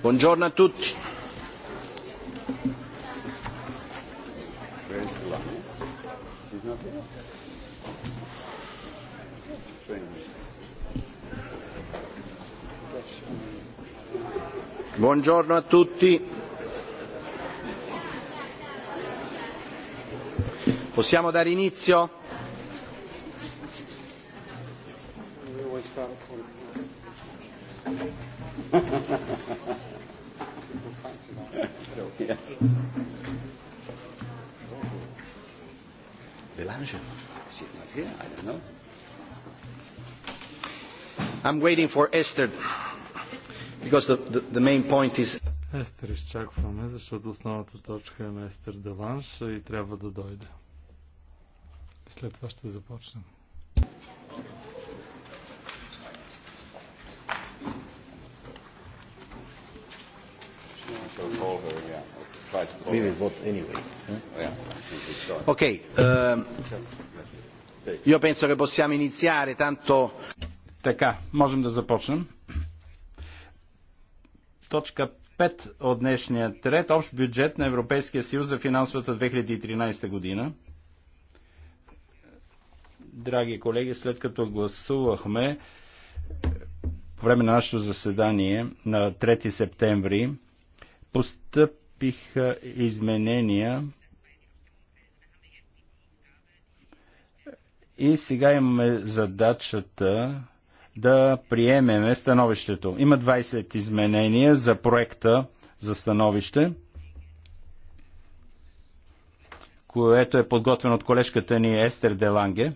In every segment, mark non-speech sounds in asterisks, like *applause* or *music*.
Buongiorno a tutti. Buongiorno a tutti. Possiamo dare inizio? Belanger. *laughs* She's not here. I don't know. I'm waiting for Esther because the, the, the main point is. Естер изчакваме, защото основната точка е на Естер Деланш и трябва да дойде. След това ще започнем. call her, Try to call we will vote anyway. Yeah. Ok, ehm, io penso che possiamo iniziare, tanto... Така, можем да започнем. Точка 5 от днешния ред. Общ бюджет на Европейския съюз за финансовата 2013 година. Драги колеги, след като гласувахме по време на нашето заседание на 3 септември постъпиха изменения и сега имаме задачата да приемеме становището. Има 20 изменения за проекта за становище, което е подготвено от колежката ни Естер Деланге.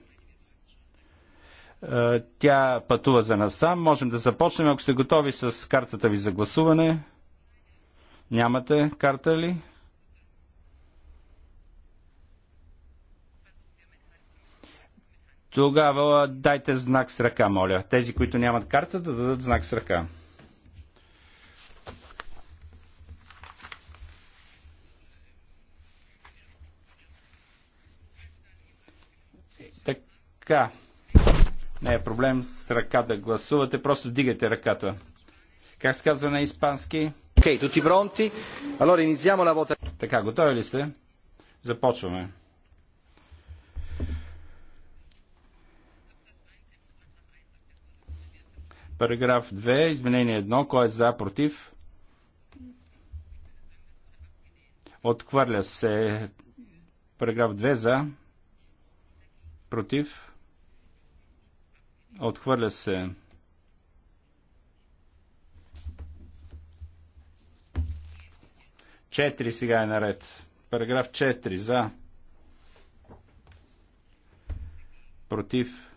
Е, тя пътува за насам. Можем да започнем, ако сте готови с картата ви за гласуване. Нямате карта ли? Тогава дайте знак с ръка, моля. Тези, които нямат карта, да дадат знак с ръка. Е, така. Не е проблем с ръка да гласувате, просто дигате ръката. Как се казва на испански? Окей, tutti pronti? Allora iniziamo la Така, готови ли сте? Започваме. Параграф 2, изменение 1. Кой е за, против? Отхвърля се. Параграф 2 за. Против. Отхвърля се. 4 сега е наред. Параграф 4 за. Против.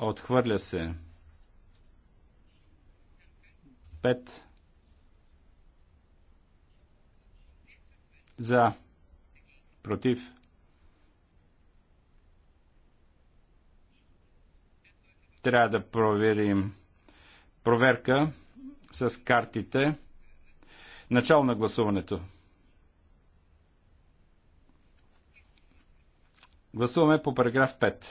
Отхвърля се. 5. За. Против. Трябва да проверим проверка с картите. Начало на гласуването. Гласуваме по параграф 5.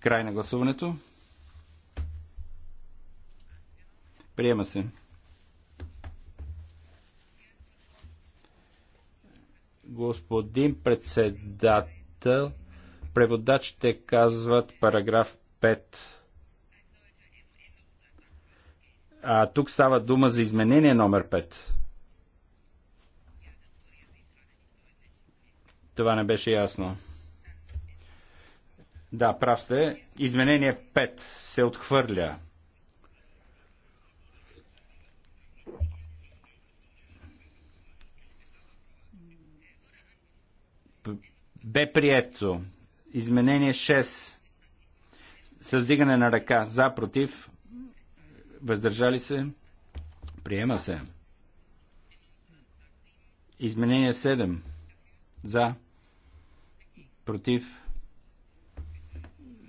Край на гласуването. Приема се. Господин председател, Преводачите казват параграф 5. А тук става дума за изменение номер 5. Това не беше ясно. Да, прав сте. Изменение 5 се отхвърля. Бе прието. Изменение 6. С вдигане на ръка. За, против. Въздържали се. Приема се. Изменение 7. За. Против.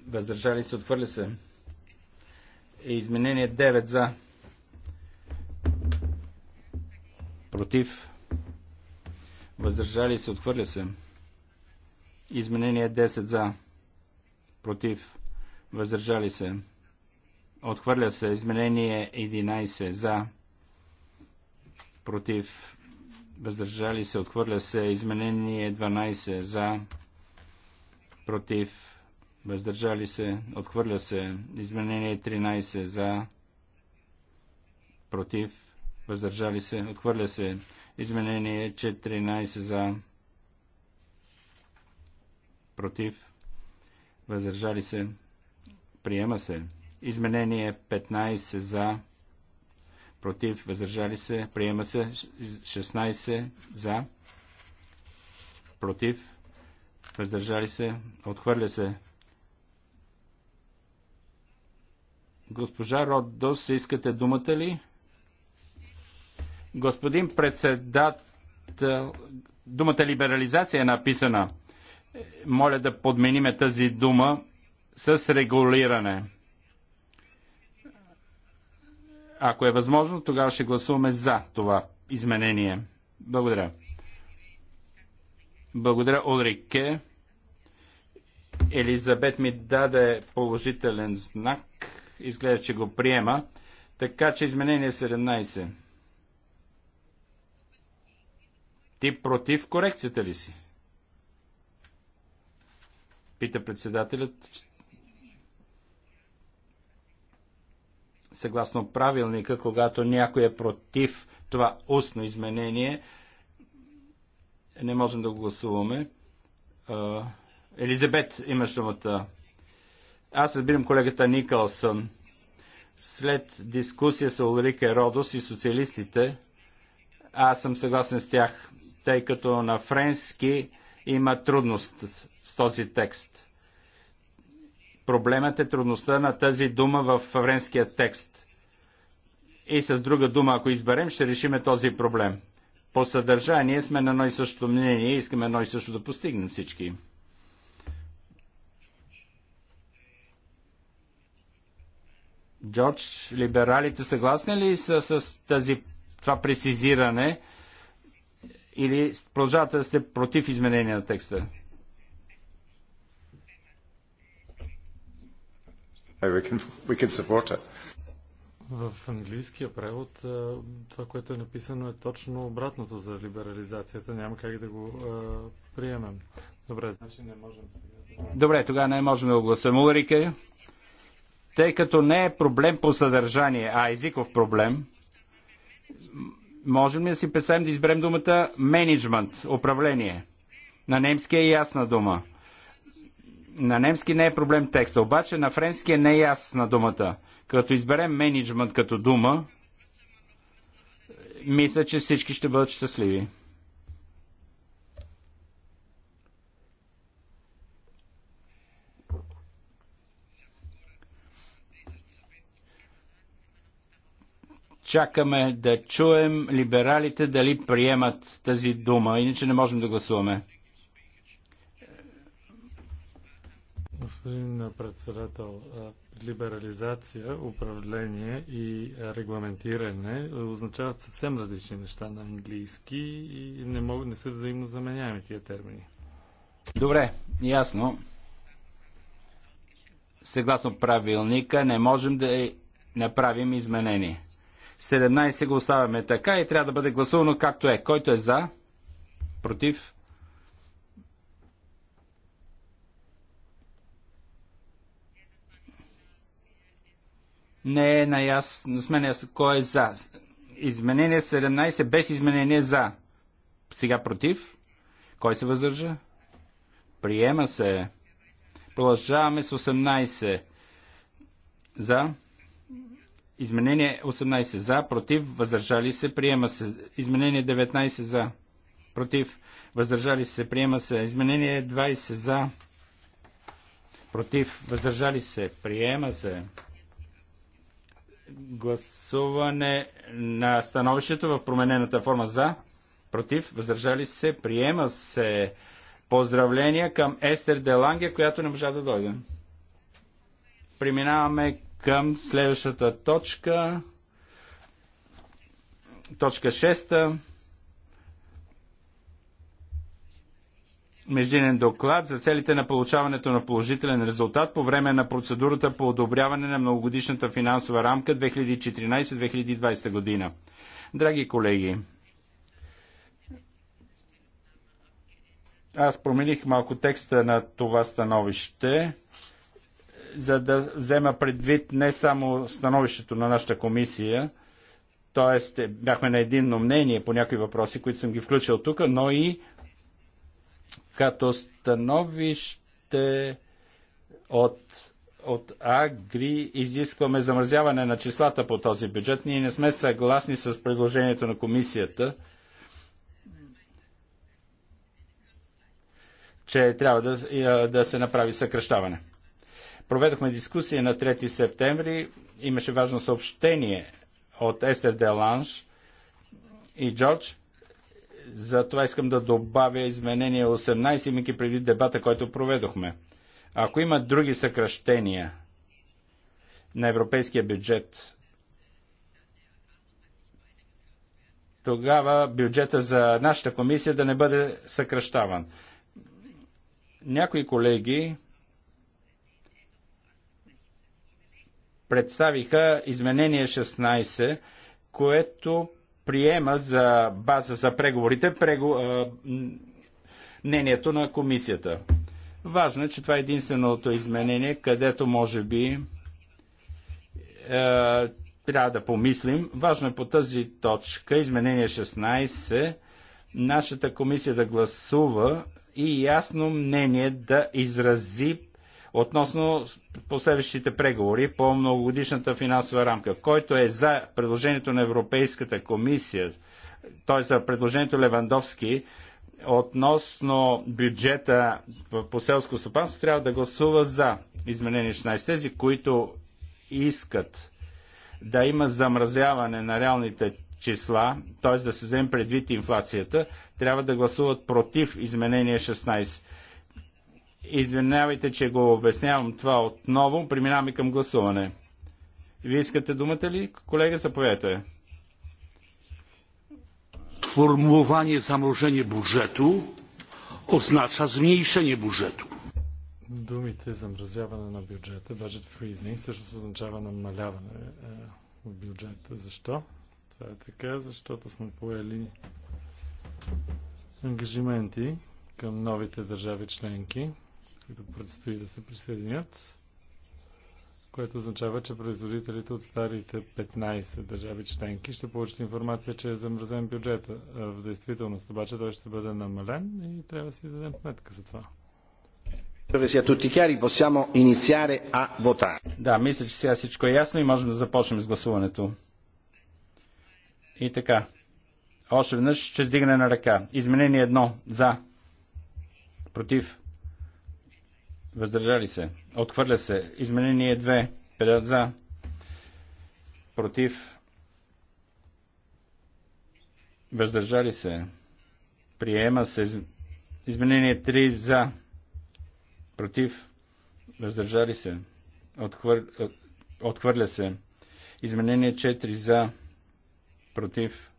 Въздържали се. отвърля се. Изменение 9. За. Против. Въздържали се. Отхвърля се. Изменение 10 за. Против. Въздържали се. Отхвърля се. Изменение 11 за. Против. Въздържали се. Отхвърля се. Изменение 12 за. Против. Въздържали се. Отхвърля се. Изменение 13 за. Против. Въздържали се. Отхвърля се. Изменение 14 за против, въздържали се, приема се. Изменение 15 за, против, въздържали се, приема се. 16 за, против, въздържали се, отхвърля се. Госпожа Родос, искате думата ли? Господин председател, думата либерализация е написана моля да подмениме тази дума с регулиране. Ако е възможно, тогава ще гласуваме за това изменение. Благодаря. Благодаря, Олрике. Елизабет ми даде положителен знак. Изглежда, че го приема. Така че изменение 17. Ти против корекцията ли си? Пита председателят. Съгласно правилника, когато някой е против това устно изменение, не можем да го гласуваме. Елизабет, имаш думата. Аз разбирам колегата Никълсън. След дискусия с Олрика Родос и социалистите, аз съм съгласен с тях, тъй като на френски има трудност с този текст. Проблемът е трудността на тази дума в френския текст. И с друга дума, ако изберем, ще решиме този проблем. По съдържание сме на едно и също мнение и искаме едно и също да постигнем всички. Джордж, либералите съгласни ли са с тази, това прецизиране или продължавате да сте против изменение на текста? We can, we can в английския превод това, което е написано, е точно обратното за либерализацията. Няма как да го е, приемем. Добре, значи не можем сега. Добре, тогава не можем да огласим Улрике. Тъй като не е проблем по съдържание, а езиков проблем, можем ли да си писаем да изберем думата менеджмент, управление? На немски е ясна дума. На немски не е проблем текста, обаче на френски е неясна думата. Като изберем менеджмент като дума, мисля, че всички ще бъдат щастливи. Чакаме да чуем либералите дали приемат тази дума, иначе не можем да гласуваме. Господин председател, либерализация, управление и регламентиране означават съвсем различни неща на английски и не, могат, не са взаимно заменяеми тия термини. Добре, ясно. Съгласно правилника не можем да направим изменение. 17 го оставяме така и трябва да бъде гласувано както е. Който е за? Против? не е наясно, е сме наясно кой е за. Изменение 17 без изменение за. Сега против. Кой се въздържа? Приема се. Продължаваме с 18. За. Изменение 18 за, против, въздържали се, приема се. Изменение 19 за, против, въздържали се, приема се. Изменение 20 за, против, въздържали се, приема се. Гласуване на становището в променената форма за, против, въздържали се, приема се. Поздравления към Естер Деланге, която не можа да дойде. Преминаваме към следващата точка. Точка 6. междинен доклад за целите на получаването на положителен резултат по време на процедурата по одобряване на многогодишната финансова рамка 2014-2020 година. Драги колеги, аз промених малко текста на това становище, за да взема предвид не само становището на нашата комисия, т.е. бяхме на единно мнение по някои въпроси, които съм ги включил тук, но и като становище от, от Агри изискваме замразяване на числата по този бюджет. Ние не сме съгласни с предложението на комисията, че трябва да, е, да се направи съкръщаване. Проведохме дискусия на 3 септември. Имаше важно съобщение от Естер Деланш и Джордж за това искам да добавя изменение 18, имайки преди дебата, който проведохме. Ако има други съкръщения на европейския бюджет, тогава бюджета за нашата комисия да не бъде съкръщаван. Някои колеги представиха изменение 16, което приема за база за преговорите прего... мнението на комисията. Важно е, че това е единственото изменение, където може би а, е, трябва да помислим. Важно е по тази точка, изменение 16, нашата комисия да гласува и ясно мнение да изрази относно последващите преговори по многогодишната финансова рамка. Който е за предложението на Европейската комисия, т.е. за предложението Левандовски относно бюджета по селско стопанство, трябва да гласува за изменение 16. Тези, които искат да има замразяване на реалните числа, т.е. да се вземе предвид инфлацията, трябва да гласуват против изменение 16. Извинявайте, че го обяснявам това отново. Преминаваме към гласуване. Вие искате думата ли? Колега, заповядайте. Сформулование заморожение бюджету означа зменишение бюджету. Думите замразяване на бюджета, budget freezing, също означава намаляване в е, бюджета. Защо? Това е така, защото сме поели ангажименти към новите държави членки които предстои да се присъединят, което означава, че производителите от старите 15 държави членки ще получат информация, че е замразен бюджета. В действителност обаче той ще бъде намален и трябва да си дадем сметка за това. Да, мисля, че сега всичко е ясно и можем да започнем с гласуването. И така. Още веднъж ще сдигане на ръка. Изменение едно. За. Против. Въздържали се. Отхвърля се. Изменение 2. Педа за. Против. Въздържали се. Приема се. Изменение 3 за. Против. Въздържали се. Отхвър... Отхвърля се. Изменение 4 за. Против.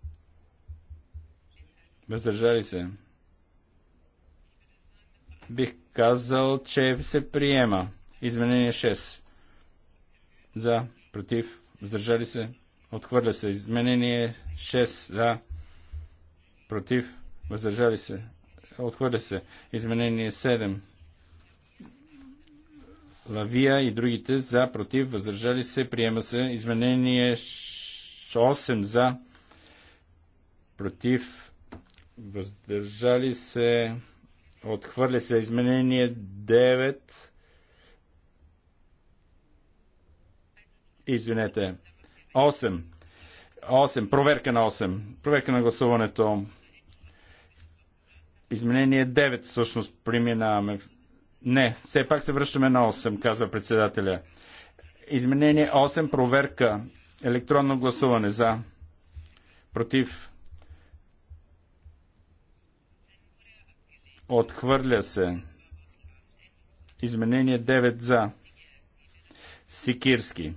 Въздържали се бих казал, че се приема. Изменение 6. За, против, въздържали се, отхвърля се. Изменение 6. За, против, въздържали се, отхвърля се. Изменение 7. Лавия и другите за, против, въздържали се, приема се. Изменение 8 за, против, въздържали се, Отхвърля се изменение 9. Извинете. 8. 8. Проверка на 8. Проверка на гласуването. Изменение 9 всъщност преминаваме. Не, все пак се връщаме на 8, казва председателя. Изменение 8. Проверка. Електронно гласуване за. Против. Отхвърля се. Изменение 9 за. Сикирски.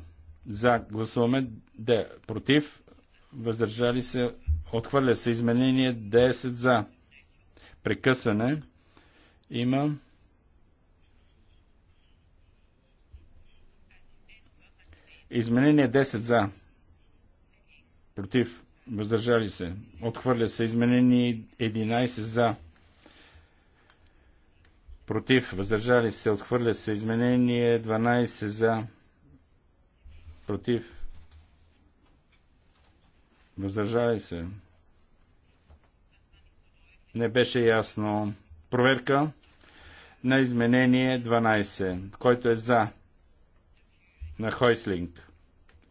За. Гласуваме. Де. Против. Въздържали се. Отхвърля се. Изменение 10 за. Прекъсване. Има. Изменение 10 за. Против. Въздържали се. Отхвърля се. Изменение 11 за против, въздържали се, отхвърля се. Изменение 12 за, против, въздържали се. Не беше ясно. Проверка на изменение 12, който е за на Хойслинг.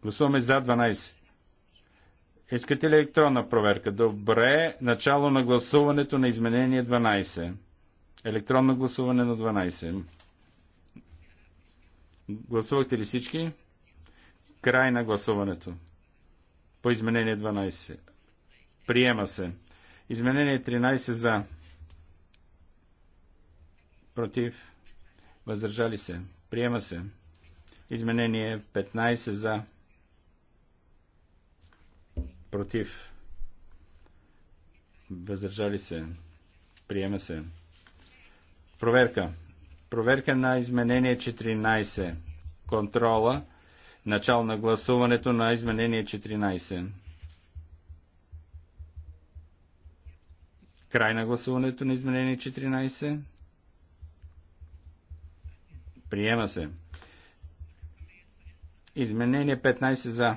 Гласуваме за 12. Искате ли електронна проверка? Добре. Начало на гласуването на изменение 12. Електронно гласуване на 12. Гласувахте ли всички? Край на гласуването. По изменение 12. Приема се. Изменение 13 за. Против. Въздържали се. Приема се. Изменение 15 за. Против. Въздържали се. Приема се. Проверка. Проверка на изменение 14. Контрола. Начало на гласуването на изменение 14. Край на гласуването на изменение 14. Приема се. Изменение 15 за.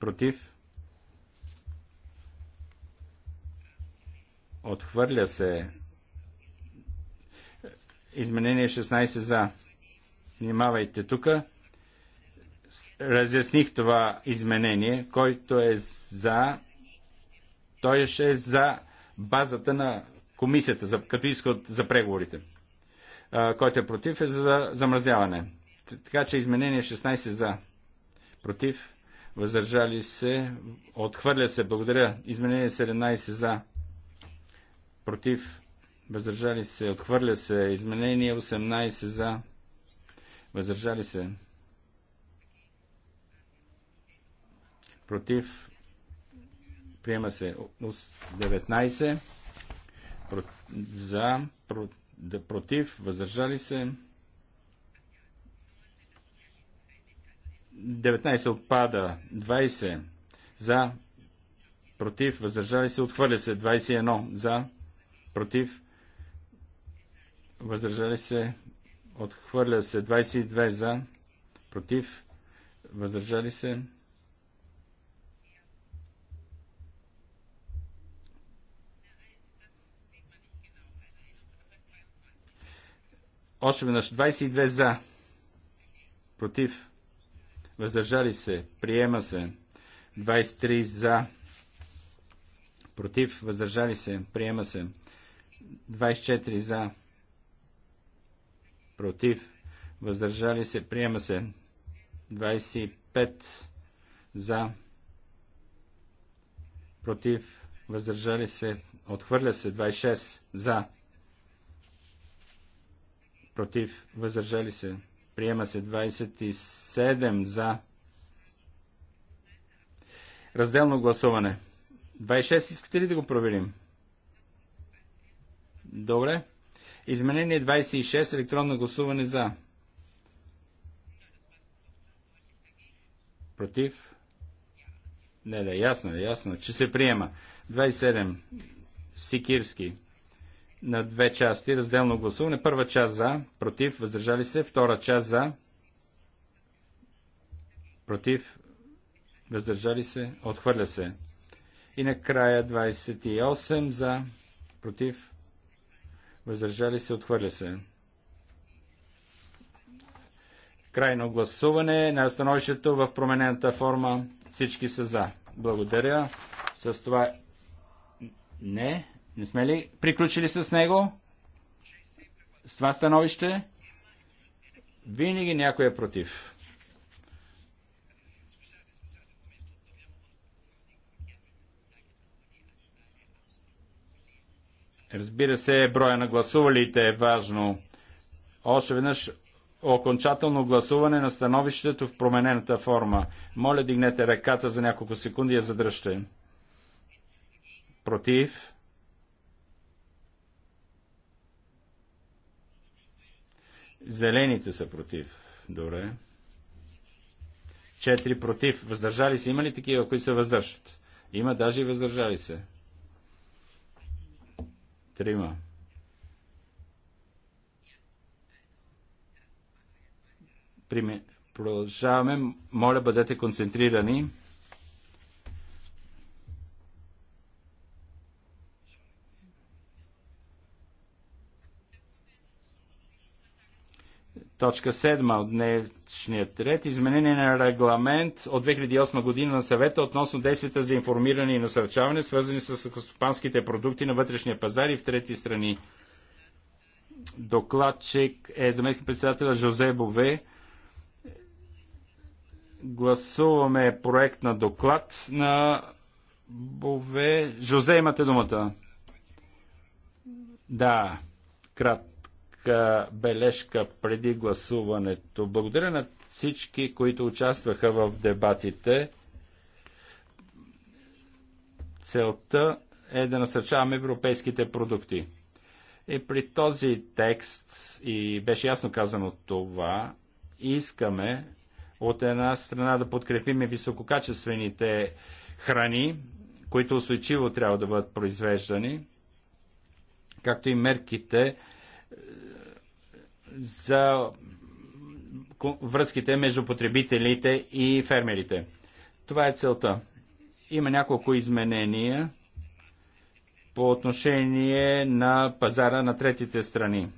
Против. Отхвърля се. Изменение 16 за. Внимавайте тук. Разясних това изменение. Който е за, той ще е за базата на комисията, за, като изход за преговорите. А, който е против е за замразяване. Така че изменение 16 за. Против. Въздържали се. Отхвърля се. Благодаря. Изменение 17 за против, въздържали се, отхвърля се. Изменение 18 за, въздържали се, против, приема се 19 за, против, въздържали се. 19 отпада, 20 за, против, въздържали се, отхвърля се, 21 за, против, въздържали се, отхвърля се 22 за, против, въздържали се. Още веднъж 22 за, против, въздържали се, приема се, 23 за, против, въздържали се, приема се. 24 за, против, въздържали се, приема се. 25 за, против, въздържали се, отхвърля се. 26 за, против, въздържали се, приема се. 27 за, разделно гласуване. 26 искате ли да го проверим? Добре. Изменение 26. Електронно гласуване за. Против. Не, да, ясно, е, ясно, че се приема. 27. Сикирски. На две части. Разделно гласуване. Първа част за. Против. Въздържали се. Втора част за. Против. Въздържали се. Отхвърля се. И накрая 28 за. Против въздържали се, отхвърля се. Крайно гласуване на становището в променената форма. Всички са за. Благодаря. С това не, не сме ли приключили с него? С това становище? Винаги някой е против. Разбира се, броя на гласувалите е важно. Още веднъж окончателно гласуване на становището в променената форма. Моля, дигнете ръката за няколко секунди и я задръжте. Против. Зелените са против. Добре. Четири против. Въздържали се. Има ли такива, които се въздържат? Има даже и въздържали се. Трима. Продължаваме. Моля, бъдете концентрирани. Точка 7 от днешния ред. Изменение на регламент от 2008 година на съвета относно действията за информиране и насърчаване, свързани с стопанските продукти на вътрешния пазар и в трети страни. Докладчик е заместник председателя Жозе Бове. Гласуваме проект на доклад на Бове. Жозе, имате думата. Да, кратко кратка бележка преди гласуването. Благодаря на всички, които участваха в дебатите. Целта е да насърчаваме европейските продукти. И при този текст, и беше ясно казано това, искаме от една страна да подкрепим висококачествените храни, които устойчиво трябва да бъдат произвеждани, както и мерките за връзките между потребителите и фермерите. Това е целта. Има няколко изменения по отношение на пазара на третите страни.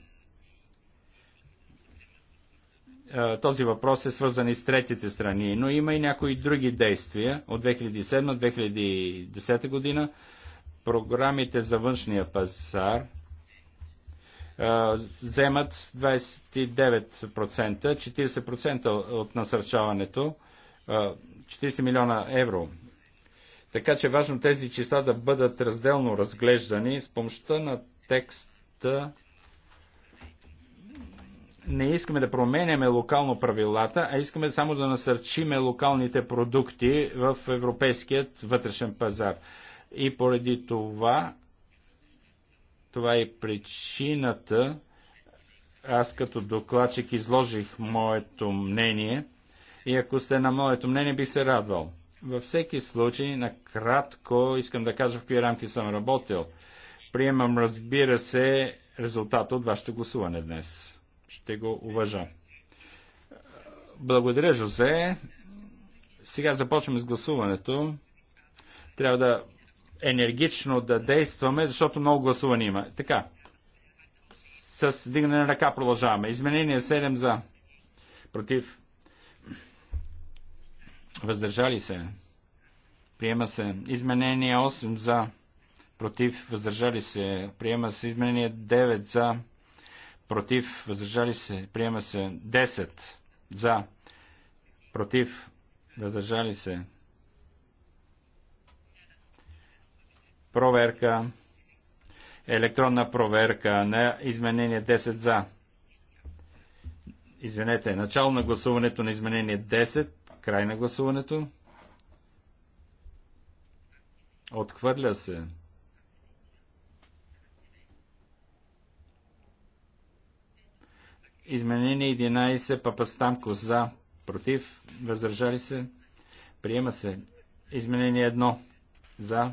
Е, този въпрос е свързан и с третите страни, но има и някои други действия от 2007-2010 година. Програмите за външния пазар – вземат 29%, 40% от насърчаването, 40 милиона евро. Така че е важно тези числа да бъдат разделно разглеждани с помощта на текста. Не искаме да променяме локално правилата, а искаме само да насърчиме локалните продукти в европейският вътрешен пазар. И поради това това е причината. Аз като докладчик изложих моето мнение и ако сте на моето мнение, бих се радвал. Във всеки случай, накратко искам да кажа в какви рамки съм работил. Приемам, разбира се, резултата от вашето гласуване днес. Ще го уважа. Благодаря, Жозе. Сега започваме с гласуването. Трябва да енергично да действаме, защото много гласуване има. Така. С дигане на ръка продължаваме. Изменение 7 за. Против. Въздържали се. Приема се. Изменение 8 за. Против. Въздържали се. Приема се. Изменение 9 за. Против. Въздържали се. Приема се. 10 за. Против. Въздържали се. проверка, електронна проверка на изменение 10 за. Извинете, начало на гласуването на изменение 10, край на гласуването. Отхвърля се. Изменение 11, папа Станко за, против, въздържали се, приема се. Изменение 1, за,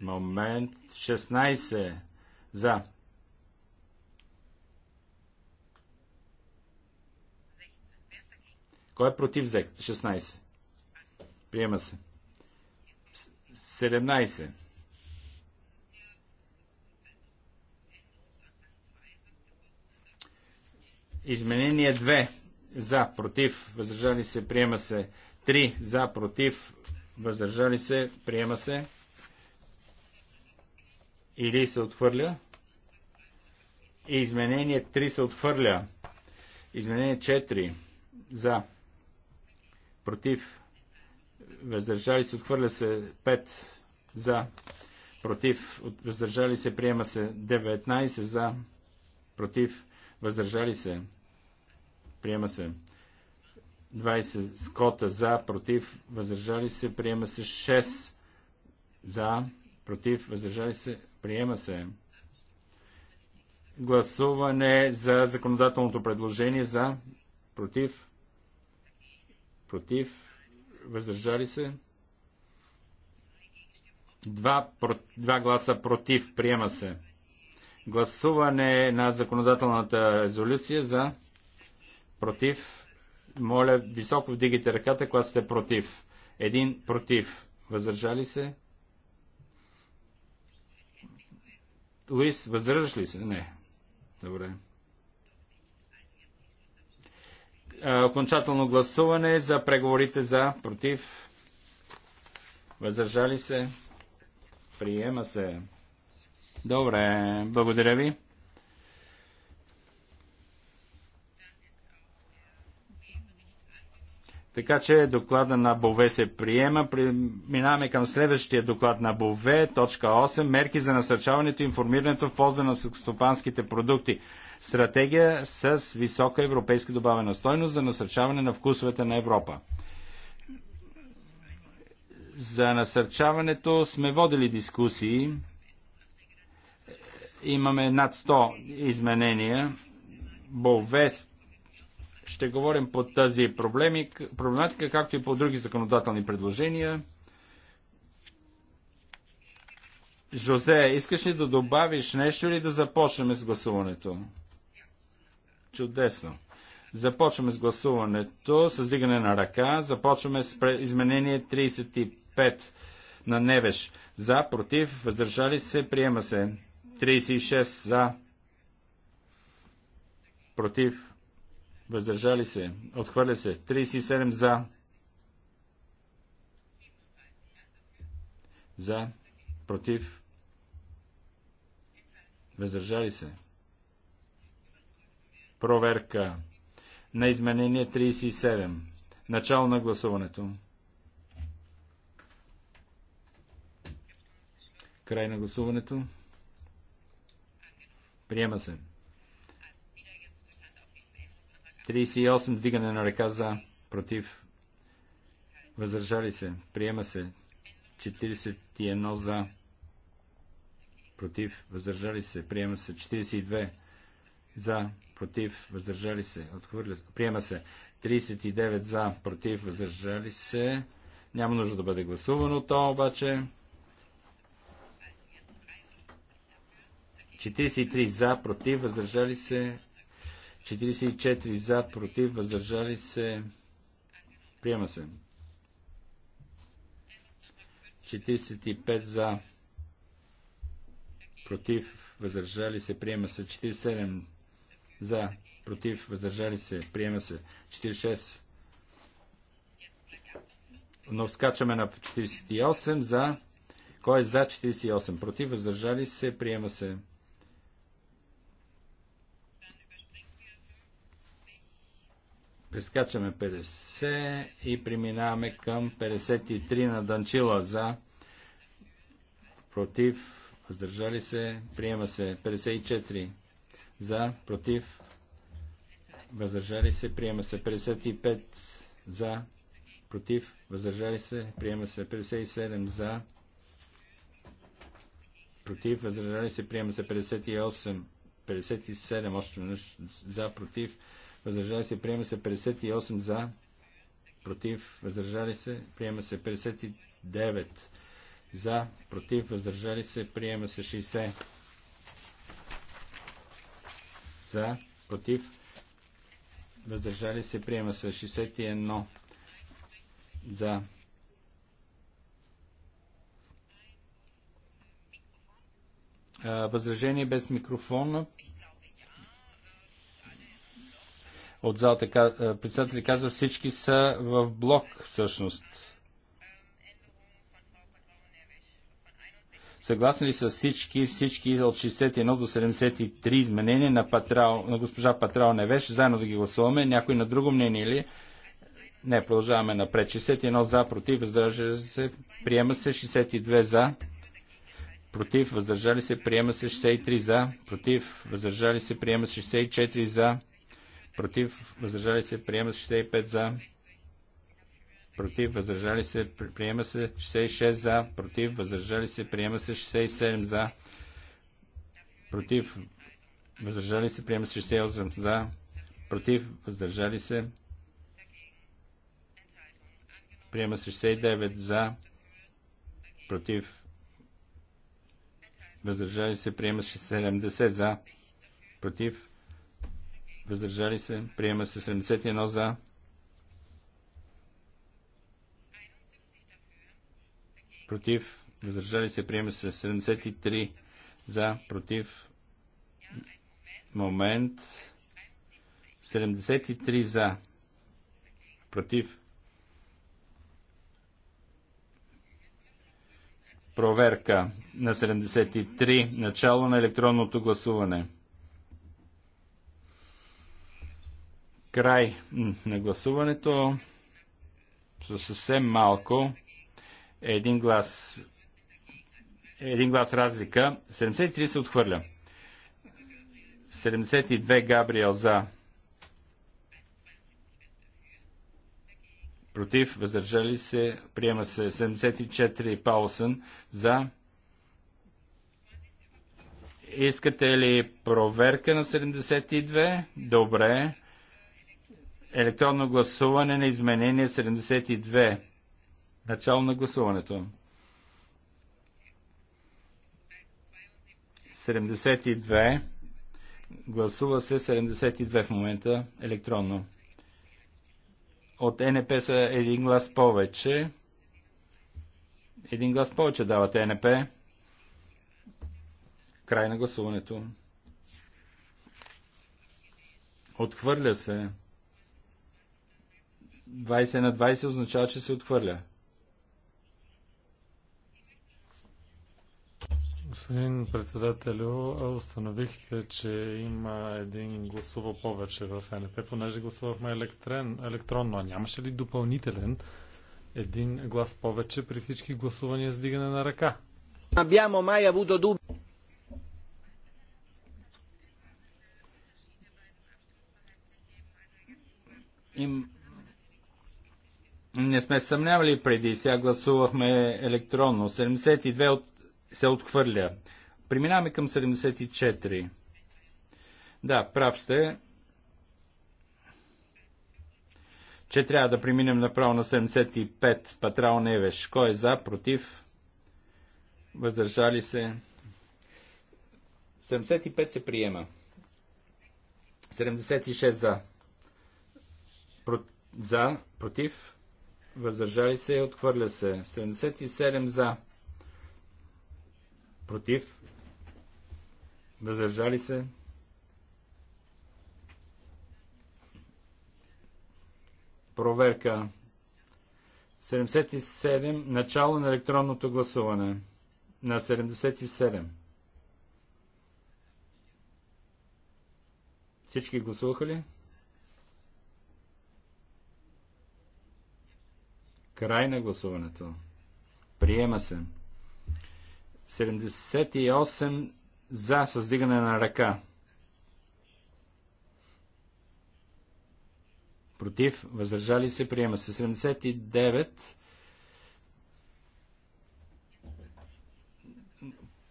Момент. 16 за. Кой е против 16? Приема се. 17. Изменение 2. За, против, въздържали се, приема се. 3. За, против, въздържали се, приема се или се отхвърля. И изменение 3 се отхвърля. Изменение 4 за против въздържали се отхвърля се 5 за против въздържали се приема се 19 за против въздържали се приема се 20 скота за против въздържали се приема се 6 за против въздържали се Приема се. Гласуване за законодателното предложение за против. Против. Въздържали се. Два, про... два гласа против. Приема се. Гласуване на законодателната резолюция за против. Моля, високо вдигайте ръката, когато сте против. Един против. Въздържали се. Луис, въздържаш ли се? Не. Добре. Окончателно гласуване за преговорите за против. Въздържали се. Приема се. Добре. Благодаря ви. Така че доклада на Бове се приема. Преминаваме към следващия доклад на Бове, точка 8. Мерки за насърчаването и информирането в полза на стопанските продукти. Стратегия с висока европейска добавена стойност за насърчаване на вкусовете на Европа. За насърчаването сме водили дискусии. Имаме над 100 изменения. Бове ще говорим по тази проблеми, проблематика, както и по други законодателни предложения. Жозе, искаш ли да добавиш нещо или да започнем с гласуването? Чудесно. Започваме с гласуването с дигане на ръка. Започваме с изменение 35 на Невеш. За, против, въздържали се, приема се. 36 за, против, въздържали се, отхвърля се, 37 за, за, против, въздържали се. Проверка на изменение 37. Начало на гласуването. Край на гласуването. Приема се. 38. Вдигане на ръка за. Против. Въздържали се. Приема се. 41 за. Против. Въздържали се. Приема се. 42 за. Против. Въздържали се. Отхвърля. Приема се. 39 за. Против. Въздържали се. Няма нужда да бъде гласувано то, обаче. 43 за, против, въздържали се, 44 за, против, въздържали се. Приема се. 45 за, против, въздържали се. Приема се. 47 за, против, въздържали се. Приема се. 46. Но скачаме на 48 за. Кой е за 48? Против, въздържали се. Приема се. Прескачаме 50 и преминаваме към 53 на Данчила за против, въздържали се, приема се 54 за против, въздържали се, приема се 55 за против, въздържали се, приема се 57 за против, въздържали се, приема се 58 57 още за против, въздържали се, приема се 58 за, против, въздържали се, приема се 59 за, против, въздържали се, приема се 60 за, против, въздържали се, приема се 61 за, възражение без микрофона от залата е, председатели казва, всички са в блок всъщност. Съгласни ли са всички, всички от 61 до 73 изменения на, Патрал, на госпожа Патрал Невеш, заедно да ги гласуваме? Някой на друго мнение ли? Не, продължаваме напред. 61 за, против, въздържали се, приема се 62 за, против, въздържали се, приема се 63 за, против, въздържали се, приема се 64 за, против, въздържали се, приема се 65 за, против, въздържали се, приема се 66 за, против, въздържали се, приема се 67 за, против, въздържали се, приема се 68 за, против, въздържали се, приема се 69 за, против, въздържали се, приема се 70 за, против, Въздържали се. Приема се 71 за. Против. Въздържали се. Приема се 73 за. Против. Момент. 73 за. Против. Проверка на 73. Начало на електронното гласуване. Край на гласуването. С съвсем малко. Един глас. Един глас разлика. 73 се отхвърля. 72 Габриел за. Против, въздържали се, приема се 74 Паулсън за. Искате ли проверка на 72? Добре електронно гласуване на изменение 72. Начало на гласуването. 72. Гласува се 72 в момента електронно. От НП са един глас повече. Един глас повече дават НП. Край на гласуването. Отхвърля се. 20 на 20 означава, че се отхвърля. Господин председателю, установихте, че има един гласува повече в НП, понеже гласувахме електрен, електронно. Нямаше ли допълнителен един глас повече при всички гласувания с дигане на ръка? Им не сме съмнявали преди. Сега гласувахме електронно. 72 от... се отхвърля. Преминаваме към 74. Да, прав сте. Че трябва да преминем направо на 75. Патрал Невеш. Кой е за? Против? Въздържали се? 75 се приема. 76 за. Про... За, против, въздържали се, и отхвърля се. 77 за, против, въздържали се. Проверка. 77. Начало на електронното гласуване. На 77. Всички гласуваха ли? Край на гласуването. Приема се. 78 за създигане на ръка. Против, въздържали се, приема се. 79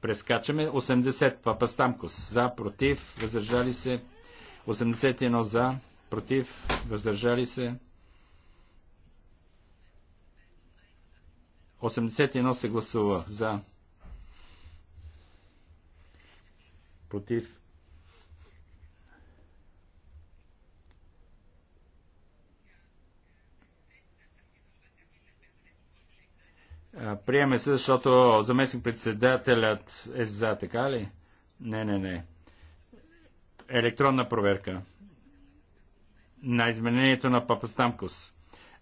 Прескачаме 80 папа Стамкос. За, против, въздържали се. 81 за, против, въздържали се. 81 се гласува за. Против. Приеме се, защото заместник председателят е за, така ли? Не, не, не. Електронна проверка. На изменението на Папа Стамкос.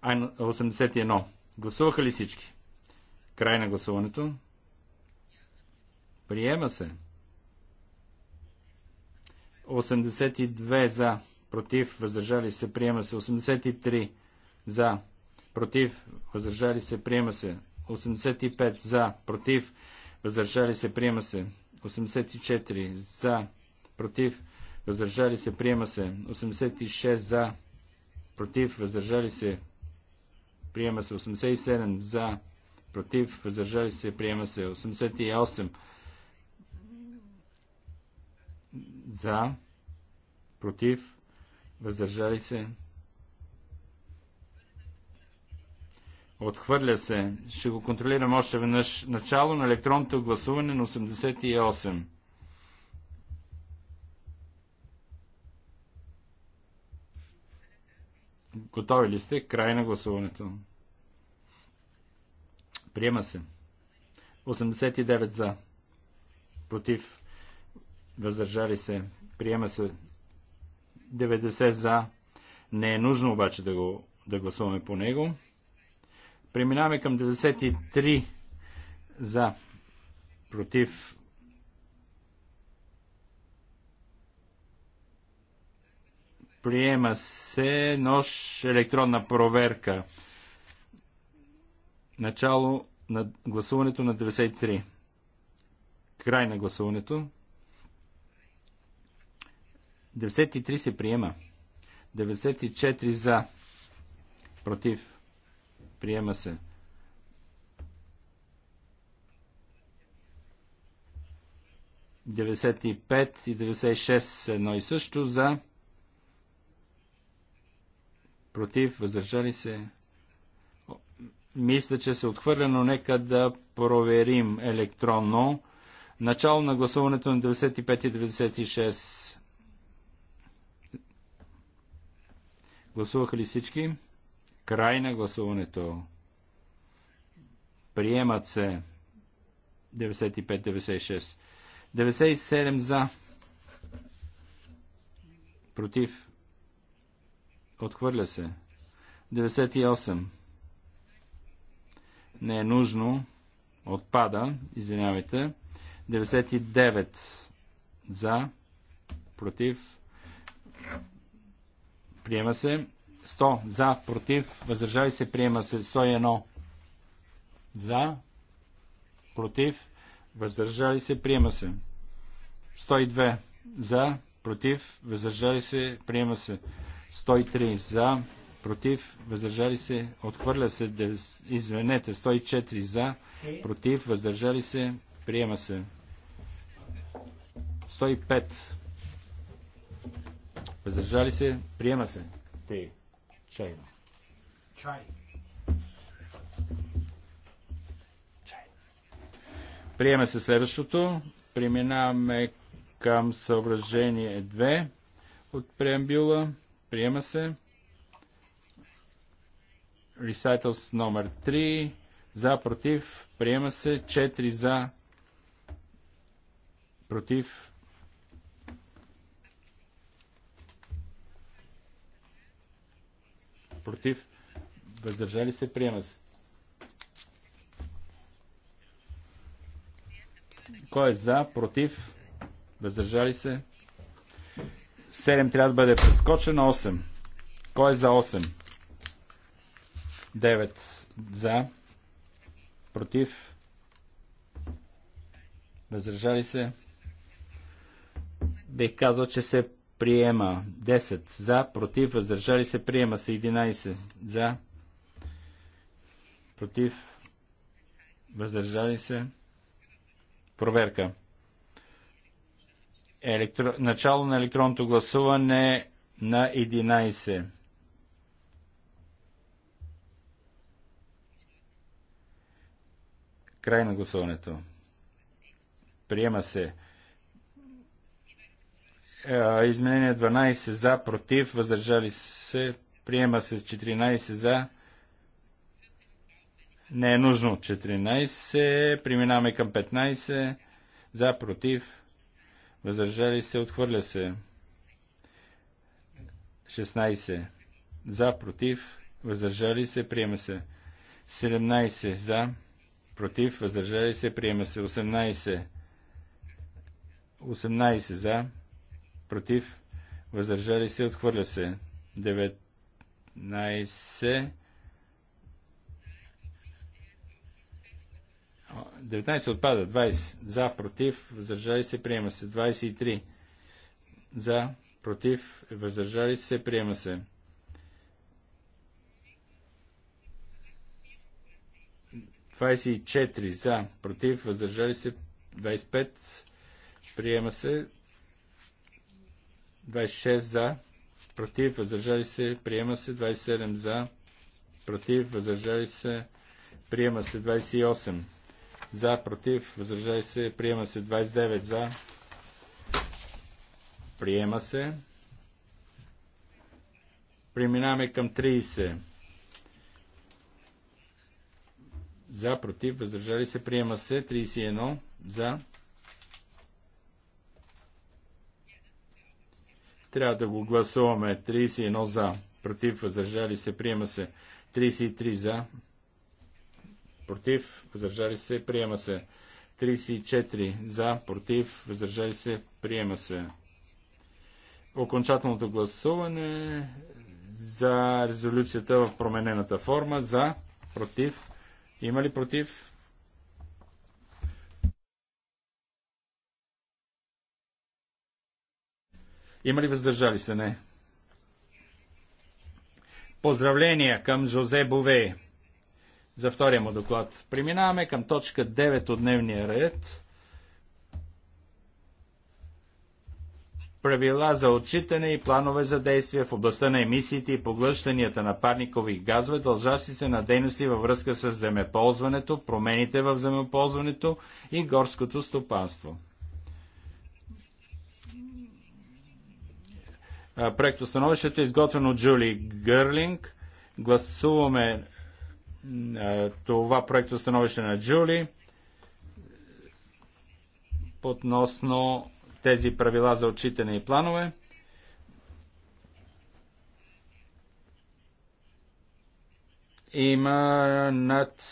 81. Гласуваха ли всички? Край на гласуването. Приема се. 82 за, против, въздържали се, приема се. 83 за, против, въздържали се, приема се. 85 за, против, въздържали се, приема се. 84 за, против, въздържали се, приема се. 86 за, против, въздържали се, приема се. 87 за, против, въздържали се, приема се 88 за, против, въздържали се, отхвърля се. Ще го контролирам още веднъж. Начало на електронното гласуване на 88. Готови ли сте? Край на гласуването. Приема се. 89 за. Против. Въздържали се. Приема се. 90 за. Не е нужно обаче да, го, да гласуваме по него. Преминаваме към 93 за. Против. Приема се нощ електронна проверка. Начало на гласуването на 93. Край на гласуването. 93 се приема. 94 за. Против. Приема се. Деветдесет и пет и шест едно и също за против, въздържали се, мисля, че се отхвърля, но нека да проверим електронно. Начало на гласуването на 95 и 96. Гласуваха ли всички? Край на гласуването. Приемат се 95-96. 97 за. Против. Отхвърля се. 98 не е нужно, отпада, извинявайте, 99 за, против, приема се, 100 за, против, въздържали се, приема се, 101 за, против, въздържали се, приема се, 102 за, против, въздържали се, приема се, 103 за, против, въздържали се, отхвърля се, извинете, 104 за, против, въздържали се, приема се. 105. Въздържали се, приема се. Те. Чай. Чай. Приема се следващото. Преминаваме към съображение 2 от преамбюла. Приема се. Recitals номер 3. За, против, приема се. 4 за, против. Против. Въздържали се, приема се. Кой е за, против, въздържали се? 7 трябва да бъде прескочен, 8. Кой е за 8? 9 за, против, въздържали се. Бих казал, че се приема 10 за, против, въздържали се, приема се 11 за, против, въздържали се. Проверка. Електро... Начало на електронното гласуване на 11. Край на гласуването. Приема се. Е, изменение 12 за, против, въздържали се. Приема се 14 за. Не е нужно 14. Преминаваме към 15. За, против. Въздържали се, отхвърля се. 16. За, против. Въздържали се, приема се. 17. За, против, въздържали се, приема се 18. 18 за, против, въздържали се, отхвърля се. 19. 19 отпада, 20 за, против, въздържали се, приема се. 23 за, против, въздържали се, приема се. 24 за, против, въздържали се 25, приема се 26 за, против, въздържали се, приема се 27 за, против, въздържали се, приема се 28 за, против, въздържали се, приема се 29 за, приема се. Преминаваме към 30. за, против, въздържали се, приема се. 31 за. Трябва да го гласуваме. 31 за, против, въздържали се, приема се. 33 за, против, въздържали се, приема се. 34 за, против, въздържали се, приема се. Окончателното гласуване за резолюцията в променената форма за, против, има ли против? Има ли въздържали се? Не. Поздравления към Жозе Бове за втория му доклад. Преминаваме към точка 9 от дневния ред. правила за отчитане и планове за действие в областта на емисиите и поглъщанията на парникови газове, дължащи се на дейности във връзка с земеползването, промените в земеползването и горското стопанство. Проектостановището е изготвено от Джули Гърлинг. Гласуваме това проектостановище на Джули относно тези правила за отчитане и планове. Има над,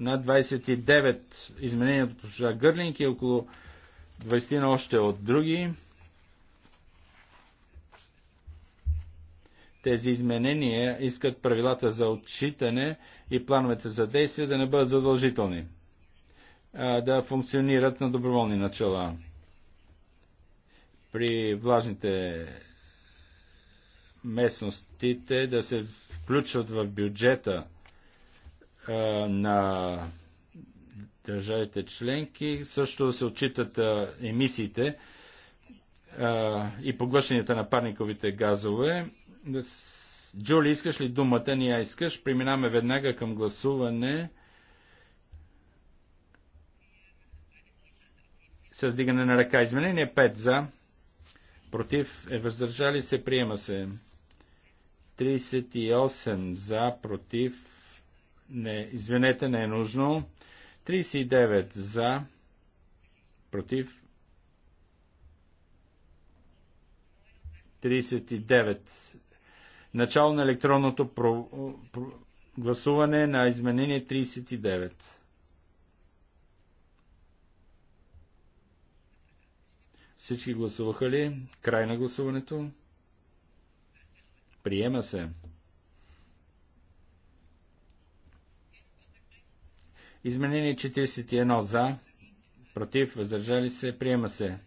над 29 изменения от госпожа Гърлинг и около 20 на още от други. Тези изменения искат правилата за отчитане и плановете за действие да не бъдат задължителни да функционират на доброволни начала. При влажните местностите да се включват в бюджета а, на държавите членки, също да се отчитат а, емисиите а, и поглъщанията на парниковите газове. Джули, искаш ли думата? Ние искаш. Преминаваме веднага към гласуване с дигане на ръка. Изменение 5 за, против, е въздържали се, приема се. 38 за, против, не, извинете, не е нужно. 39 за, против, 39. Начало на електронното про... Про... гласуване на изменение 39. Всички гласуваха ли? Край на гласуването. Приема се. Изменение 41 за, против, въздържали се, приема се.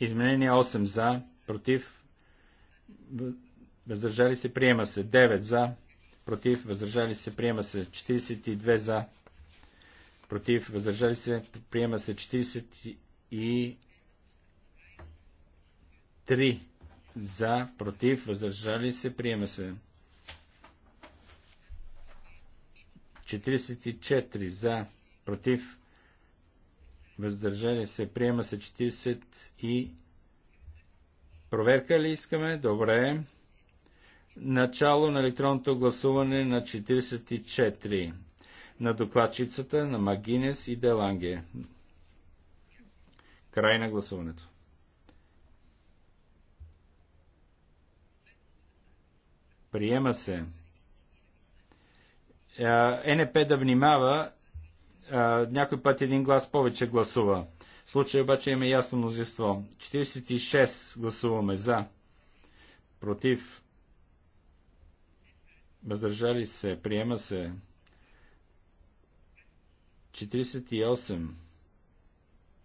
Изменение 8 за, против, въздържали се, приема се. 9 за, против, въздържали се, приема се. 42 за, против, въздържали се, приема се 43 за, против, въздържали се, приема се 44 за, против, въздържали се, приема се 40 и проверка ли искаме? Добре. Начало на електронното гласуване на 44 на докладчицата на Магинес и Деланге. Край на гласуването. Приема се. НП да внимава, някой път един глас повече гласува. В случай обаче имаме ясно мнозинство. 46 гласуваме за, против, въздържали се, приема се. 48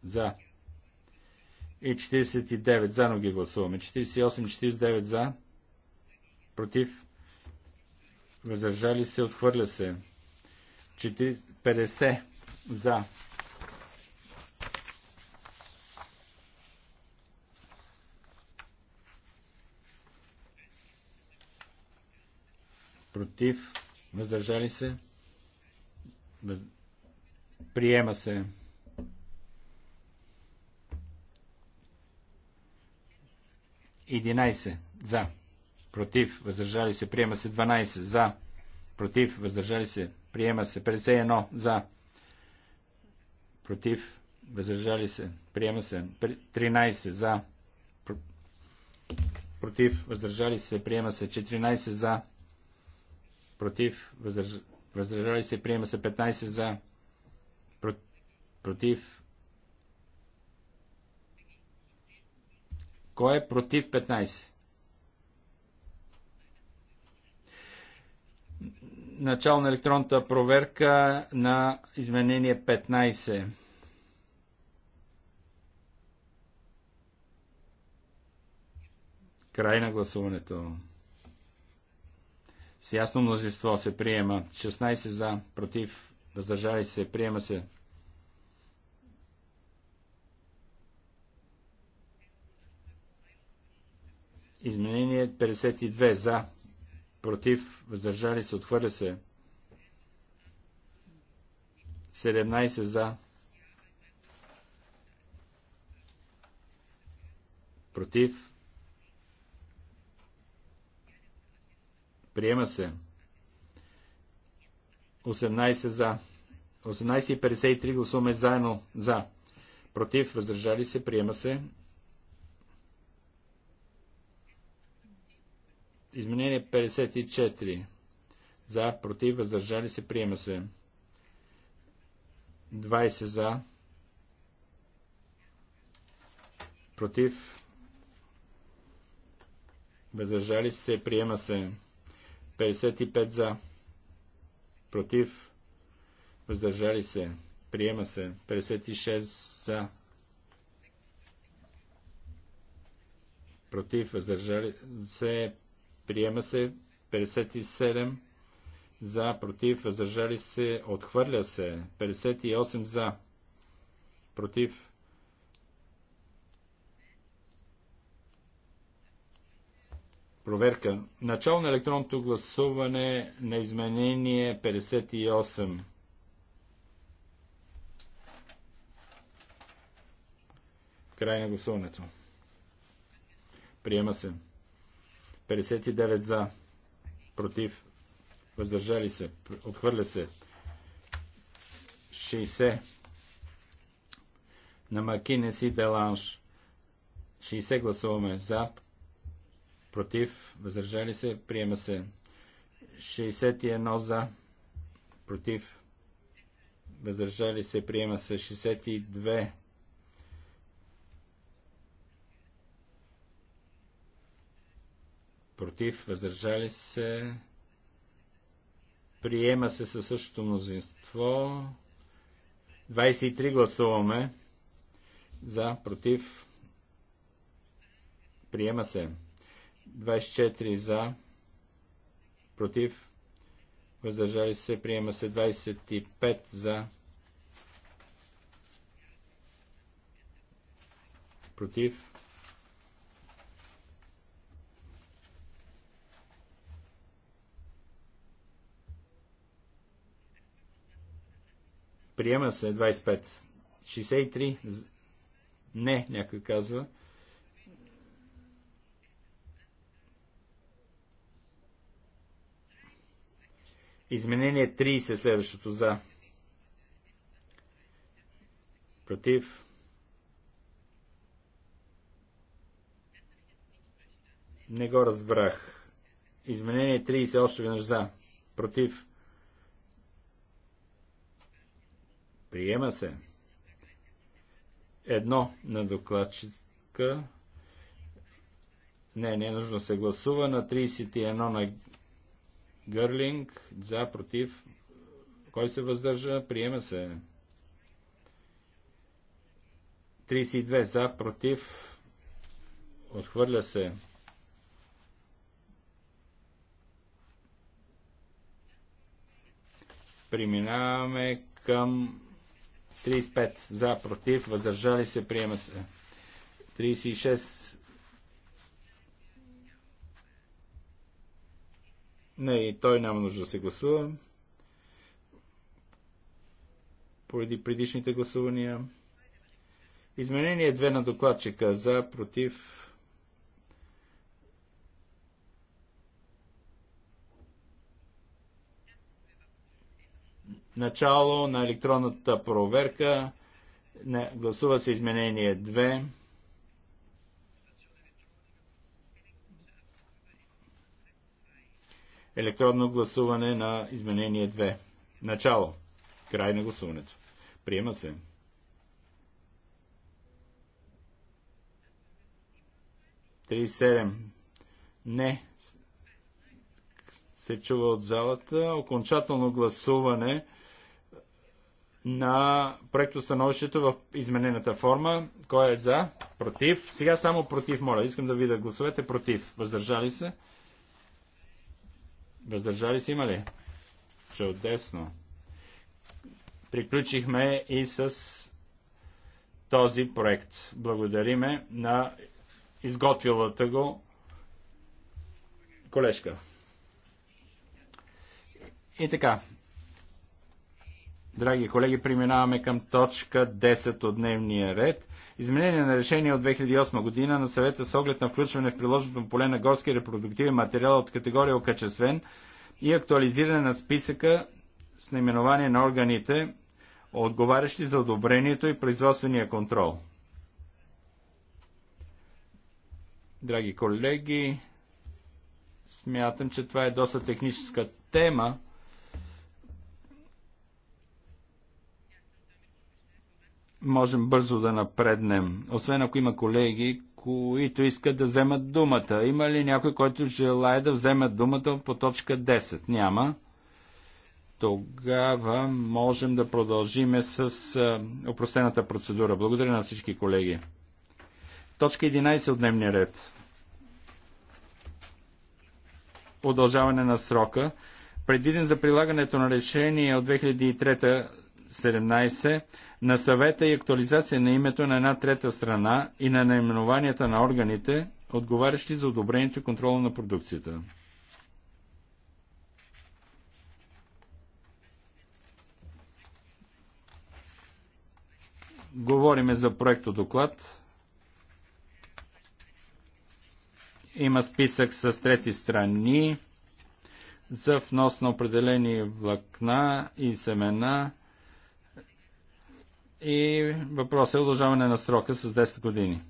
за и 49 за, но ги гласуваме. 48 49 за, против, въздържали се, отхвърля се. 50 за. Против, въздържали се, въз... Приема се. Единайсе. За. Против. Въздържали се. Приема се. 12. За. Против. Въздържали се. Приема се. 51. За. Против. Въздържали се. Приема се. 13. За. Против. Въздържали се. Приема се. 14. За. Против. Въздържали се. Приема се. 15. За Против. Кой е против 15? Начало на електронната проверка на изменение 15. Край на гласуването. С ясно мнозинство се приема. 16 за, против, въздържали се, приема се. Изменение 52 за, против, въздържали се, отхвърля се. 17 за, против, приема се. 18 за. 18 и 53 гласуваме заедно за. Против, въздържали се, приема се. Изменение 54. За, против, въздържали се, приема се. 20 за. Против. Въздържали се, приема се. 55 за. Против. Въздържали се. Приема се. 56 за. Против. Въздържали се приема се 57 за, против, въздържали се, отхвърля се 58 за, против. Проверка. Начало на електронното гласуване на изменение 58. Край на гласуването. Приема се. 59 за, против, въздържали се, отхвърля се. 60 на Макинес и Деланш. 60 гласуваме за, против, въздържали се, приема се. 61 за, против, въздържали се, приема се. 62 против, въздържали се. Приема се със същото мнозинство. 23 гласуваме. За, против. Приема се. 24 за, против. Въздържали се. Приема се 25 за, против Приема се 25. 63. Не, някой казва. Изменение 30 е следващото за. Против. Не го разбрах. Изменение 30 още веднъж за. Против. Приема се. Едно на докладчика. Не, не е нужно се гласува. На 31 на Гърлинг. За, против. Кой се въздържа? Приема се. 32 за, против. Отхвърля се. Преминаваме към 35 за, против, въздържали се, приема се. 36 Не, и той няма нужда да се гласува. Поради предишните гласувания. Изменение 2 на докладчика за, против, начало на електронната проверка. Не, гласува се изменение 2. Електронно гласуване на изменение 2. Начало. Край на гласуването. Приема се. Три седем. Не. Се чува от залата. Окончателно гласуване на становището в изменената форма. Кой е за? Против. Сега само против, моля. Искам да видя гласовете против. Въздържали се? Въздържали се има ли? Чудесно. Приключихме и с този проект. Благодариме на изготвилата го колежка. И така, Драги колеги, преминаваме към точка 10 от дневния ред. Изменение на решение от 2008 година на съвета с оглед на включване в приложното поле на горски репродуктивен материал от категория окачествен и актуализиране на списъка с наименование на органите, отговарящи за одобрението и производствения контрол. Драги колеги, смятам, че това е доста техническа тема. можем бързо да напреднем. Освен ако има колеги, които искат да вземат думата. Има ли някой, който желая да вземе думата по точка 10? Няма. Тогава можем да продължиме с а, опростената процедура. Благодаря на всички колеги. Точка 11 от дневния ред. Удължаване на срока. Предвиден за прилагането на решение от 2003 17 на съвета и актуализация на името на една трета страна и на наименованията на органите, отговарящи за одобрението и контрола на продукцията. Говориме за проекто доклад. Има списък с трети страни за внос на определени влакна и семена и въпросът е удължаване на срока с 10 години.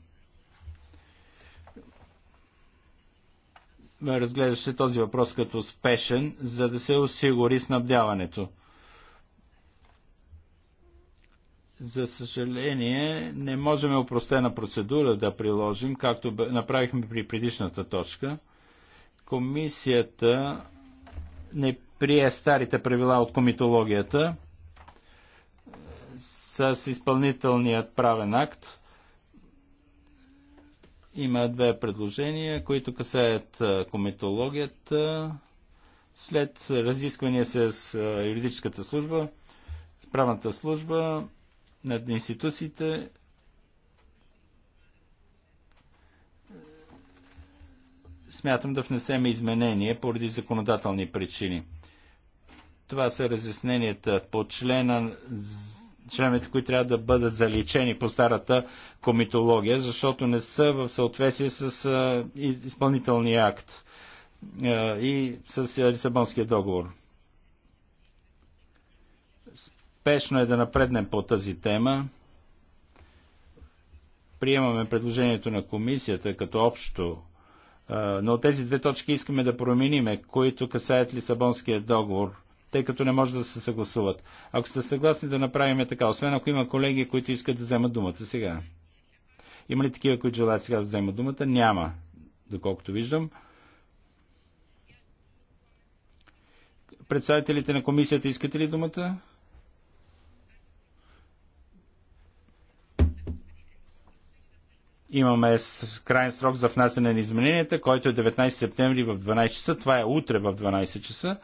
Разглеждаше този въпрос като спешен, за да се осигури снабдяването. За съжаление, не можем упростена процедура да приложим, както направихме при предишната точка. Комисията не прие старите правила от комитологията – с изпълнителният правен акт. Има две предложения, които касаят кометологията. След разисквания с юридическата служба, с правната служба, над институциите, смятам да внесем изменения поради законодателни причини. Това са разясненията по члена членовете, които трябва да бъдат заличени по старата комитология, защото не са в съответствие с изпълнителния акт и с Лисабонския договор. Спешно е да напреднем по тази тема. Приемаме предложението на комисията като общо, но тези две точки искаме да промениме, които касаят Лисабонския договор – тъй като не може да се съгласуват. Ако сте съгласни да направим така, освен ако има колеги, които искат да вземат думата сега. Има ли такива, които желаят сега да вземат думата? Няма, доколкото виждам. Представителите на комисията искате ли думата? Имаме крайен срок за внасяне на измененията, който е 19 септември в 12 часа. Това е утре в 12 часа.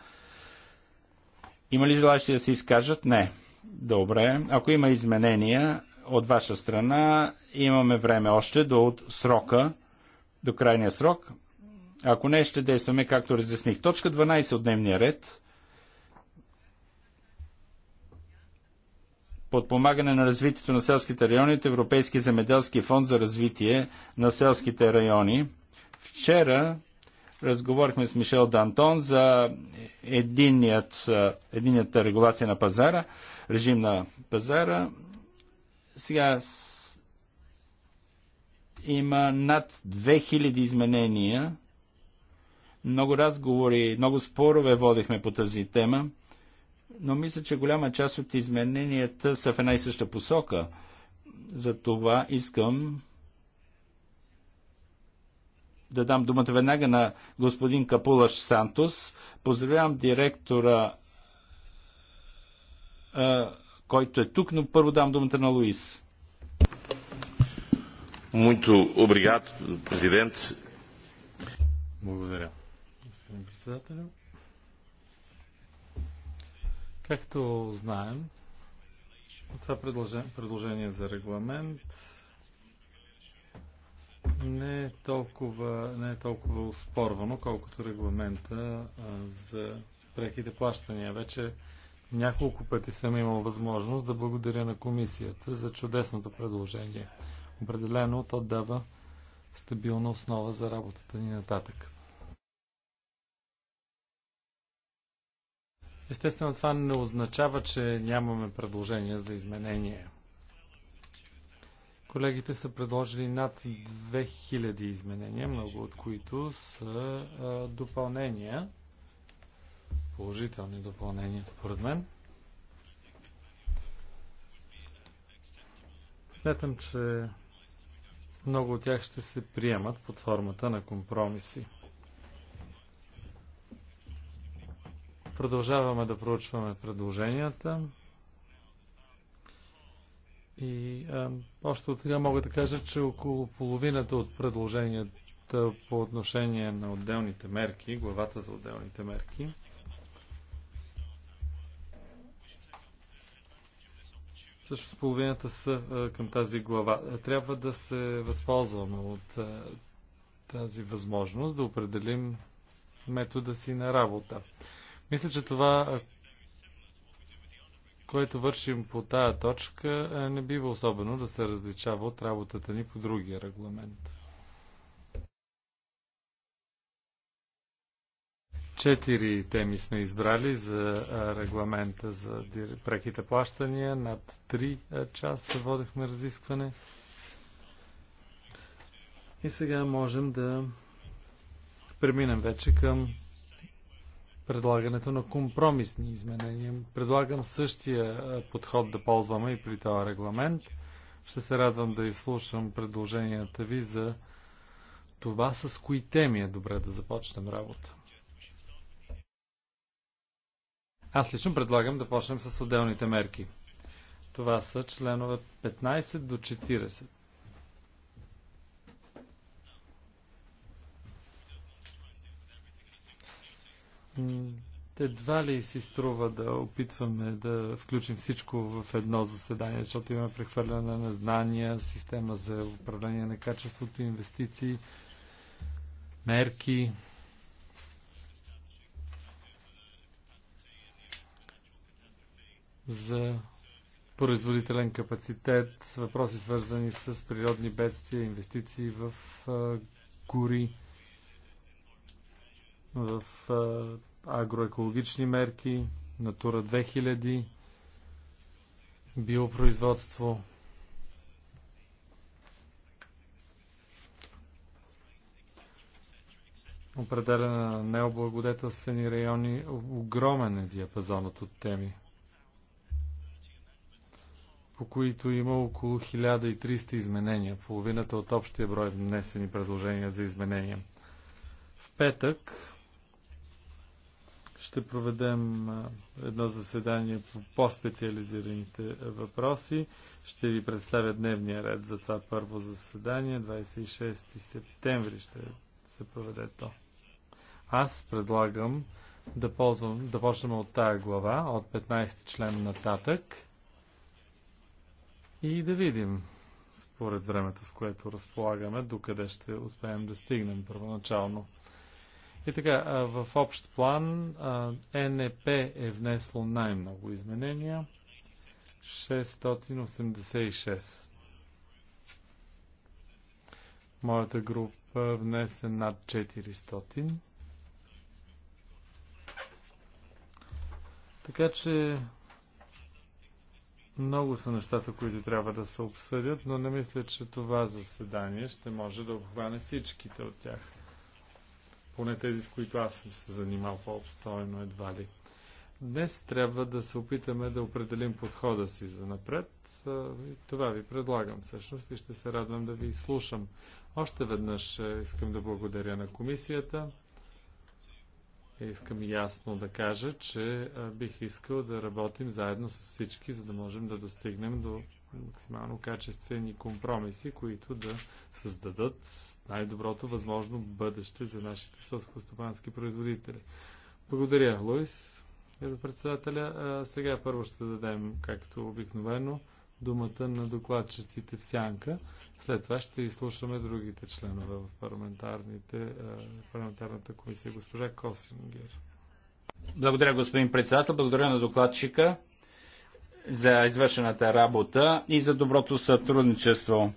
Има ли желащи да се изкажат? Не. Добре. Ако има изменения от ваша страна, имаме време още до от срока, до крайния срок. Ако не, ще действаме както разясних. Точка 12 от дневния ред. Подпомагане на развитието на селските райони от Европейски земеделски фонд за развитие на селските райони. Вчера разговорихме с Мишел Дантон за единият, е, единията регулация на пазара, режим на пазара. Сега има над 2000 изменения. Много разговори, много спорове водихме по тази тема, но мисля, че голяма част от измененията са в една и съща посока. За това искам да дам думата веднага на господин Капулаш Сантос. Поздравявам директора, който е тук, но първо дам думата на Луис. Muito обригат, президент. Благодаря, господин председател. Както знаем, това предложение, предложение за регламент не е толкова, не е толкова спорвано, колкото регламента а, за преките плащания. Вече няколко пъти съм имал възможност да благодаря на комисията за чудесното предложение. Определено то дава стабилна основа за работата ни нататък. Естествено, това не означава, че нямаме предложение за изменение. Колегите са предложили над 2000 изменения, много от които са а, допълнения, положителни допълнения според мен. Смятам, че много от тях ще се приемат под формата на компромиси. Продължаваме да проучваме предложенията. И а, още от сега мога да кажа, че около половината от предложенията по отношение на отделните мерки, главата за отделните мерки, всъщност половината са а, към тази глава. Трябва да се възползваме от а, тази възможност да определим метода си на работа. Мисля, че това което вършим по тая точка, е, не бива особено да се различава от работата ни по другия регламент. Четири теми сме избрали за е, регламента за преките плащания. Над 3 е, часа водихме разискване. И сега можем да преминем вече към предлагането на компромисни изменения. Предлагам същия подход да ползваме и при този регламент. Ще се радвам да изслушам предложенията ви за това с кои теми е добре да започнем работа. Аз лично предлагам да почнем с отделните мерки. Това са членове 15 до 40. едва ли си струва да опитваме да включим всичко в едно заседание, защото имаме прехвърляне на знания, система за управление на качеството, инвестиции, мерки. за производителен капацитет, въпроси свързани с природни бедствия, инвестиции в гори в агроекологични мерки, Натура 2000, биопроизводство. Определена на необлагодетелствени райони, е огромен е диапазонът от теми, по които има около 1300 изменения, половината от общия брой внесени предложения за изменения. В петък ще проведем едно заседание по по-специализираните въпроси. Ще ви представя дневния ред за това първо заседание. 26 септември ще се проведе то. Аз предлагам да, ползвам, да почнем от тая глава, от 15 член нататък и да видим според времето, в което разполагаме, докъде ще успеем да стигнем първоначално. И така, в общ план НП е внесло най-много изменения. 686. Моята група внесе над 400. Така че много са нещата, които трябва да се обсъдят, но не мисля, че това заседание ще може да обхване всичките от тях поне тези, с които аз съм се занимал по-обстойно едва ли. Днес трябва да се опитаме да определим подхода си за напред. Това ви предлагам всъщност и ще се радвам да ви слушам. Още веднъж искам да благодаря на комисията. Искам ясно да кажа, че бих искал да работим заедно с всички, за да можем да достигнем до максимално качествени компромиси, които да създадат най-доброто възможно бъдеще за нашите сълскостопански производители. Благодаря, Луис, като председателя. А, сега първо ще дадем, както обикновено, думата на докладчиците в сянка. След това ще изслушаме другите членове в парламентарните, парламентарната комисия. Госпожа Косингер. Благодаря, господин председател. Благодаря на докладчика за извършената работа и за доброто сътрудничество,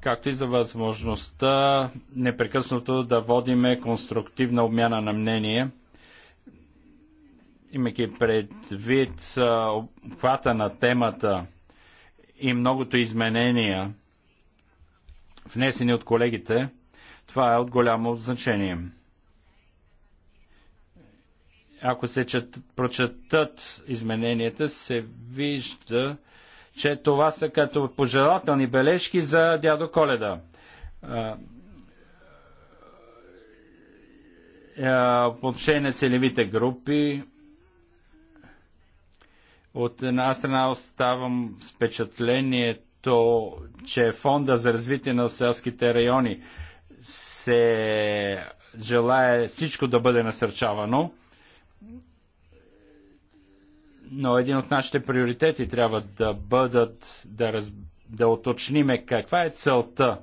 както и за възможността непрекъснато да водиме конструктивна обмяна на мнение, имайки предвид обхвата на темата и многото изменения, внесени от колегите, това е от голямо значение ако се чет, прочетат измененията, се вижда, че това са като пожелателни бележки за дядо Коледа. по отношение на целевите групи, от една страна оставам с впечатлението, че фонда за развитие на селските райони се желая всичко да бъде насърчавано, но един от нашите приоритети трябва да бъдат да, раз, да оточниме каква е целта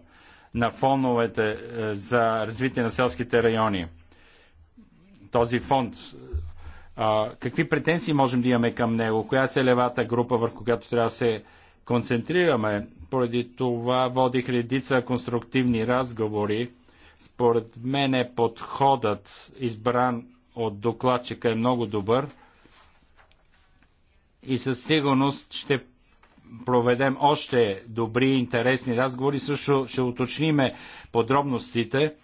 на фондовете е, за развитие на селските райони. Този фонд, е, а, какви претенции можем да имаме към него, коя е целевата група, върху която трябва да се концентрираме. Поради това водих редица конструктивни разговори. Според мен е подходът избран от докладчика е много добър и със сигурност ще проведем още добри, и интересни разговори. Също ще уточниме подробностите.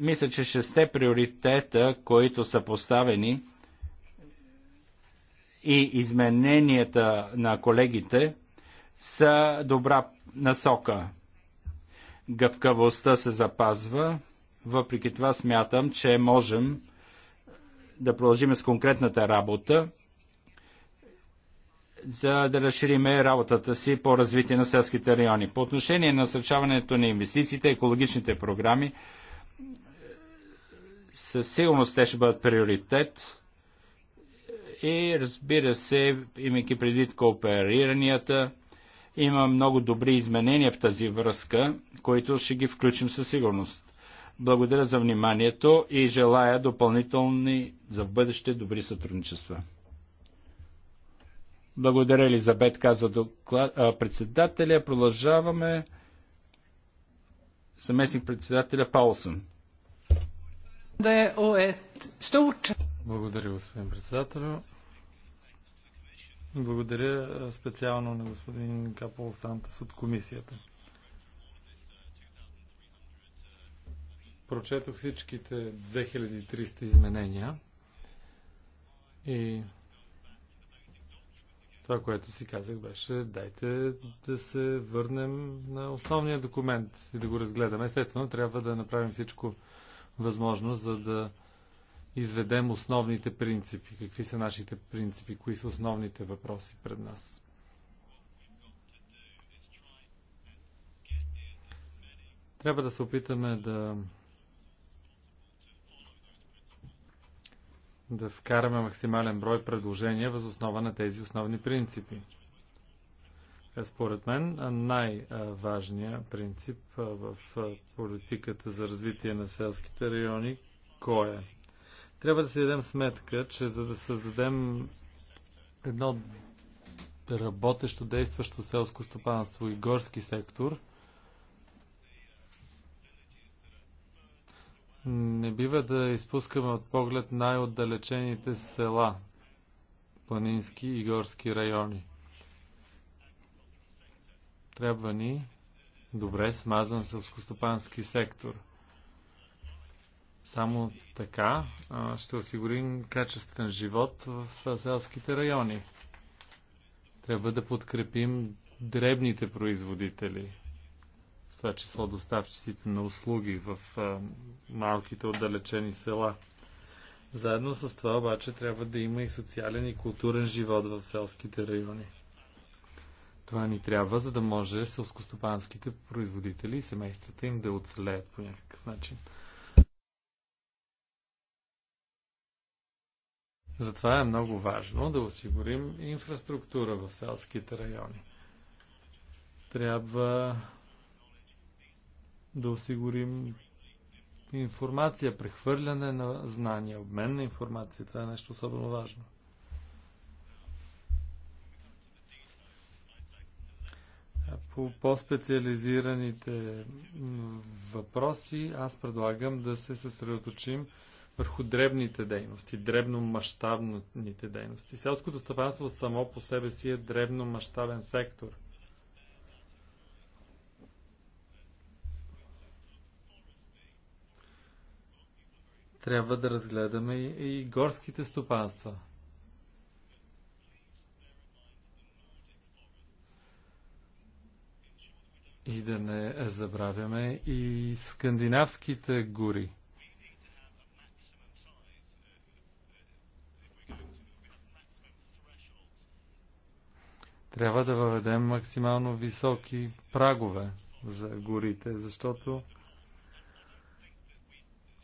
Мисля, че шесте приоритета, които са поставени и измененията на колегите, са добра насока. Гъвкавостта се запазва. Въпреки това смятам, че можем да продължим с конкретната работа, за да разшириме работата си по развитие на селските райони. По отношение на насърчаването на инвестициите, екологичните програми, със сигурност те ще бъдат приоритет и разбира се, имайки предвид коопериранията, има много добри изменения в тази връзка, които ще ги включим със сигурност. Благодаря за вниманието и желая допълнителни за в бъдеще добри сътрудничества. Благодаря, Елизабет, казва доклад, а, председателя. Продължаваме. Съместник председателя Паулсън. Е, е, Благодаря, господин председател. Благодаря специално на господин Капол Сантас от комисията. прочетох всичките 2300 изменения и това, което си казах, беше дайте да се върнем на основния документ и да го разгледаме. Естествено, трябва да направим всичко възможно, за да изведем основните принципи. Какви са нашите принципи? Кои са основните въпроси пред нас? Трябва да се опитаме да да вкараме максимален брой предложения въз основа на тези основни принципи. Е, според мен най-важният принцип в политиката за развитие на селските райони кой е? Трябва да си дадем сметка, че за да създадем едно работещо, действащо селско стопанство и горски сектор – Не бива да изпускаме от поглед най-отдалечените села, планински и горски райони. Трябва ни добре смазан селскостопански сектор. Само така ще осигурим качествен живот в селските райони. Трябва да подкрепим дребните производители – това число доставчиците на услуги в малките отдалечени села. Заедно с това обаче трябва да има и социален и културен живот в селските райони. Това ни трябва, за да може селскостопанските производители и семействата им да оцелеят по някакъв начин. Затова е много важно да осигурим инфраструктура в селските райони. Трябва да осигурим информация, прехвърляне на знания, обмен на информация. Това е нещо особено важно. По по-специализираните въпроси аз предлагам да се съсредоточим върху дребните дейности, дребномащабните дейности. Селското стопанство само по себе си е дребномащабен сектор – Трябва да разгледаме и горските стопанства. И да не забравяме и скандинавските гори. Трябва да въведем максимално високи прагове за горите, защото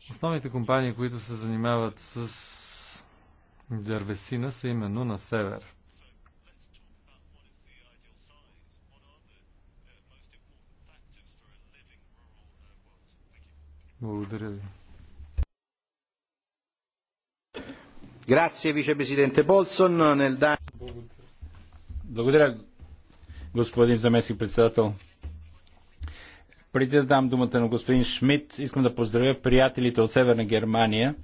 Основните компании, които се занимават с дървесина, са именно на север. Благодаря ви. Grazie vicepresidente Полсон. Благодаря, господин заместник председател. Преди да дам думата на господин Шмидт, искам да поздравя приятелите от Северна Германия,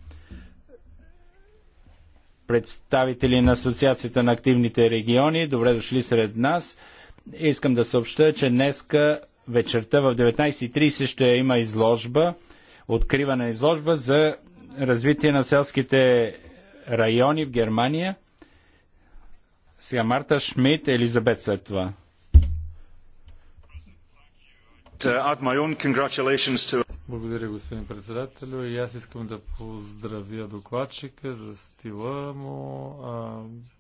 представители на Асоциацията на активните региони. Добре дошли сред нас. Искам да съобща, че днеска вечерта в 19.30 ще има изложба, откриване на изложба за развитие на селските райони в Германия. Сега Марта Шмидт, Елизабет след това. Благодаря, господин председател, И аз искам да поздравя докладчика за стила му а,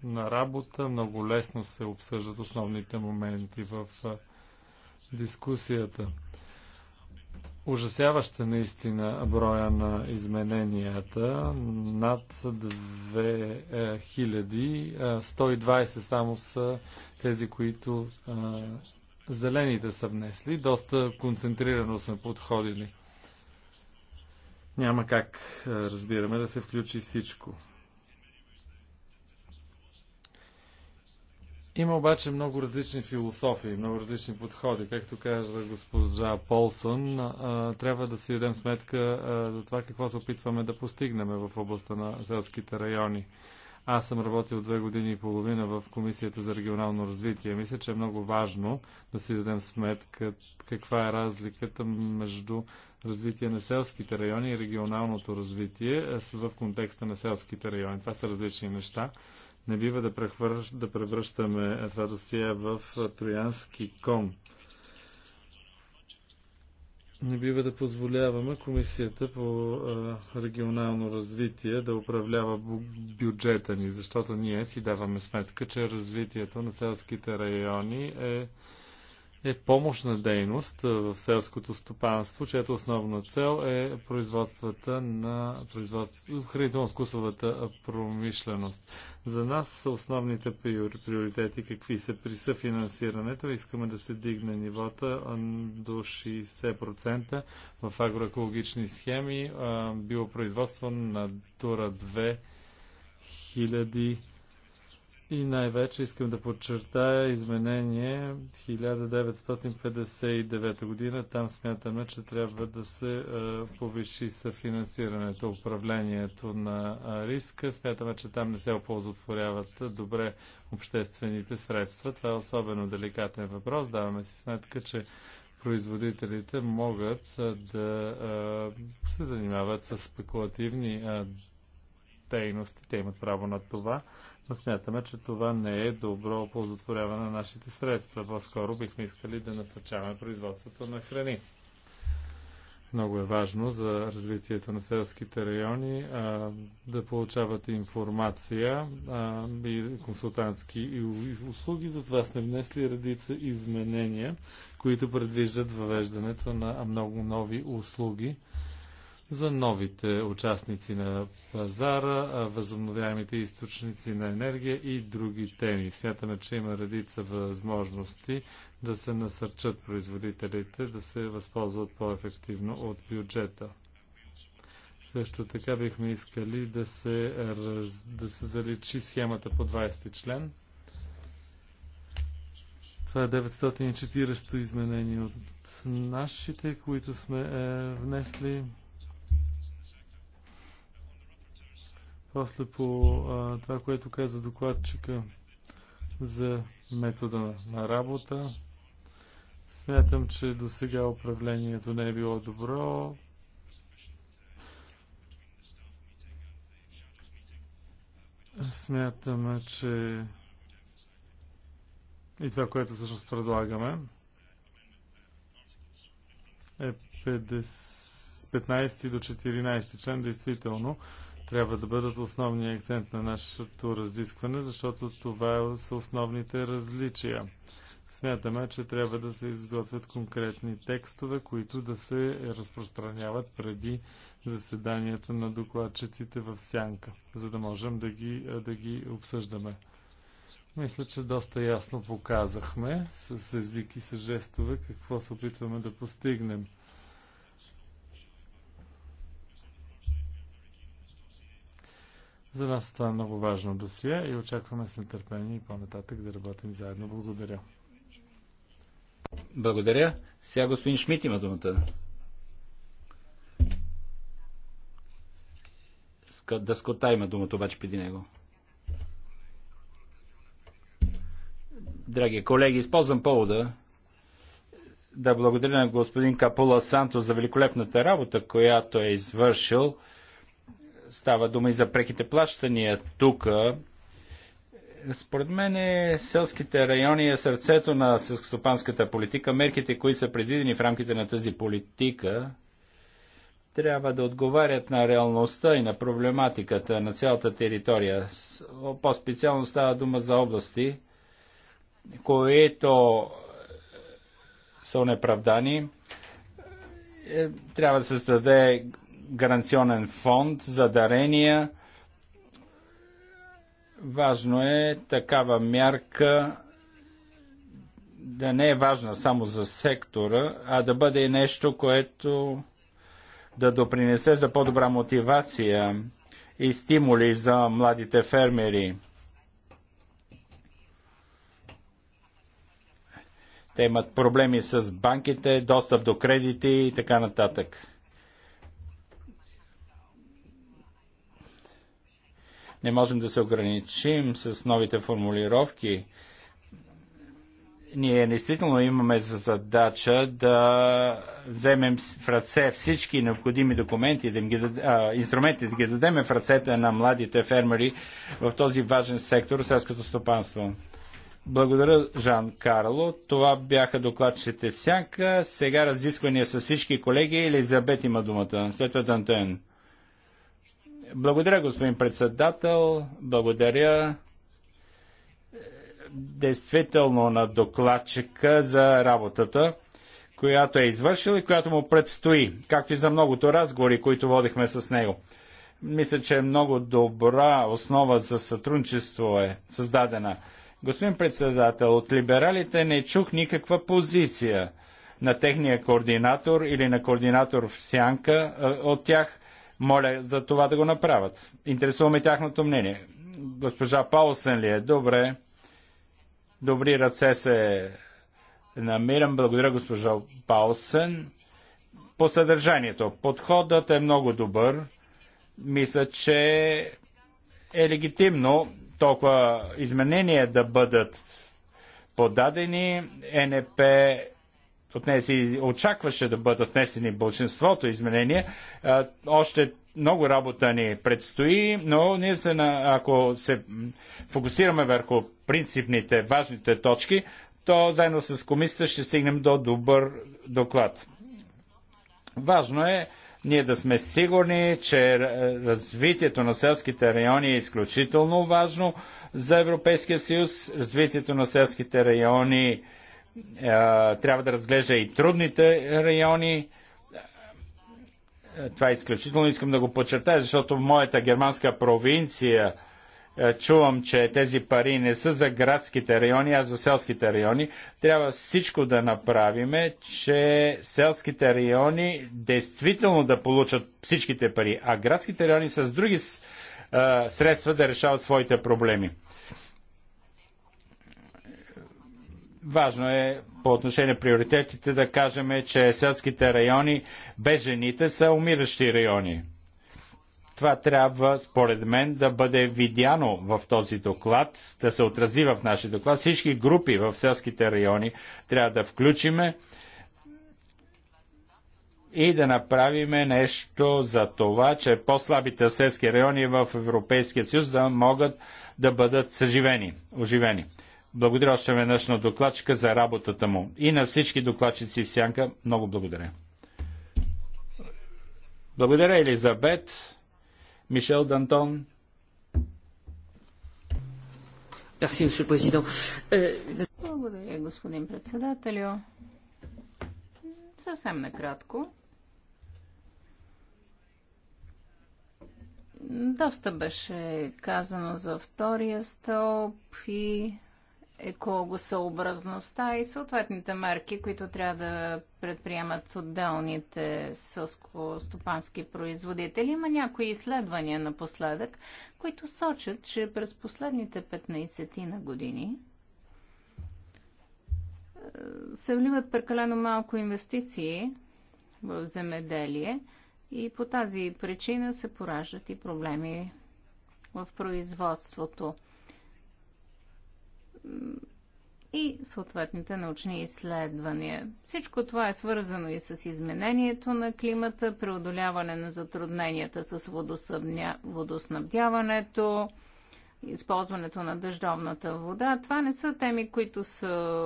на работа. Много лесно се обсъждат основните моменти в а, дискусията. Ужасяваща наистина броя на измененията. Над 2000, 120 е, е, само са тези, които а, е, зелените са внесли. Доста концентрирано сме подходили. Няма как, е, разбираме, да се включи всичко. Има обаче много различни философии, много различни подходи. Както каза госпожа Полсън, е, трябва да си дадем сметка е, за това какво се опитваме да постигнем в областта на селските райони. Аз съм работил две години и половина в Комисията за регионално развитие. Мисля, че е много важно да си дадем сметка каква е разликата между развитие на селските райони и регионалното развитие е, в контекста на селските райони. Това са различни неща. Не бива да, превръщаме това досие в е, троянски кон не бива да позволяваме Комисията по регионално развитие да управлява бюджета ни, защото ние си даваме сметка, че развитието на селските райони е е помощна дейност в селското стопанство, чието основна цел е производствата на производство, хранително-вкусовата промишленост. За нас са основните приоритети какви са при съфинансирането. Искаме да се дигне нивота до 60% в агроекологични схеми, биопроизводство на Тура 2000 и най-вече искам да подчертая изменение 1959 година. Там смятаме, че трябва да се е, повиши съфинансирането, управлението на е, риска. Смятаме, че там не се оползотворяват добре обществените средства. Това е особено деликатен въпрос. Даваме си сметка, че производителите могат е, да се занимават с спекулативни дейности. Те имат право на това но смятаме, че това не е добро оползотворяване на нашите средства. По-скоро бихме искали да насърчаваме производството на храни. Много е важно за развитието на селските райони а, да получават информация а, и консултантски и, услуги. Затова сме внесли редица изменения, които предвиждат въвеждането на много нови услуги за новите участници на пазара, възобновяемите източници на енергия и други теми. Смятаме, че има редица възможности да се насърчат производителите да се възползват по-ефективно от бюджета. Също така бихме искали да се, раз... да се заличи схемата по 20 член. Това е 940 изменение от нашите, които сме е, внесли. После по а, това, което каза докладчика за метода на, работа, смятам, че до сега управлението не е било добро. Смятаме, че и това, което всъщност предлагаме, е 50, 15 до 14 член, действително трябва да бъдат основния акцент на нашето разискване, защото това са основните различия. Смятаме, че трябва да се изготвят конкретни текстове, които да се разпространяват преди заседанията на докладчиците в сянка, за да можем да ги, да ги обсъждаме. Мисля, че доста ясно показахме с език и с жестове какво се опитваме да постигнем. За нас това е много важно досие и очакваме с нетърпение и по-нататък да работим заедно. Благодаря. Благодаря. Сега господин Шмидт има думата. Дъскота има думата обаче преди него. Драги колеги, използвам повода да благодаря на господин Капула Санто за великолепната работа, която е извършил става дума и за преките плащания тук. Според мен селските райони е сърцето на селскостопанската политика. Мерките, които са предвидени в рамките на тази политика, трябва да отговарят на реалността и на проблематиката на цялата територия. По-специално става дума за области, които са неправдани. Е, трябва да се създаде гаранционен фонд за дарения. Важно е такава мярка да не е важна само за сектора, а да бъде и нещо, което да допринесе за по-добра мотивация и стимули за младите фермери. Те имат проблеми с банките, достъп до кредити и така нататък. Не можем да се ограничим с новите формулировки. Ние действително имаме за задача да вземем в ръце всички необходими документи, да им ги даде, а, инструменти, да ги дадем в ръцете на младите фермери в този важен сектор, селското стопанство. Благодаря, Жан Карло. Това бяха докладчите всяка. Сега разисквания с всички колеги. Елизабет има думата. След това Дантен. Благодаря, господин председател. Благодаря е, действително на докладчика за работата, която е извършил и която му предстои, както и за многото разговори, които водихме с него. Мисля, че е много добра основа за сътрудничество е създадена. Господин председател, от либералите не чух никаква позиция на техния координатор или на координатор в сянка е, от тях – моля за това да го направят. Интересуваме тяхното мнение. Госпожа Паулсен ли е? Добре. Добри ръце се намирам. Благодаря, госпожа Паулсен. По съдържанието. Подходът е много добър. Мисля, че е легитимно толкова изменения да бъдат подадени. НП отнесе очакваше да бъдат внесени большинството изменения. Още много работа ни предстои, но ние се, ако се фокусираме върху принципните, важните точки, то заедно с комисията ще стигнем до добър доклад. Важно е ние да сме сигурни, че развитието на селските райони е изключително важно за Европейския съюз. Развитието на селските райони е е, трябва да разглежда и трудните райони. Е, това е изключително искам да го подчертая, защото в моята германска провинция е, чувам, че тези пари не са за градските райони, а за селските райони. Трябва всичко да направиме, че селските райони действително да получат всичките пари, а градските райони с други средства да решават своите проблеми. Важно е по отношение на приоритетите да кажем, че селските райони без жените са умиращи райони. Това трябва, според мен, да бъде видяно в този доклад, да се отрази в нашия доклад. Всички групи в селските райони трябва да включиме и да направиме нещо за това, че по-слабите селски райони в Европейския съюз да могат да бъдат съживени, оживени. Благодаря още веднъж на докладчика за работата му и на всички докладчици в Сянка. Много благодаря. Благодаря Елизабет, Мишел Дантон. Euh, благодаря, господин председателю. Съвсем накратко. Доста беше казано за втория стълб и екологосъобразността и съответните мерки, които трябва да предприемат отделните сълско-стопански производители. Има някои изследвания напоследък, които сочат, че през последните 15 на години е, се вливат прекалено малко инвестиции в земеделие и по тази причина се пораждат и проблеми в производството и съответните научни изследвания. Всичко това е свързано и с изменението на климата, преодоляване на затрудненията с водосъбня... водоснабдяването, използването на дъждовната вода. Това не са теми, които са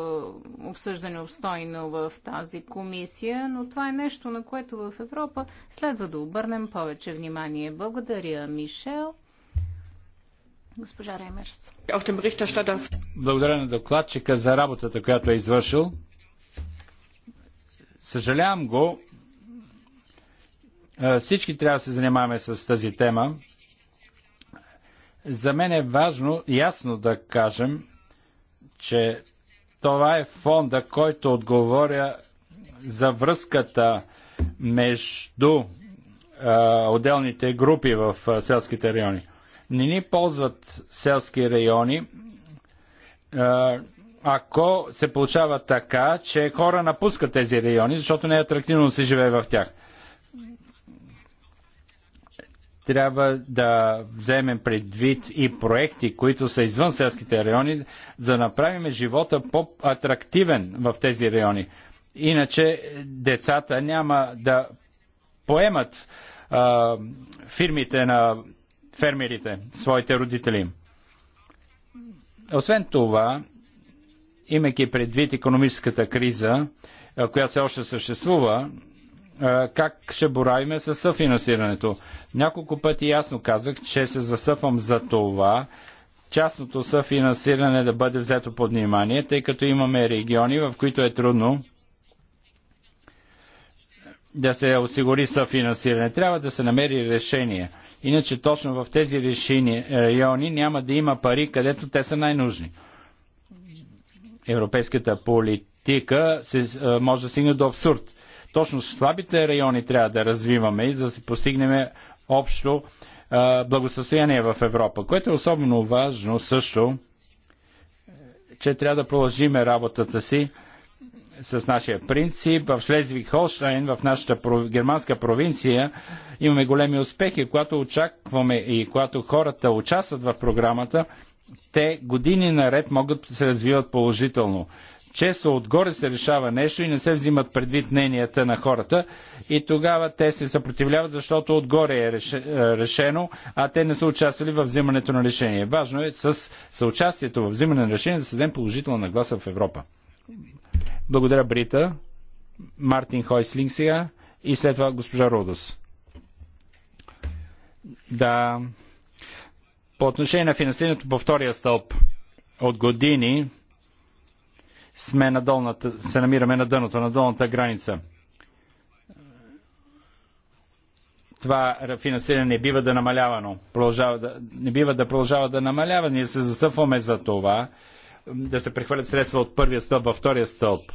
обсъждани обстойно в тази комисия, но това е нещо, на което в Европа следва да обърнем повече внимание. Благодаря, Мишел. Госпожа Реймерс. Благодаря на докладчика за работата, която е извършил. Съжалявам го. Е, всички трябва да се занимаваме с тази тема. За мен е важно ясно да кажем, че това е фонда, който отговоря за връзката между а, е, отделните групи в а, е, селските райони не ни ползват селски райони, ако се получава така, че хора напускат тези райони, защото не е атрактивно да се живее в тях. Трябва да вземем предвид и проекти, които са извън селските райони, за да направим живота по-атрактивен в тези райони. Иначе децата няма да поемат а, фирмите на фермерите, своите родители. Освен това, имайки предвид економическата криза, която все още съществува, как ще боравиме с съфинансирането? Няколко пъти ясно казах, че се засъфвам за това, частното съфинансиране да бъде взето под внимание, тъй като имаме региони, в които е трудно да се осигури съфинансиране. Трябва да се намери решение. Иначе точно в тези решени е, райони няма да има пари, където те са най-нужни. Европейската политика се, е, може да стигне до абсурд. Точно слабите райони трябва да развиваме и да се постигнем общо е, благосъстояние в Европа, което е особено важно също, че трябва да продължиме работата си с нашия принцип. В Шлезвиг Холштайн, в нашата германска провинция, имаме големи успехи. Когато очакваме и когато хората участват в програмата, те години наред могат да се развиват положително. Често отгоре се решава нещо и не се взимат предвид мненията на хората и тогава те се съпротивляват, защото отгоре е, е решено, а те не са участвали в взимането на решение. Важно е с съучастието в взимане на решение да създадем положителна нагласа в Европа. Благодаря Брита, Мартин Хойслинг сега и след това госпожа Родос. Да. По отношение на финансирането по втория стълб от години сме на долната, се намираме на дъното, на долната граница. Това финансиране не бива да намалявано. Продължава да, не бива да продължава да намалява. Ние се застъпваме за това да се прехвърлят средства от първия стълб във втория стълб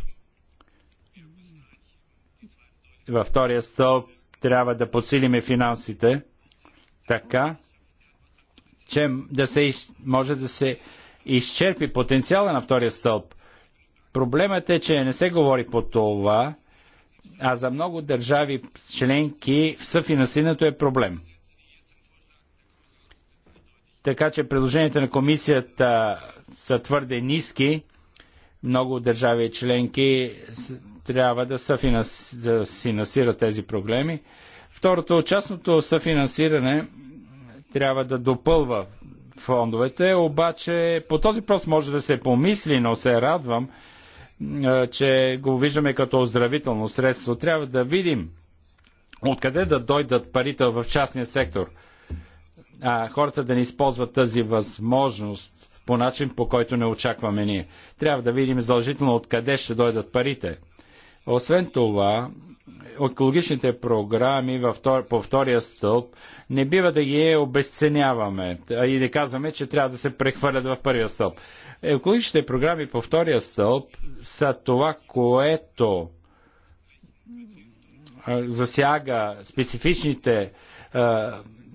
във втория стълб трябва да подсилиме финансите така, че да се, може да се изчерпи потенциала на втория стълб. Проблемът е, че не се говори по това, а за много държави членки съфинансирането е проблем. Така че предложенията на комисията са твърде ниски. Много държави членки трябва да, съфинанс... да финансира тези проблеми. Второто, частното съфинансиране трябва да допълва фондовете, обаче по този въпрос може да се помисли, но се радвам, че го виждаме като оздравително средство. Трябва да видим откъде да дойдат парите в частния сектор. А, хората да не използват тази възможност по начин, по който не очакваме ние. Трябва да видим задължително откъде ще дойдат парите. Освен това, екологичните програми във втор, по втория стълб не бива да ги обесценяваме и да казваме, че трябва да се прехвърлят в първия стълб. Екологичните програми по втория стълб са това, което засяга специфичните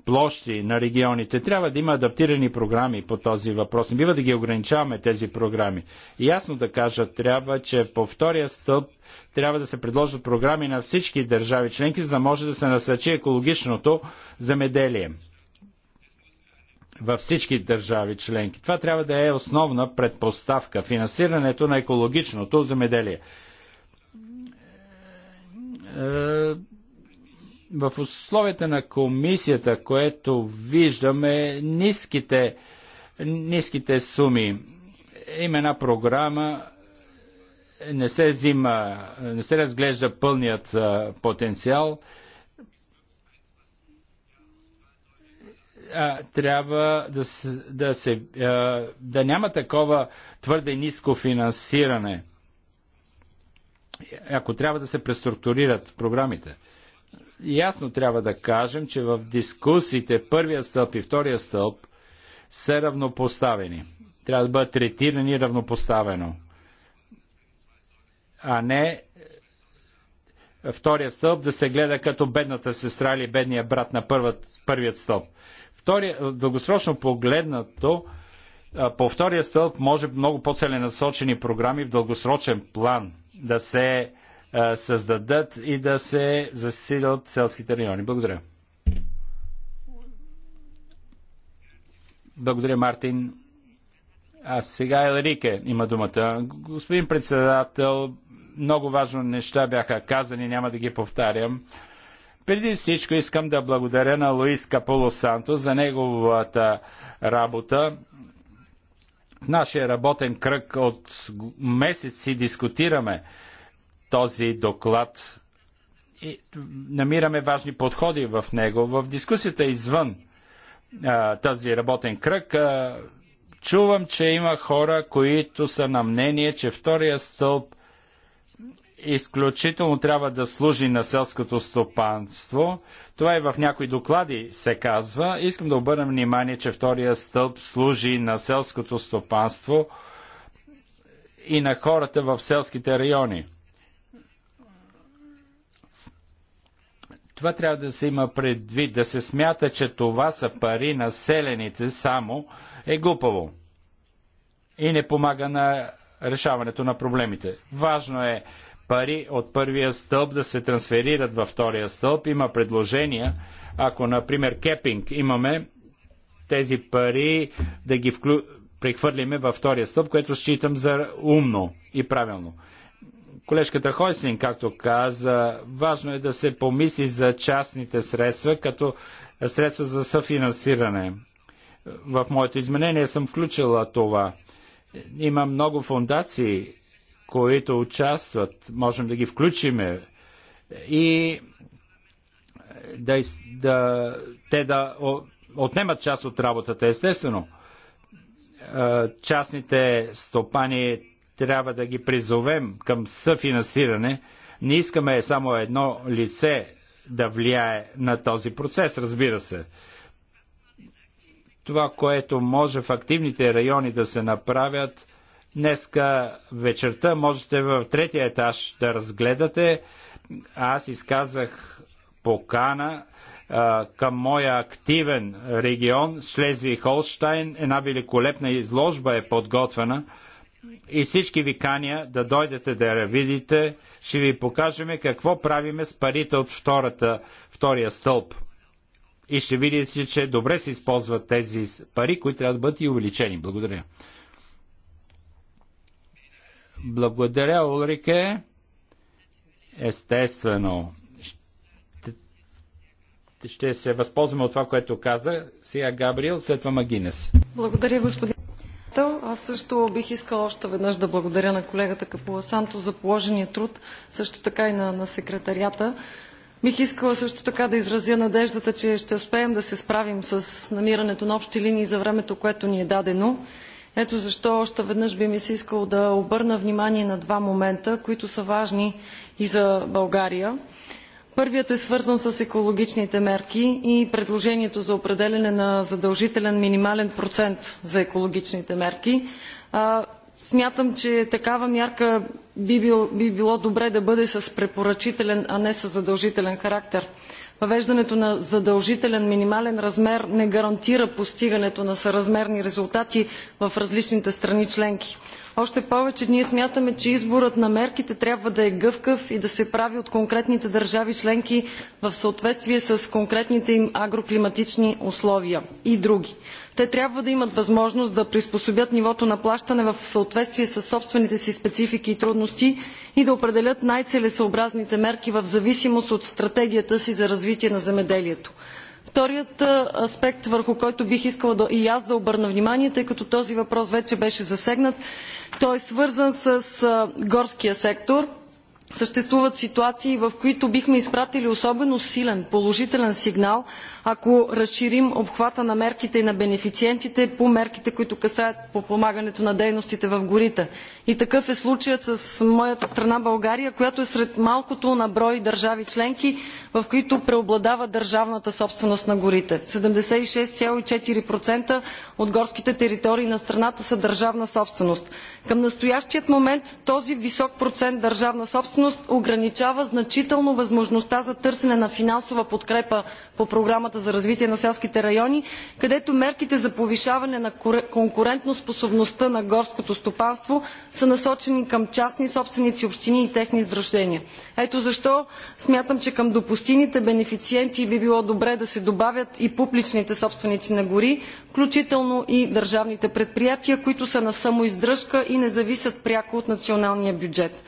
площи на регионите. Трябва да има адаптирани програми по този въпрос. Не бива да ги ограничаваме тези програми. И ясно да кажа трябва, че по втория стълб трябва да се предложат програми на всички държави членки, за да може да се насъчи екологичното замеделие във всички държави членки. Това трябва да е основна предпоставка финансирането на екологичното замеделие е, в условията на комисията, което виждаме, ниските, ниските суми. Има една програма, не се взима, не се разглежда пълният а, потенциал. А, трябва да, да, се, а, да няма такова твърде ниско финансиране. Ако трябва да се преструктурират програмите ясно трябва да кажем, че в дискусиите първия стълб и втория стълб са равнопоставени. Трябва да бъдат третирани равнопоставено. А не е, втория стълб да се гледа като бедната сестра или бедния брат на първат, първият стълб. Втория, дългосрочно погледнато, е, по втория стълб може много по-целенасочени програми в дългосрочен план да се създадат и да се засилят селските райони. Благодаря. Благодаря, Мартин. А сега Елрике има думата. Господин председател, много важно неща бяха казани, няма да ги повтарям. Преди всичко искам да благодаря на Луис Капуло Санто за неговата работа. В нашия работен кръг от месеци дискутираме този доклад и намираме важни подходи в него. В дискусията извън а, този работен кръг а, чувам, че има хора, които са на мнение, че втория стълб изключително трябва да служи на селското стопанство. Това и в някои доклади се казва. Искам да обърна внимание, че втория стълб служи на селското стопанство и на хората в селските райони. Това трябва да се има предвид. Да се смята, че това са пари на селените само е глупаво. И не помага на решаването на проблемите. Важно е пари от първия стълб да се трансферират във втория стълб. Има предложения, ако, например, кепинг имаме, тези пари да ги вклю... прехвърлиме във втория стълб, което считам за умно и правилно. Колежката Хойслин, както каза, важно е да се помисли за частните средства като средства за съфинансиране. В моето изменение съм включила това. Има много фундации, които участват. Можем да ги включиме и да, да, те да отнемат част от работата, естествено е, частните стопани трябва да ги призовем към съфинансиране. Не искаме само едно лице да влияе на този процес, разбира се. Това, което може в активните райони да се направят, днеска вечерта можете в третия етаж да разгледате. Аз изказах покана а, към моя активен регион, Шлезви Холштайн. Една великолепна изложба е подготвена – и всички ви каня да дойдете да я видите. Ще ви покажем какво правиме с парите от втората, втория стълб. И ще видите, че добре се използват тези пари, които трябва да бъдат и увеличени. Благодаря. Благодаря, Улрике. Естествено. Ще, ще се възползваме от това, което каза. Сега Габриел, след това Магинес. Благодаря, господин. Аз също бих искала още веднъж да благодаря на колегата Капула Санто за положения труд, също така и на, на секретарията. Бих искала също така да изразя надеждата, че ще успеем да се справим с намирането на общи линии за времето, което ни е дадено. Ето защо още веднъж би ми се искало да обърна внимание на два момента, които са важни и за България. Първият е свързан с екологичните мерки и предложението за определене на задължителен минимален процент за екологичните мерки. Смятам, че такава мярка би било добре да бъде с препоръчителен, а не с задължителен характер. Въвеждането на задължителен минимален размер не гарантира постигането на съразмерни резултати в различните страни членки. Още повече ние смятаме, че изборът на мерките трябва да е гъвкав и да се прави от конкретните държави членки в съответствие с конкретните им агроклиматични условия и други. Те трябва да имат възможност да приспособят нивото на плащане в съответствие с собствените си специфики и трудности и да определят най-целесъобразните мерки в зависимост от стратегията си за развитие на земеделието. Вторият аспект, върху който бих искала и аз да обърна внимание, тъй като този въпрос вече беше засегнат, той е свързан с горския сектор. Съществуват ситуации, в които бихме изпратили особено силен положителен сигнал, ако разширим обхвата на мерките и на бенефициентите по мерките, които касаят подпомагането на дейностите в горите. И такъв е случаят с моята страна България, която е сред малкото на брой държави членки, в които преобладава държавната собственост на горите. 76,4% от горските територии на страната са държавна собственост. Към настоящият момент този висок процент държавна собственост ограничава значително възможността за търсене на финансова подкрепа по Програмата за развитие на селските райони, където мерките за повишаване на конкурентоспособността на горското стопанство са насочени към частни собственици, общини и техни сдружения. Ето защо смятам, че към допустимите бенефициенти би било добре да се добавят и публичните собственици на гори, включително и държавните предприятия, които са на самоиздръжка и не зависят пряко от националния бюджет.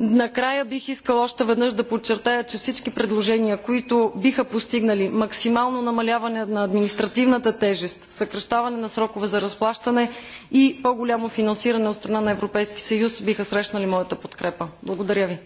Накрая бих искала още веднъж да подчертая, че всички предложения, които биха постигнали максимално намаляване на административната тежест, съкращаване на срокове за разплащане и по-голямо финансиране от страна на Европейския съюз, биха срещнали моята подкрепа. Благодаря ви.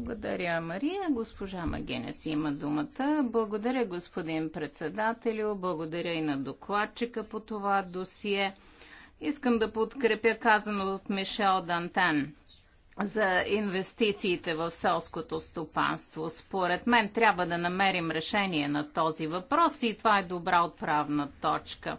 Благодаря, Мария. Госпожа си има думата. Благодаря, господин председателю. Благодаря и на докладчика по това досие. Искам да подкрепя казано от Мишел Дантен за инвестициите в селското стопанство. Според мен трябва да намерим решение на този въпрос и това е добра отправна точка.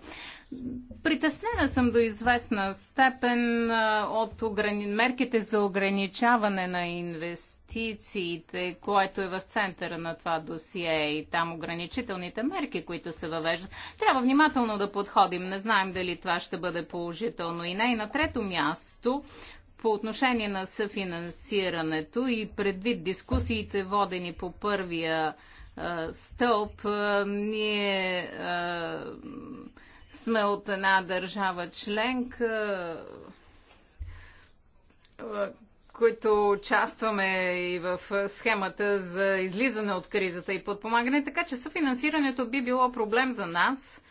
Притеснена съм до известна степен от ограни... мерките за ограничаване на инвестициите, което е в центъра на това досие и там ограничителните мерки, които се въвеждат. Трябва внимателно да подходим. Не знаем дали това ще бъде положително и не. И на трето място, по отношение на съфинансирането и предвид дискусиите водени по първия стълб, ние сме от една държава членка, които участваме и в схемата за излизане от кризата и подпомагане, така че съфинансирането би било проблем за нас.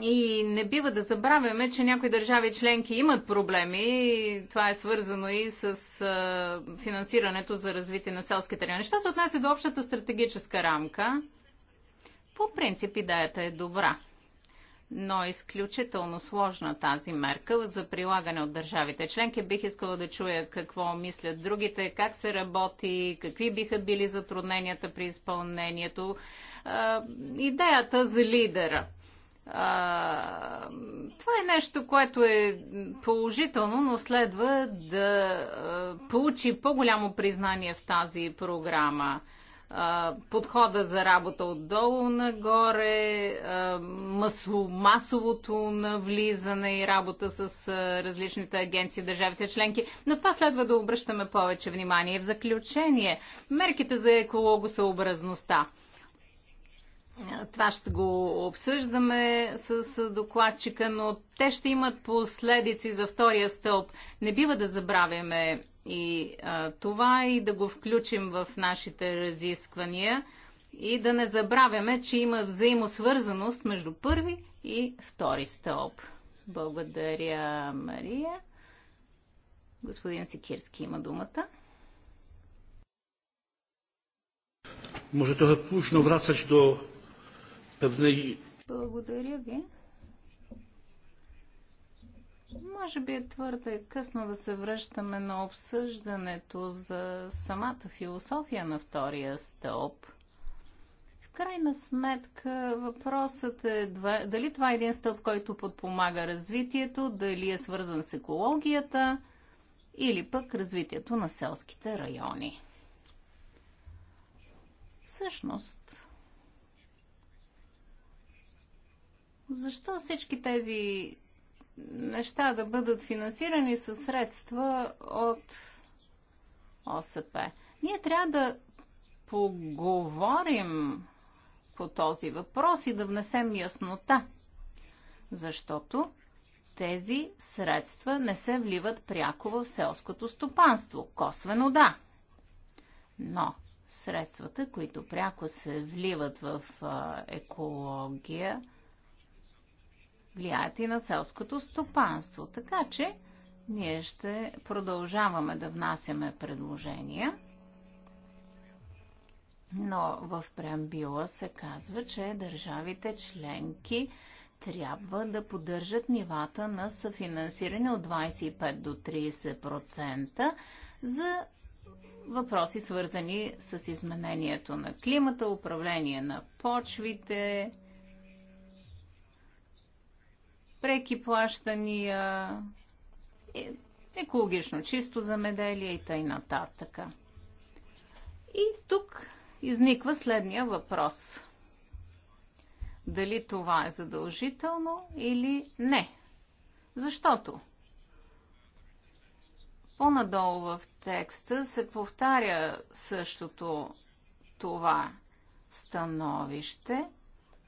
И не бива да забравяме, че някои държави членки имат проблеми. това е свързано и с финансирането за развитие на селските райони. Що се отнася до общата стратегическа рамка? По принцип идеята е добра, но е изключително сложна тази мерка за прилагане от държавите членки. Бих искала да чуя какво мислят другите, как се работи, какви биха били затрудненията при изпълнението. Идеята за лидера. А, това е нещо, което е положително, но следва да а, получи по-голямо признание в тази програма подхода за работа отдолу нагоре, масовото навлизане и работа с различните агенции в държавите членки. На това следва да обръщаме повече внимание. В заключение, мерките за екологосъобразността. Това ще го обсъждаме с докладчика, но те ще имат последици за втория стълб. Не бива да забравяме и а, това и да го включим в нашите разисквания и да не забравяме, че има взаимосвързаност между първи и втори стълб. Благодаря, Мария. Господин Сикирски има думата. Може да е пушно до певней... Благодаря ви. Може би е твърде късно да се връщаме на обсъждането за самата философия на втория стълб. В крайна сметка въпросът е дали това е един стълб, който подпомага развитието, дали е свързан с екологията или пък развитието на селските райони. Всъщност, защо всички тези неща да бъдат финансирани със средства от ОСП. Ние трябва да поговорим по този въпрос и да внесем яснота, защото тези средства не се вливат пряко в селското стопанство. Косвено да. Но средствата, които пряко се вливат в екология, влияят и на селското стопанство. Така че ние ще продължаваме да внасяме предложения, но в преамбила се казва, че държавите членки трябва да поддържат нивата на съфинансиране от 25 до 30% за въпроси свързани с изменението на климата, управление на почвите, преки плащания, е, екологично чисто замеделие и тъй нататък. И тук изниква следния въпрос. Дали това е задължително или не? Защото по-надолу в текста се повтаря същото това становище,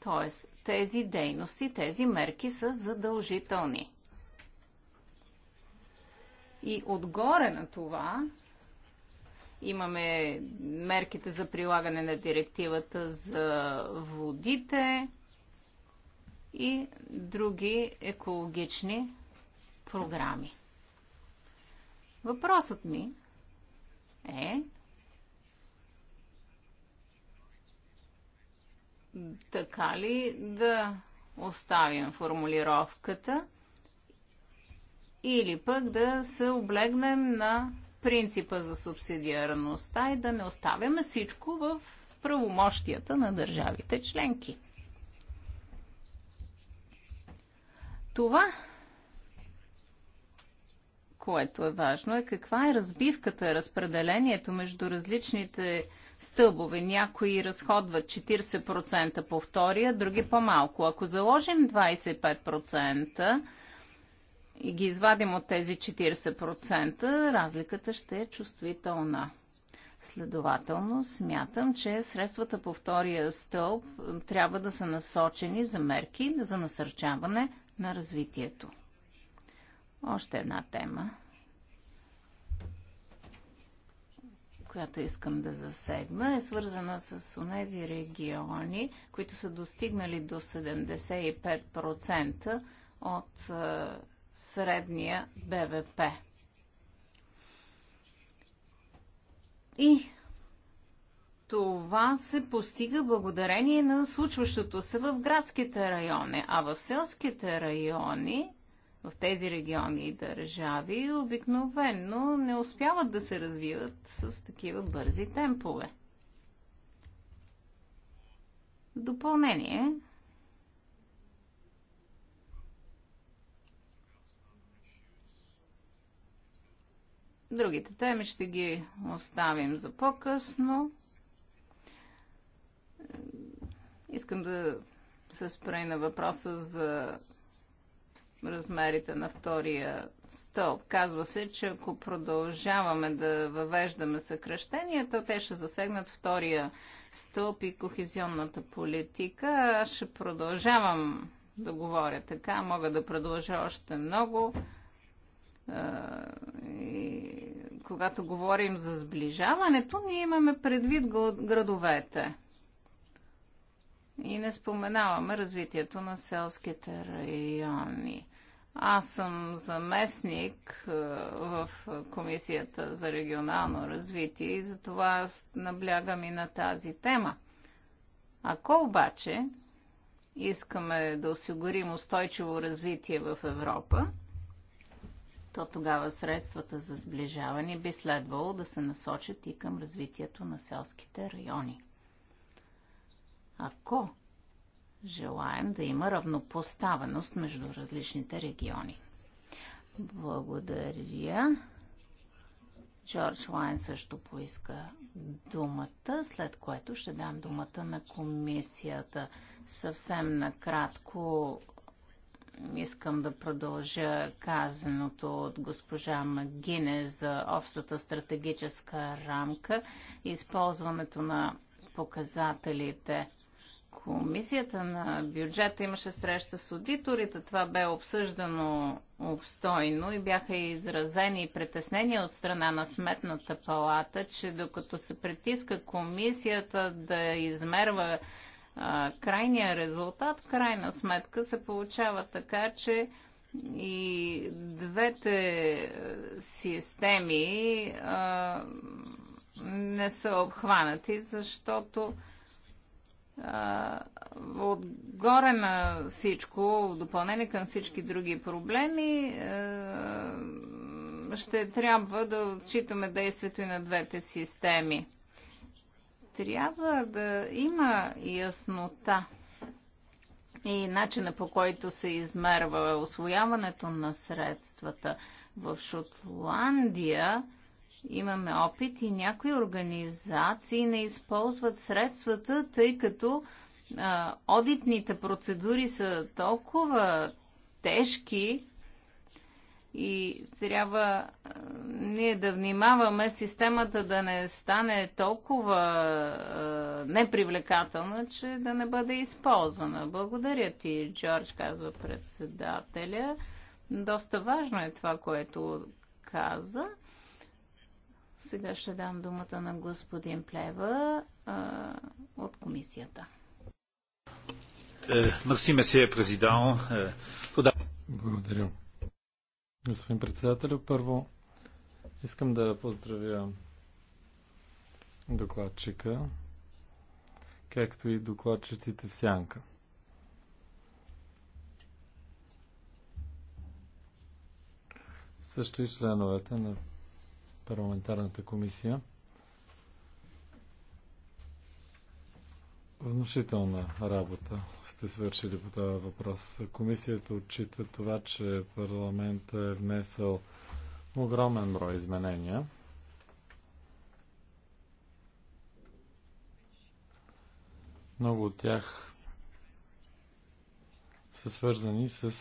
т.е тези дейности, тези мерки са задължителни. И отгоре на това имаме мерките за прилагане на директивата за водите и други екологични програми. Въпросът ми е Така ли да оставим формулировката или пък да се облегнем на принципа за субсидиарността и да не оставяме всичко в правомощията на държавите членки. Това което е важно, е каква е разбивката, разпределението между различните стълбове. Някои разходват 40% по втория, други по-малко. Ако заложим 25% и ги извадим от тези 40%, разликата ще е чувствителна. Следователно, смятам, че средствата по втория стълб трябва да са насочени за мерки за насърчаване на развитието. Още една тема, която искам да засегна, е свързана с онези региони, които са достигнали до 75% от е, средния БВП. И това се постига благодарение на случващото се в градските райони, а в селските райони в тези региони и държави обикновенно не успяват да се развиват с такива бързи темпове. Допълнение Другите теми ще ги оставим за по-късно. Искам да се спра на въпроса за размерите на втория стълб. Казва се, че ако продължаваме да въвеждаме съкръщения, то те ще засегнат втория стълб и кохезионната политика. Аз ще продължавам да говоря така, мога да продължа още много. И когато говорим за сближаването, ние имаме предвид градовете. И не споменаваме развитието на селските райони. Аз съм заместник е, в Комисията за регионално развитие и затова наблягам и на тази тема. Ако обаче искаме да осигурим устойчиво развитие в Европа, то тогава средствата за сближаване би следвало да се насочат и към развитието на селските райони ако желаем да има равнопоставеност между различните региони. Благодаря. Джордж Лайн също поиска думата, след което ще дам думата на комисията. Съвсем накратко искам да продължа казаното от госпожа Магине за общата стратегическа рамка използването на показателите комисията на бюджета имаше среща с аудиторите. Това бе обсъждано обстойно и бяха изразени притеснения от страна на Сметната палата, че докато се притиска комисията да измерва а, крайния резултат, в крайна сметка се получава така, че и двете е, системи а, не са обхванати, защото отгоре на всичко, в допълнение към всички други проблеми, е, ще трябва да отчитаме действието и на двете системи. Трябва да има яснота и начина по който се измерва освояването на средствата. В Шотландия имаме опит и някои организации не използват средствата, тъй като а, одитните процедури са толкова тежки и трябва а, ние да внимаваме системата да не стане толкова а, непривлекателна, че да не бъде използвана. Благодаря ти, Джордж, казва председателя. Доста важно е това, което каза. Сега ще дам думата на господин Плева а, от комисията. Е, мерси, месие президал. Е, Благодаря. Господин председател, първо искам да поздравя докладчика, както и докладчиците в сянка. Също и членовете на парламентарната комисия. Внушителна работа сте свършили по това въпрос. Комисията отчита това, че парламентът е внесъл огромен брой изменения. Много от тях са свързани с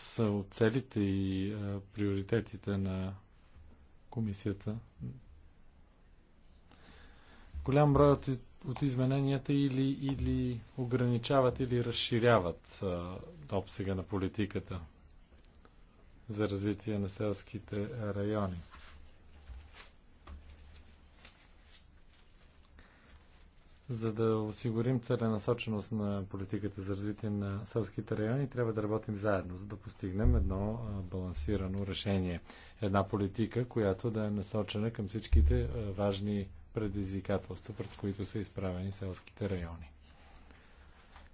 целите и приоритетите на комисията. Голям брой от, от измененията или, или ограничават, или разширяват а, обсега на политиката за развитие на селските райони. За да осигурим целенасоченост на политиката за развитие на селските райони, трябва да работим заедно, за да постигнем едно балансирано решение. Една политика, която да е насочена към всичките важни предизвикателства, пред които са изправени селските райони.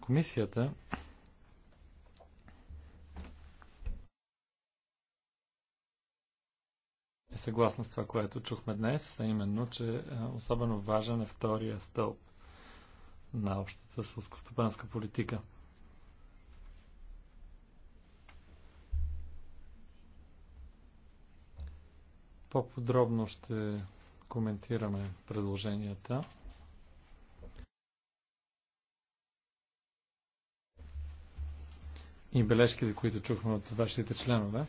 Комисията е съгласна с това, което чухме днес, а именно, че особено важен е втория стълб – на общата сълскостопанска политика. По-подробно ще коментираме предложенията. И бележките, които чухме от вашите членове.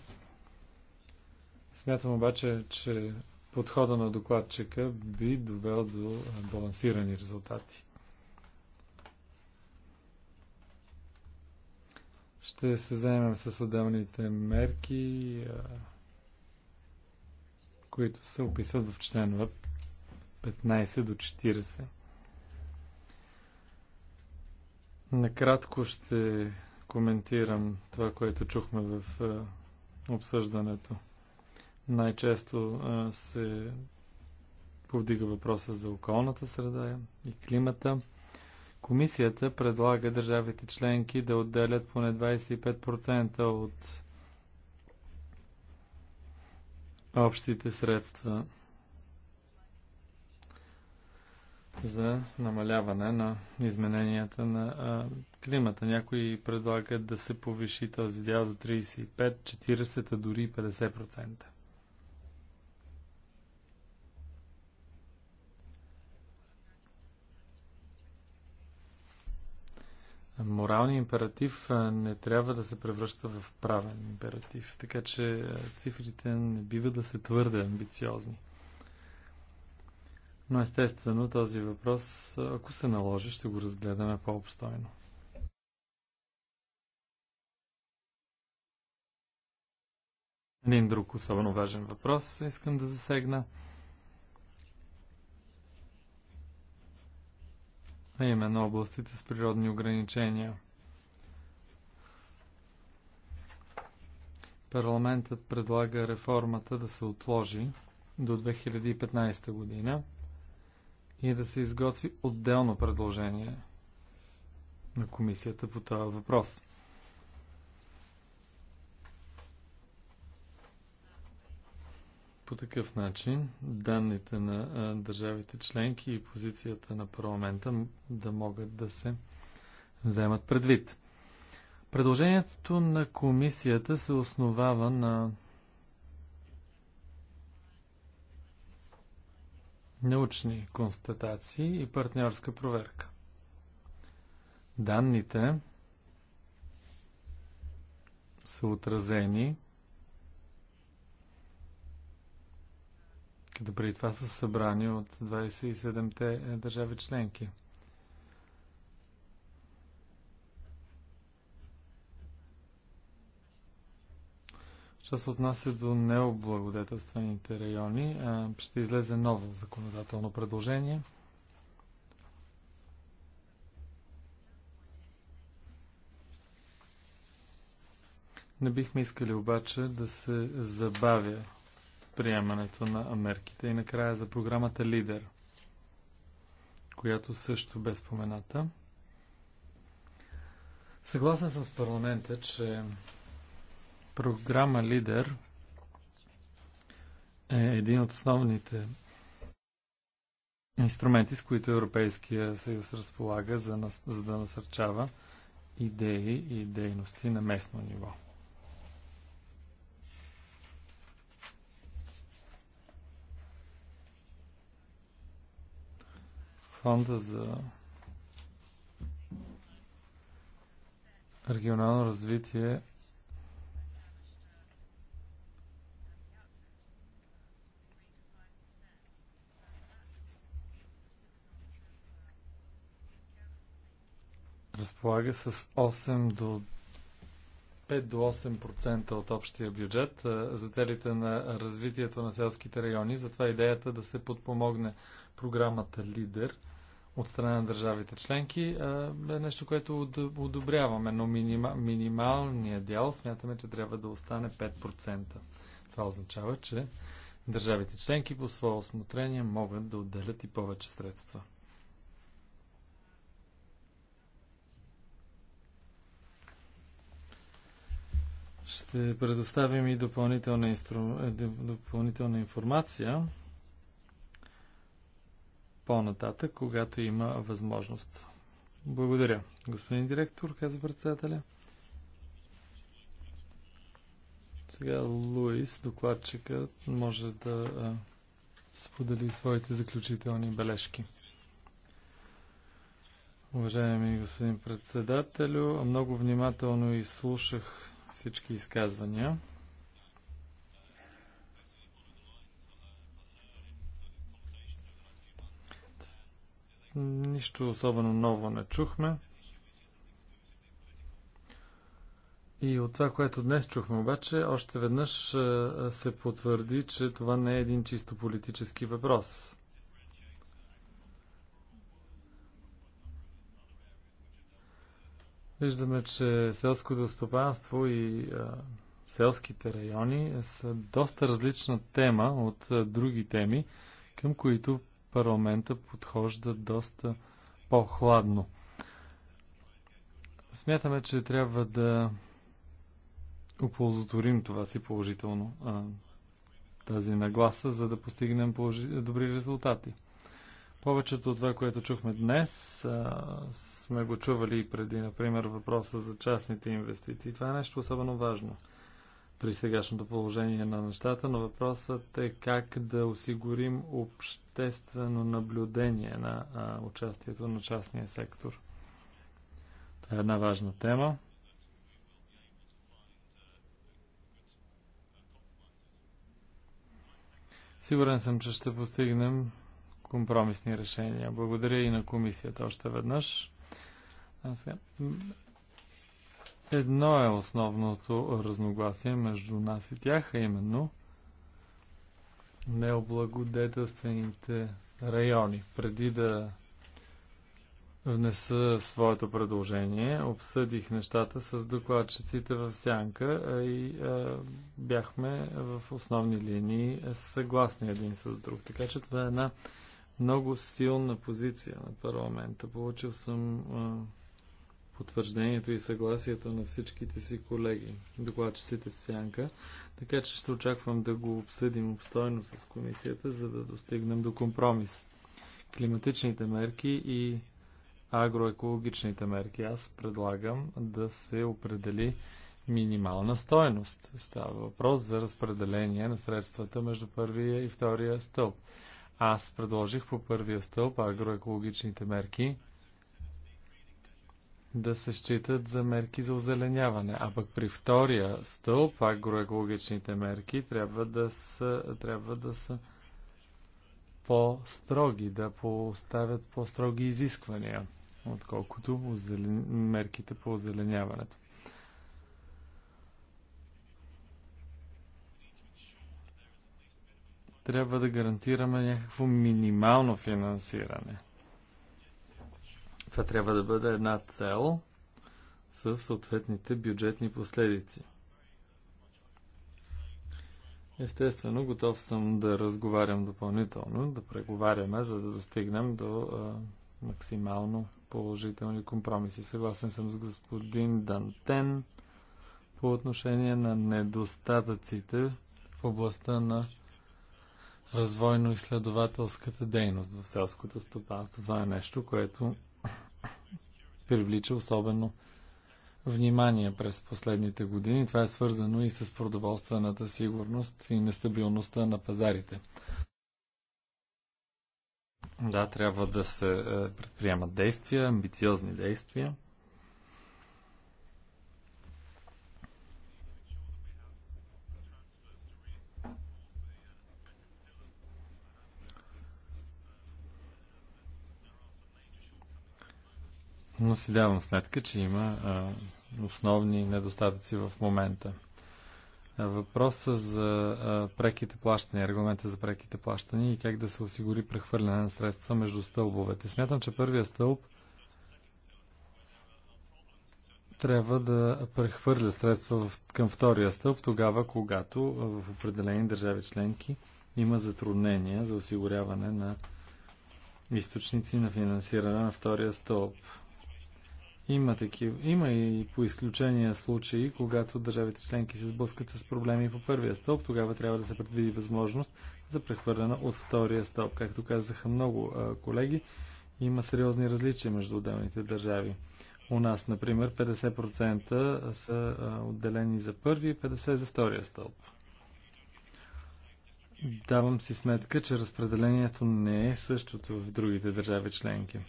Смятам обаче, че подхода на докладчика би довел до балансирани резултати. Ще се заемем с отделните мерки, които се описват в членове 15 до 40. Накратко ще коментирам това, което чухме в обсъждането. Най-често се повдига въпроса за околната среда и климата. Комисията предлага държавите членки да отделят поне 25% от общите средства за намаляване на измененията на а, климата. Някои предлагат да се повиши този дял до 35, 40, а дори 50%. моралният императив не трябва да се превръща в правен императив. Така че цифрите не бива да се твърде амбициозни. Но естествено този въпрос, ако се наложи, ще го разгледаме по-обстойно. Един друг особено важен въпрос искам да засегна – а именно областите с природни ограничения. Парламентът предлага реформата да се отложи до 2015 година и да се изготви отделно предложение на комисията по този въпрос. По такъв начин данните на държавите членки и позицията на парламента да могат да се вземат предвид. Предложението на комисията се основава на научни констатации и партньорска проверка. Данните са отразени Добре, това са събрани от 27-те е, държави членки. Що се отнася до необлагодетелствените райони, е, ще излезе ново законодателно предложение. Не бихме искали обаче да се забавя приемането на мерките и накрая за програмата Лидер, която също бе спомената. Съгласен съм с парламента, че програма Лидер е един от основните инструменти, с които Европейския съюз разполага, за, за да насърчава идеи и дейности на местно ниво. фонда за регионално развитие разполага с 8 до 5 до 8% от общия бюджет за целите на развитието на селските райони. Затова идеята да се подпомогне програмата Лидер от страна на държавите членки е нещо, което одобряваме, но минима, минималният дял смятаме, че трябва да остане 5%. Това означава, че държавите членки по свое осмотрение могат да отделят и повече средства. Ще предоставим и допълнителна, инстру... Е, допълнителна информация по-нататък, когато има възможност. Благодаря. Господин директор, каза председателя. Сега Луис, докладчикът, може да сподели своите заключителни бележки. Уважаеми господин председателю, много внимателно изслушах всички изказвания. Нищо особено ново не чухме. И от това, което днес чухме обаче, още веднъж е, се потвърди, че това не е един чисто политически въпрос. Виждаме, че селското стопанство и а, е, селските райони са доста различна тема от а, е, други теми, към които парламента подхожда доста по-хладно. Смятаме, че трябва да оползотворим това си положително, тази нагласа, за да постигнем добри резултати. Повечето от това, което чухме днес, а, сме го чували и преди, например, въпроса за частните инвестиции. Това е нещо особено важно при сегашното положение на нещата, но въпросът е как да осигурим обществено наблюдение на а, участието на частния сектор. Това е една важна тема. Сигурен съм, че ще постигнем компромисни решения. Благодаря и на комисията още веднъж. Едно е основното разногласие между нас и тях, а именно необлагодетелствените райони. Преди да внеса своето предложение, обсъдих нещата с докладчиците в Сянка и а, бяхме в основни линии съгласни един с друг. Така че това е една много силна позиция на парламента. Получил съм а, потвърждението и съгласието на всичките си колеги, докладчиците в сянка, така че ще очаквам да го обсъдим обстойно с комисията, за да достигнем до компромис. Климатичните мерки и агроекологичните мерки. Аз предлагам да се определи минимална стойност. Става въпрос за разпределение на средствата между първия и втория стълб. Аз предложих по първия стълб агроекологичните мерки – да се считат за мерки за озеленяване. А пък при втория стълб, агроекологичните мерки, трябва да са, трябва да са по-строги, да поставят по-строги изисквания, отколкото озелен... мерките по озеленяването. Трябва да гарантираме някакво минимално финансиране – това трябва да бъде една цел с съответните бюджетни последици. Естествено, готов съм да разговарям допълнително, да преговаряме, за да достигнем до а, максимално положителни компромиси. Съгласен съм с господин Дантен по отношение на недостатъците в областта на развойно-изследователската дейност в селското стопанство. Това е нещо, което привлича особено внимание през последните години. Това е свързано и с продоволствената сигурност и нестабилността на пазарите. Да, трябва да се е, предприемат действия, амбициозни действия. но си давам сметка, че има а, основни недостатъци в момента. Въпроса за а, преките плащания, регламента за преките плащания и как да се осигури прехвърляне на средства между стълбовете. Смятам, че първия стълб трябва да прехвърля средства в, към втория стълб тогава, когато в определени държави членки има затруднения за осигуряване на източници на финансиране на втория стълб. Има, такива, има и по изключения случаи, когато държавите членки се сблъскат с проблеми по първия стълб, тогава трябва да се предвиди възможност за прехвърляне от втория стълб. Както казаха много а, колеги, има сериозни различия между отделните държави. У нас, например, 50% са а, отделени за първи и 50% за втория стълб. Давам си сметка, че разпределението не е същото в другите държави членки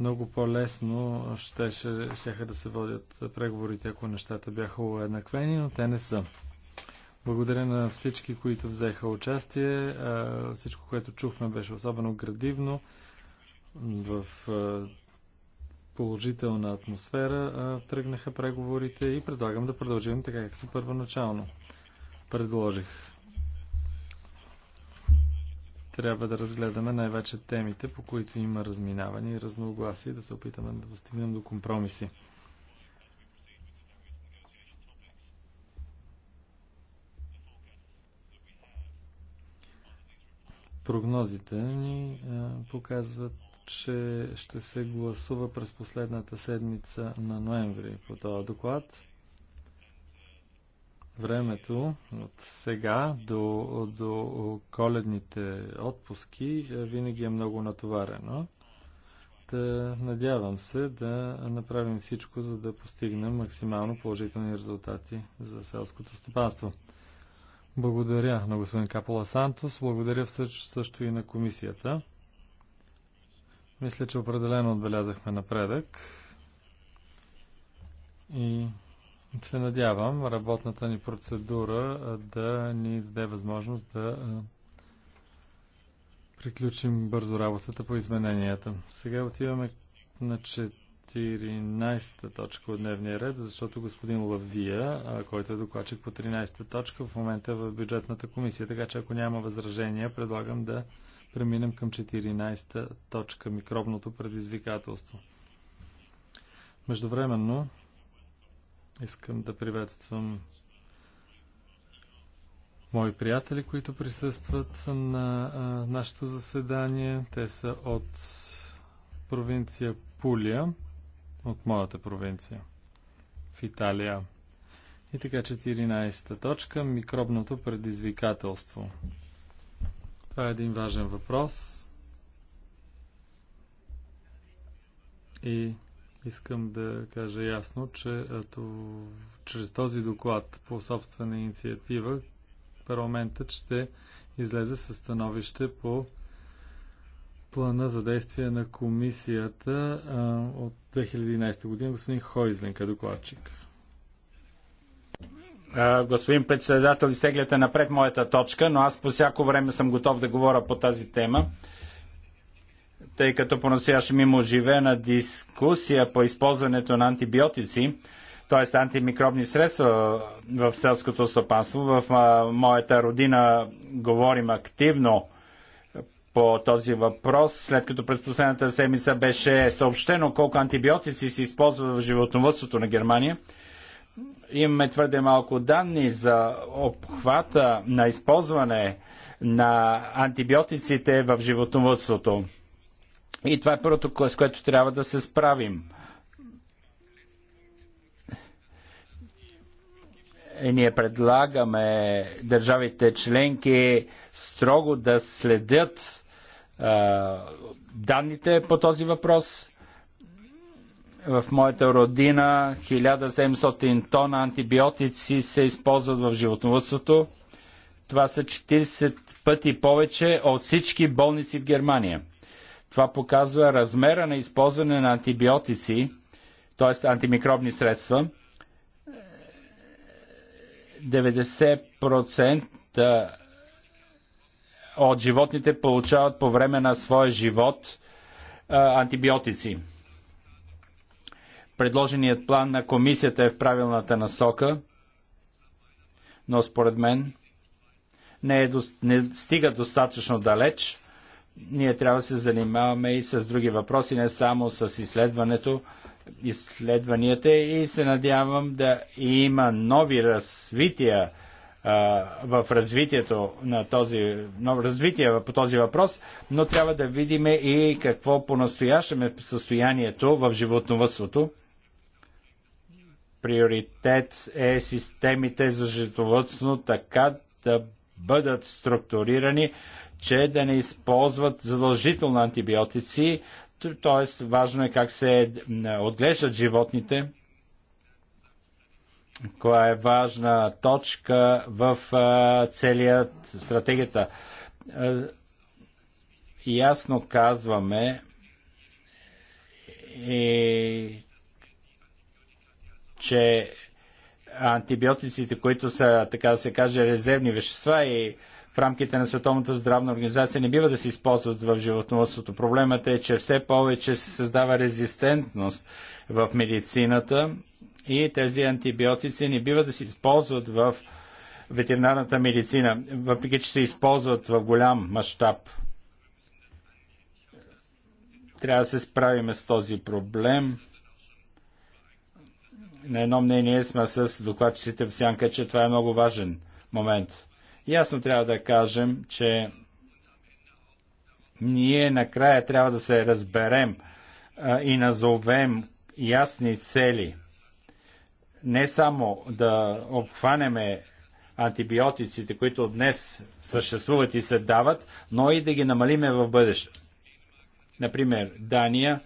много по-лесно щеше, щеха да се водят преговорите, ако нещата бяха уеднаквени, но те не са. Благодаря на всички, които взеха участие. Всичко, което чухме, беше особено градивно в положителна атмосфера тръгнаха преговорите и предлагам да продължим така, както първоначално предложих трябва да разгледаме най-вече темите, по които има разминаване и разногласие, да се опитаме да достигнем до компромиси. Прогнозите ни показват, че ще се гласува през последната седмица на ноември по този доклад времето от сега до, до коледните отпуски е, винаги е много натоварено. Да, надявам се да направим всичко, за да постигнем максимално положителни резултати за селското стопанство. Благодаря на господин Капола Сантос, благодаря също и на комисията. Мисля, че определено отбелязахме напредък и се надявам работната ни процедура да ни даде възможност да приключим бързо работата по измененията. Сега отиваме на 14-та точка от дневния ред, защото господин Лавия, който е докладчик по 13-та точка, в момента е в бюджетната комисия. Така че ако няма възражения, предлагам да преминем към 14-та точка микробното предизвикателство. Междувременно, Искам да приветствам мои приятели, които присъстват на а, нашето заседание. Те са от провинция Пулия, от моята провинция в Италия. И така 14-та точка – микробното предизвикателство. Това е един важен въпрос. И Искам да кажа ясно, че ето, чрез този доклад по собствена инициатива парламентът ще излезе със становище по плана за действие на комисията а, от 2011 година. Господин Хойзленка, докладчик. господин председател, изтегляте напред моята точка, но аз по всяко време съм готов да говоря по тази тема тъй като по има оживена дискусия по използването на антибиотици, т.е. антимикробни средства в селското стопанство. В моята родина говорим активно по този въпрос, след като през последната седмица беше съобщено колко антибиотици се използват в животновътството на Германия. Имаме твърде малко данни за обхвата на използване на антибиотиците в животновътството. И това е първото, с което трябва да се справим. Е, ние предлагаме държавите членки строго да следят а, данните по този въпрос. В моята родина 1700 тона антибиотици се използват в животновътството. Това са 40 пъти повече от всички болници в Германия. Това показва размера на използване на антибиотици, т.е. антимикробни средства. 90% от животните получават по време на своя живот антибиотици. Предложеният план на комисията е в правилната насока, но според мен не, е, не стига достатъчно далеч – ние трябва да се занимаваме и с други въпроси, не само с изследването, изследванията и се надявам да има нови развития в развитието на този, ново развитие по този въпрос, но трябва да видим и какво по-настоящем е състоянието в животновътството. Приоритет е системите за животновътство така да бъдат структурирани, че да не използват задължително антибиотици, т.е. важно е как се отглеждат животните, коя е важна точка в целият стратегията. Ясно казваме, и, е, че антибиотиците, които са, така да се каже, резервни вещества и в рамките на Световната здравна организация не бива да се използват в животновътството. Проблемът е, че все повече се създава резистентност в медицината и тези антибиотици не бива да се използват в ветеринарната медицина, въпреки че се използват в голям мащаб. Трябва да се справим с този проблем. На едно мнение сме с докладчиците в сянка, че това е много важен момент. Ясно трябва да кажем, че ние накрая трябва да се разберем а, и назовем ясни цели. Не само да обхванеме антибиотиците, които днес съществуват и се дават, но и да ги намалиме в бъдеще. Например, Дания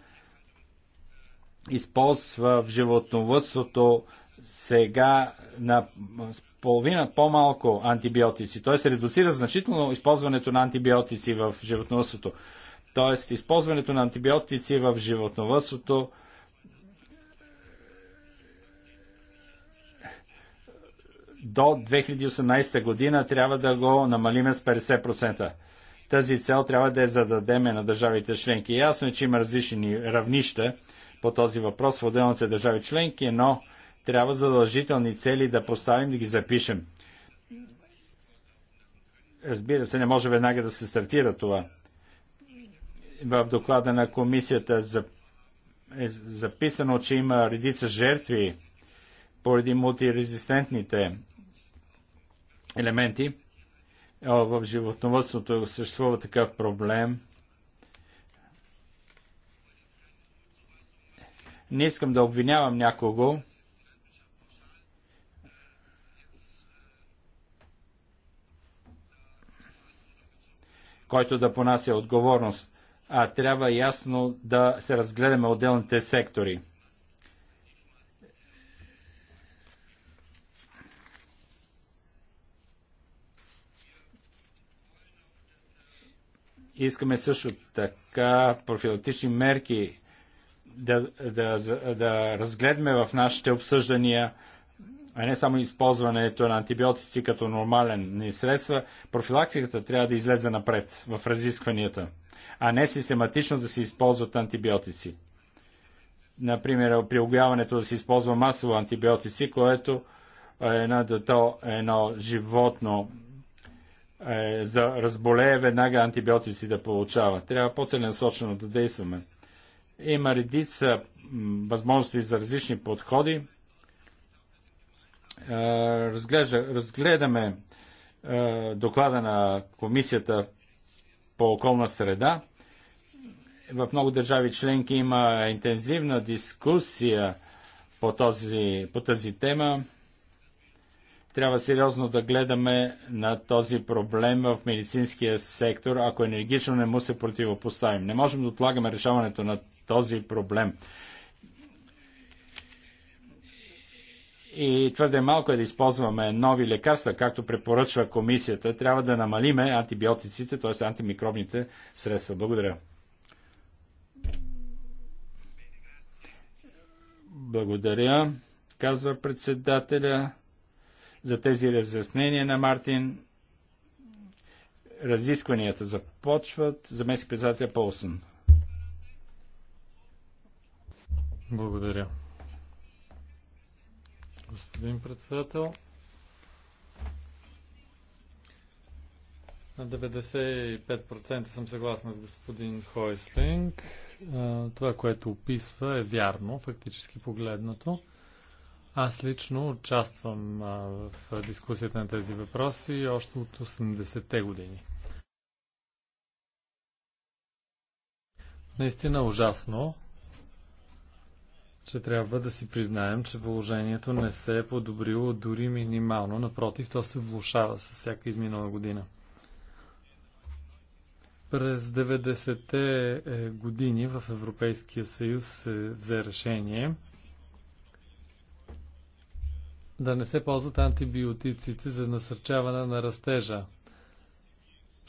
използва в животновътството сега на половина по-малко антибиотици. Т.е. се редуцира значително използването на антибиотици в животновътството. Т.е. използването на антибиотици в животновътството до 2018 година трябва да го намалиме с 50%. Тази цел трябва да е зададеме на държавите членки. Ясно е, че има различни равнища по този въпрос в отделните държави членки, но трябва задължителни цели да поставим, да ги запишем. Разбира се, не може веднага да се стартира това. В доклада на комисията е записано, че има редица жертви поради мултирезистентните елементи. В животновътството съществува такъв проблем. Не искам да обвинявам някого, който да понася отговорност, а трябва ясно да се разгледаме отделните сектори. Искаме също така профилактични мерки да, да, да разгледаме в нашите обсъждания а не само използването на антибиотици като нормален средства, профилактиката трябва да излезе напред в разискванията, а не систематично да се използват антибиотици. Например, при огояването да се използва масово антибиотици, което едно дете, едно животно е, за разболее, веднага антибиотици да получава. Трябва по-целенасочено да действаме. Има редица възможности за различни подходи разглежа, разгледаме доклада на Комисията по околна среда, в много държави членки има интензивна дискусия по, този, по тази тема. Трябва сериозно да гледаме на този проблем в медицинския сектор, ако е енергично не му се противопоставим. Не можем да отлагаме решаването на този проблем. и твърде малко е да използваме нови лекарства, както препоръчва комисията. Трябва да намалиме антибиотиците, т.е. антимикробните средства. Благодаря. Благодаря, казва председателя, за тези разяснения на Мартин. Разискванията започват. Заместник председателя Полсън. Благодаря господин председател. На 95% съм съгласна с господин Хойслинг. Това, което описва, е вярно, фактически погледнато. Аз лично участвам в дискусията на тези въпроси още от 80-те години. Наистина ужасно че трябва да си признаем, че положението не се е подобрило дори минимално. Напротив, то се влушава с всяка изминала година. През 90-те е, години в Европейския съюз се взе решение да не се ползват антибиотиците за насърчаване на растежа.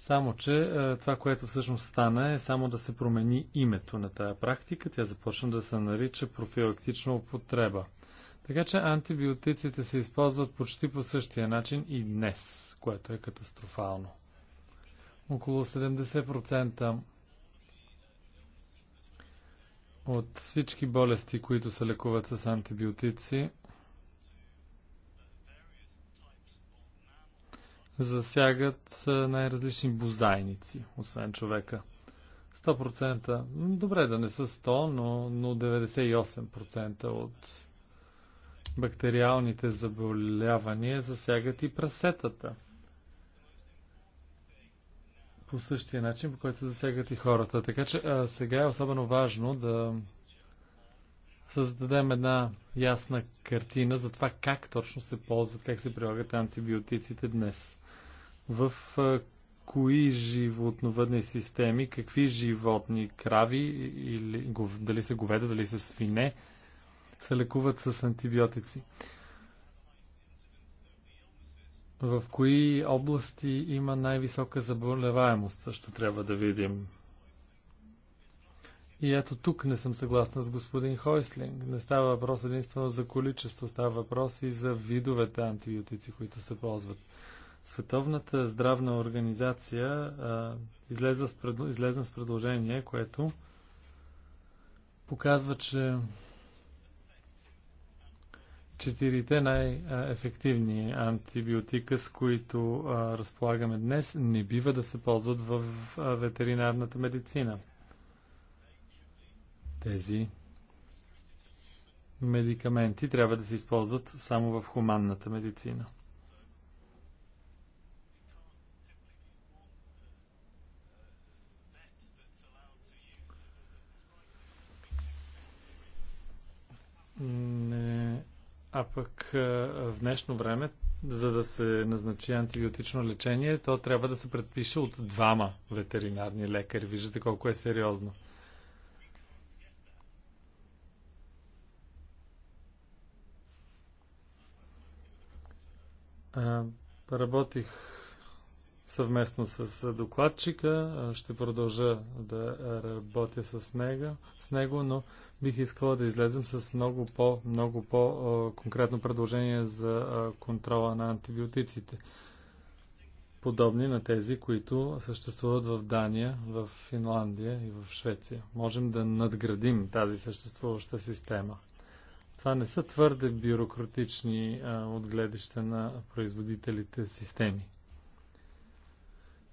Само, че е, това, което всъщност стана е само да се промени името на тая практика. Тя започна да се нарича профилактична употреба. Така че антибиотиците се използват почти по същия начин и днес, което е катастрофално. Около 70% от всички болести, които се лекуват с антибиотици, засягат най-различни бозайници, освен човека. 100%, добре да не са 100, но, но 98% от бактериалните заболявания засягат и прасетата. По същия начин, по който засягат и хората. Така че а, сега е особено важно да създадем една ясна картина за това как точно се ползват, как се прилагат антибиотиците днес в кои животновъдни системи, какви животни, крави, или, дали са говеда, дали са свине, се лекуват с антибиотици. В кои области има най-висока заболеваемост, също трябва да видим. И ето тук не съм съгласна с господин Хойслинг. Не става въпрос единствено за количество, става въпрос и за видовете антибиотици, които се ползват. Световната здравна организация а, излезе, с с предложение, което показва, че четирите най-ефективни антибиотика, с които а, разполагаме днес, не бива да се ползват в ветеринарната медицина. Тези медикаменти трябва да се използват само в хуманната медицина. Не. А пък в днешно време, за да се назначи антибиотично лечение, то трябва да се предпише от двама ветеринарни лекари. Виждате колко е сериозно. А, работих съвместно с докладчика. Ще продължа да работя с него, с него но бих искала да излезем с много по, много по конкретно предложение за контрола на антибиотиците. Подобни на тези, които съществуват в Дания, в Финландия и в Швеция. Можем да надградим тази съществуваща система. Това не са твърде бюрократични отгледища на производителите системи.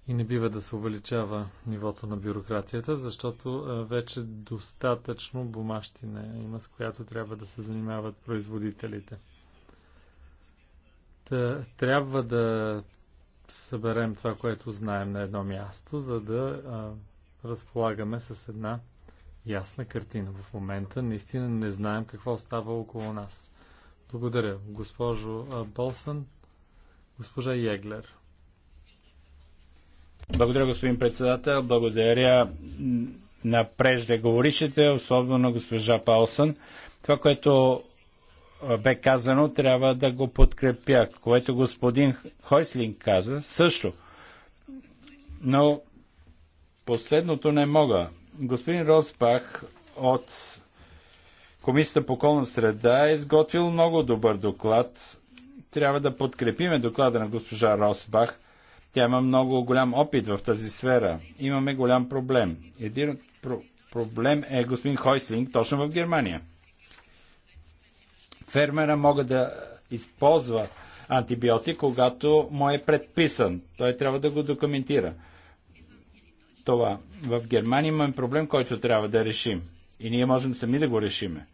И не бива да се увеличава нивото на бюрокрацията, защото вече достатъчно бумащина има, с която трябва да се занимават производителите. Та, трябва да съберем това, което знаем на едно място, за да а, разполагаме с една ясна картина. В момента наистина не знаем какво става около нас. Благодаря, госпожо Болсън, госпожа Еглер. Благодаря, господин председател. Благодаря на преждеговорившите, особено госпожа Палсън. Това, което бе казано, трябва да го подкрепя, което господин Хойслин каза също. Но последното не мога. Господин Роспах от Комисията по околна среда е изготвил много добър доклад. Трябва да подкрепиме доклада на госпожа Росбах – тя има много голям опит в тази сфера. Имаме голям проблем. Един от про- проблем е господин Хойслинг точно в Германия. Фермера мога да използва антибиотик, когато му е предписан. Той трябва да го документира. Това. В Германия имаме проблем, който трябва да решим. И ние можем сами да го решиме.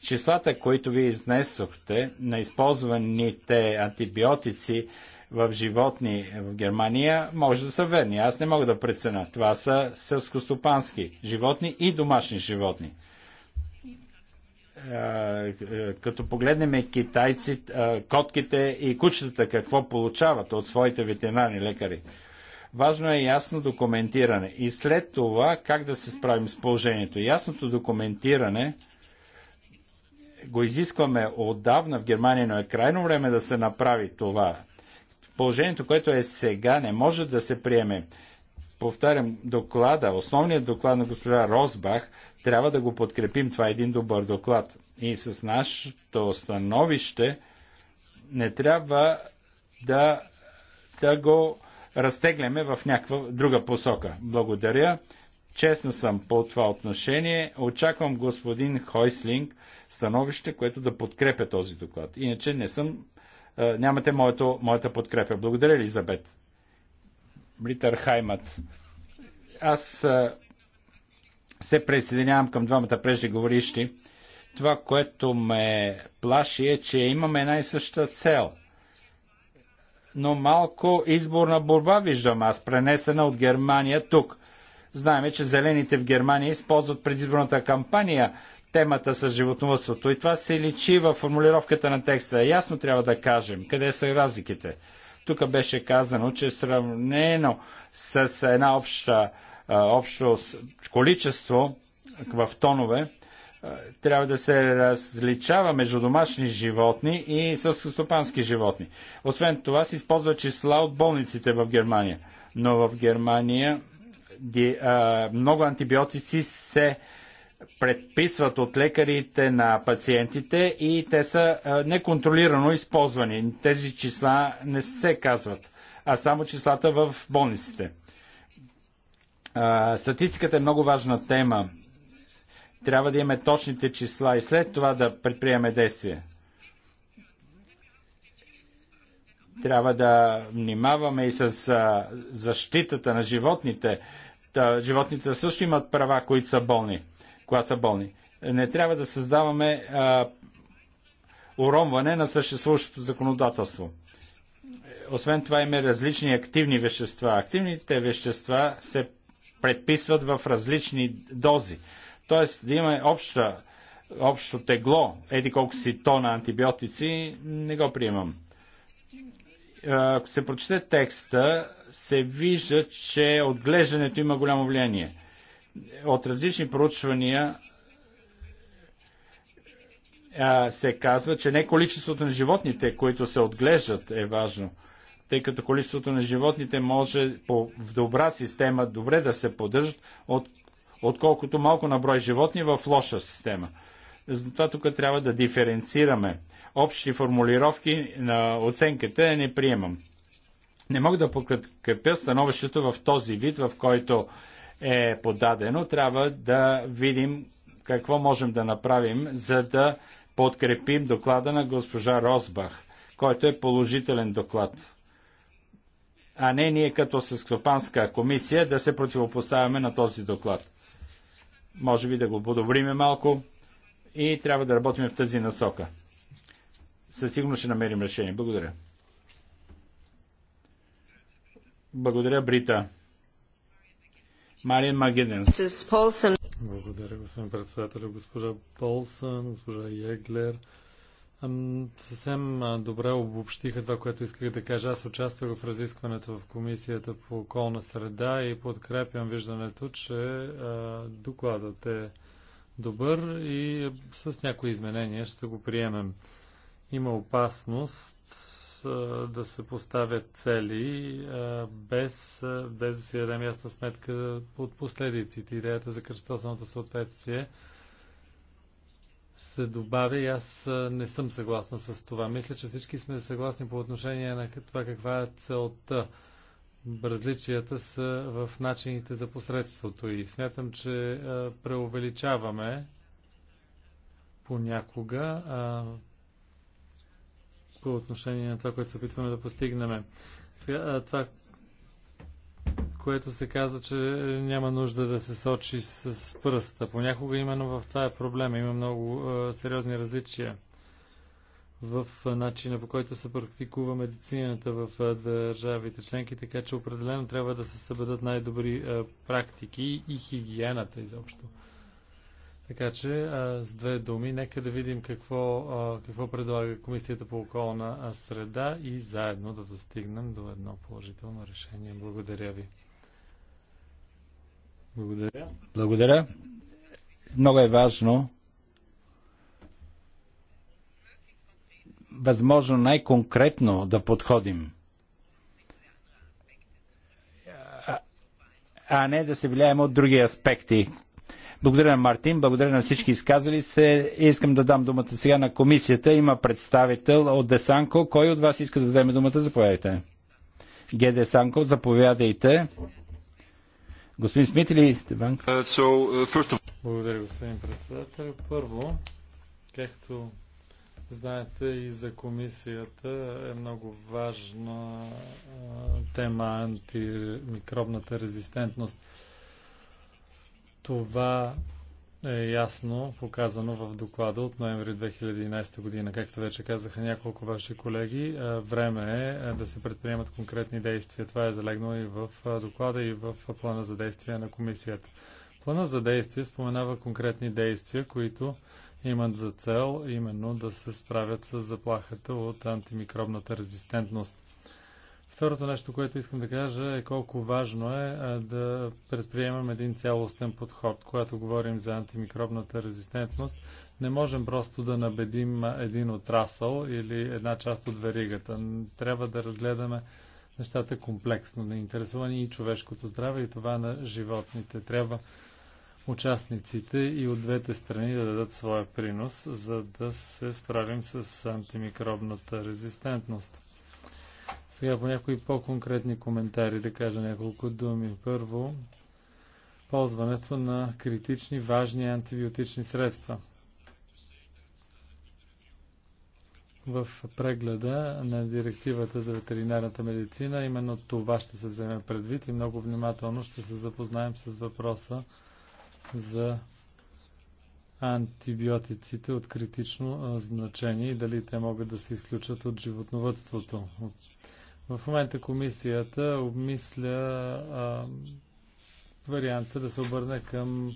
Числата, които вие изнесохте на използваните антибиотици в животни в Германия може да са верни. Аз не мога да преценя. Това са сърскостопански животни и домашни животни. Е, е, като погледнем китайци, е, котките и кучетата, какво получават от своите ветеринарни лекари. Важно е ясно документиране. И след това как да се справим с положението. Ясното документиране го изискваме отдавна в Германия, но е крайно време да се направи това. Положението, което е сега, не може да се приеме. Повтарям доклада, основният доклад на госпожа Росбах, трябва да го подкрепим. Това е един добър доклад. И с нашето становище не трябва да, да го разтегляме в някаква друга посока. Благодаря. Честна съм по това отношение. Очаквам господин Хойслинг становище, което да подкрепя този доклад. Иначе не съм е, нямате моето, моята подкрепа. Благодаря, Елизабет. Ритър Хаймат. Аз е, се присъединявам към двамата преждеговорищи. Това, което ме плаши е, че имаме една и съща цел. Но малко изборна борба виждам аз, пренесена от Германия тук. Знаеме, че зелените в Германия използват предизборната кампания темата с животновътството. И това се личи в формулировката на текста. Ясно трябва да кажем къде са разликите. Тук беше казано, че сравнено с една обща, общо количество в тонове, трябва да се различава между домашни животни и съскостопански животни. Освен това се използва числа от болниците в Германия. Но в Германия много антибиотици се предписват от лекарите на пациентите и те са неконтролирано използвани. Тези числа не се казват, а само числата в болниците. Статистиката е много важна тема. Трябва да имаме точните числа и след това да предприеме действие. Трябва да внимаваме и с защитата на животните. Животните също имат права, които са болни когато са болни. Не трябва да създаваме а, уронване на съществуващото законодателство. Освен това има различни активни вещества. Активните вещества се предписват в различни дози. Тоест да има обща, общо тегло, еди колко си тона антибиотици, не го приемам. Ако се прочете текста, се вижда, че отглеждането има голямо влияние от различни проучвания се казва, че не количеството на животните, които се отглеждат, е важно, тъй като количеството на животните може по, в добра система добре да се поддържат, от, отколкото малко на брой животни в лоша система. Затова тук трябва да диференцираме. Общи формулировки на оценката не приемам. Не мога да подкрепя становището в този вид, в който е подадено, трябва да видим какво можем да направим, за да подкрепим доклада на госпожа Росбах, който е положителен доклад. А не ние като Съскопанска комисия да се противопоставяме на този доклад. Може би да го подобриме малко и трябва да работим в тази насока. Със сигурност ще намерим решение. Благодаря. Благодаря, Брита. Мария Магинен. Благодаря, господин председател. Госпожа Полсън, госпожа Еглер. Съвсем добре обобщиха това, което исках да кажа. Аз участвах в разискването в Комисията по околна среда и подкрепям виждането, че докладът е добър и с някои изменения ще го приемем. Има опасност да се поставят цели без, без да си дадем ясна сметка от последиците. Идеята за кръстосаното съответствие се добавя и аз не съм съгласна с това. Мисля, че всички сме съгласни по отношение на това каква е целта. Различията са в начините за посредството и смятам, че преувеличаваме понякога по отношение на това, което се опитваме да постигнем. Сега, това, което се каза, че няма нужда да се сочи с пръста. Понякога именно в това е проблема. Има много е, сериозни различия в начина по който се практикува медицината в държавите членки, така че определено трябва да се събедат най-добри е, практики и хигиената изобщо. Така че а, с две думи, нека да видим какво, а, какво предлага Комисията по околна среда и заедно да достигнем до едно положително решение. Благодаря ви. Благодаря. Благодаря. Много е важно възможно най-конкретно да подходим. А, а не да се влияем от други аспекти, благодаря на Мартин, благодаря на всички изказали се. Искам да дам думата сега на комисията. Има представител от Десанко. Кой от вас иска да вземе думата? Заповядайте. Ге Десанко, заповядайте. Господин Смит или Деванк? Uh, uh, благодаря, господин председател. Първо, както знаете и за комисията е много важна тема антимикробната резистентност. Това е ясно показано в доклада от ноември 2011 година. Както вече казаха няколко ваши колеги, време е да се предприемат конкретни действия. Това е залегнало и в доклада, и в плана за действие на комисията. Плана за действие споменава конкретни действия, които имат за цел именно да се справят с заплахата от антимикробната резистентност. Второто нещо, което искам да кажа е колко важно е да предприемам един цялостен подход. Когато говорим за антимикробната резистентност, не можем просто да набедим един отрасъл или една част от веригата. Трябва да разгледаме нещата комплексно. Не интересува ни и човешкото здраве, и това на животните. Трябва участниците и от двете страни да дадат своя принос, за да се справим с антимикробната резистентност. Сега по някои по-конкретни коментари да кажа няколко думи. Първо, ползването на критични важни антибиотични средства. В прегледа на директивата за ветеринарната медицина именно това ще се вземе предвид и много внимателно ще се запознаем с въпроса за антибиотиците от критично значение и дали те могат да се изключат от животновътството, от в момента комисията обмисля а, варианта да се обърне към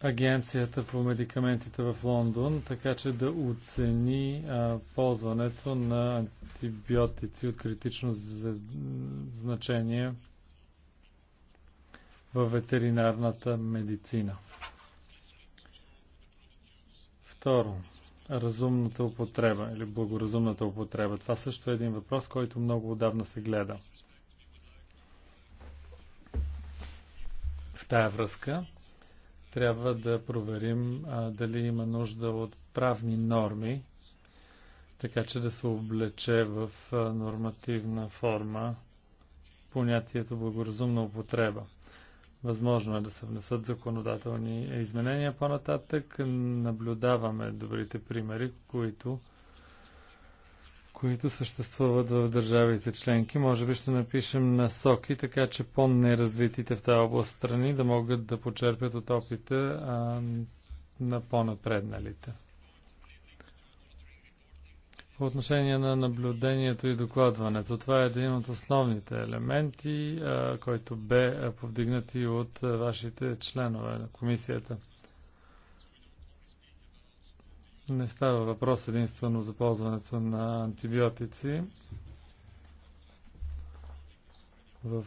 Агенцията по медикаментите в Лондон, така че да оцени а, ползването на антибиотици от критично значение във ветеринарната медицина. Второ, разумната употреба или благоразумната употреба. Това също е един въпрос, който много отдавна се гледа. В тая връзка трябва да проверим а, дали има нужда от правни норми, така че да се облече в а, нормативна форма понятието благоразумна употреба. Възможно е да се внесат законодателни изменения по-нататък. Наблюдаваме добрите примери, които, които съществуват в държавите членки. Може би ще напишем насоки, така че по-неразвитите в тази област страни да могат да почерпят от опита а, на по-напредналите по отношение на наблюдението и докладването. Това е един от основните елементи, който бе повдигнат и от вашите членове на комисията. Не става въпрос единствено за ползването на антибиотици в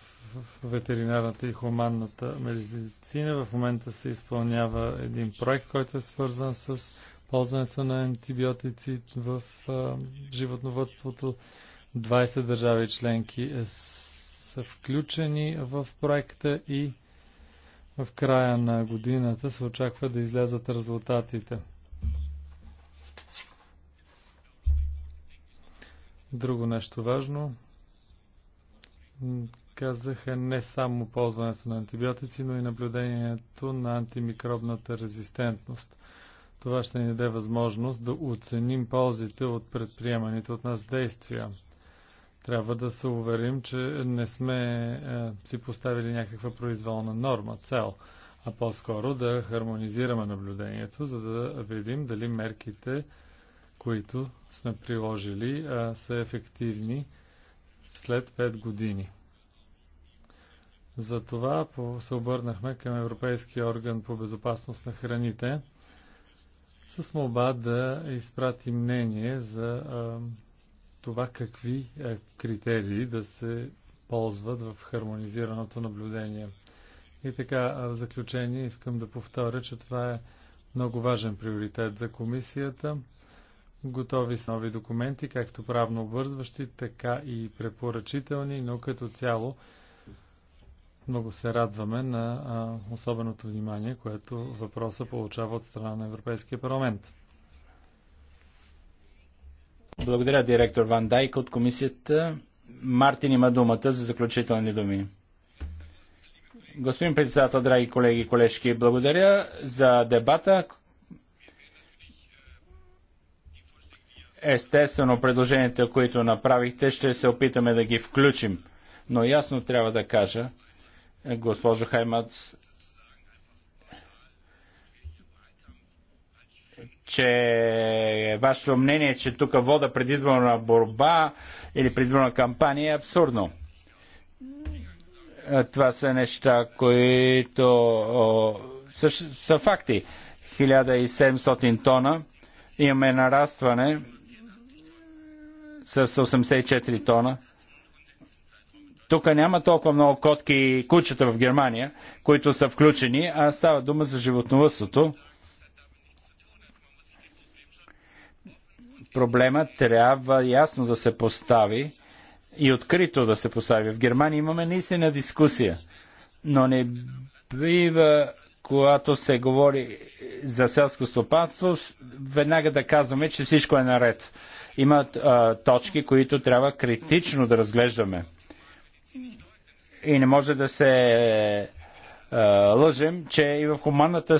ветеринарната и хуманната медицина. В момента се изпълнява един проект, който е свързан с ползването на антибиотици в а, животновътството. 20 държави членки е, са включени в проекта и в края на годината се очаква да излязат резултатите. Друго нещо важно казах е не само ползването на антибиотици, но и наблюдението на антимикробната резистентност – това ще ни даде възможност да оценим ползите от предприеманите от нас действия. Трябва да се уверим, че не сме е, си поставили някаква произволна норма, цел, а по-скоро да хармонизираме наблюдението, за да видим дали мерките, които сме приложили, е, са ефективни след 5 години. Затова се обърнахме към Европейския орган по безопасност на храните – с молба да изпрати мнение за а, това какви а, критерии да се ползват в хармонизираното наблюдение. И така, в заключение искам да повторя, че това е много важен приоритет за комисията. Готови са нови документи, както правно обвързващи, така и препоръчителни, но като цяло много се радваме на а, особеното внимание, което въпроса получава от страна на Европейския парламент. Благодаря, директор Ван Дайк от комисията. Мартин има думата за заключителни думи. Господин председател, драги колеги и колежки, благодаря за дебата. Естествено, предложенията, които направихте, ще се опитаме да ги включим. Но ясно трябва да кажа, Госпожо Хаймац, че вашето мнение, че тук вода предизборна борба или предизборна кампания е абсурдно. Това са неща, които са, са факти. 1700 тона имаме нарастване с 84 тона тук няма толкова много котки и кучета в Германия, които са включени, а става дума за животновъдството. Проблема трябва ясно да се постави и открито да се постави. В Германия имаме наистина дискусия, но не бива, когато се говори за селско стопанство, веднага да казваме, че всичко е наред. Има а, точки, които трябва критично да разглеждаме и не може да се е, лъжем, че и в хуманната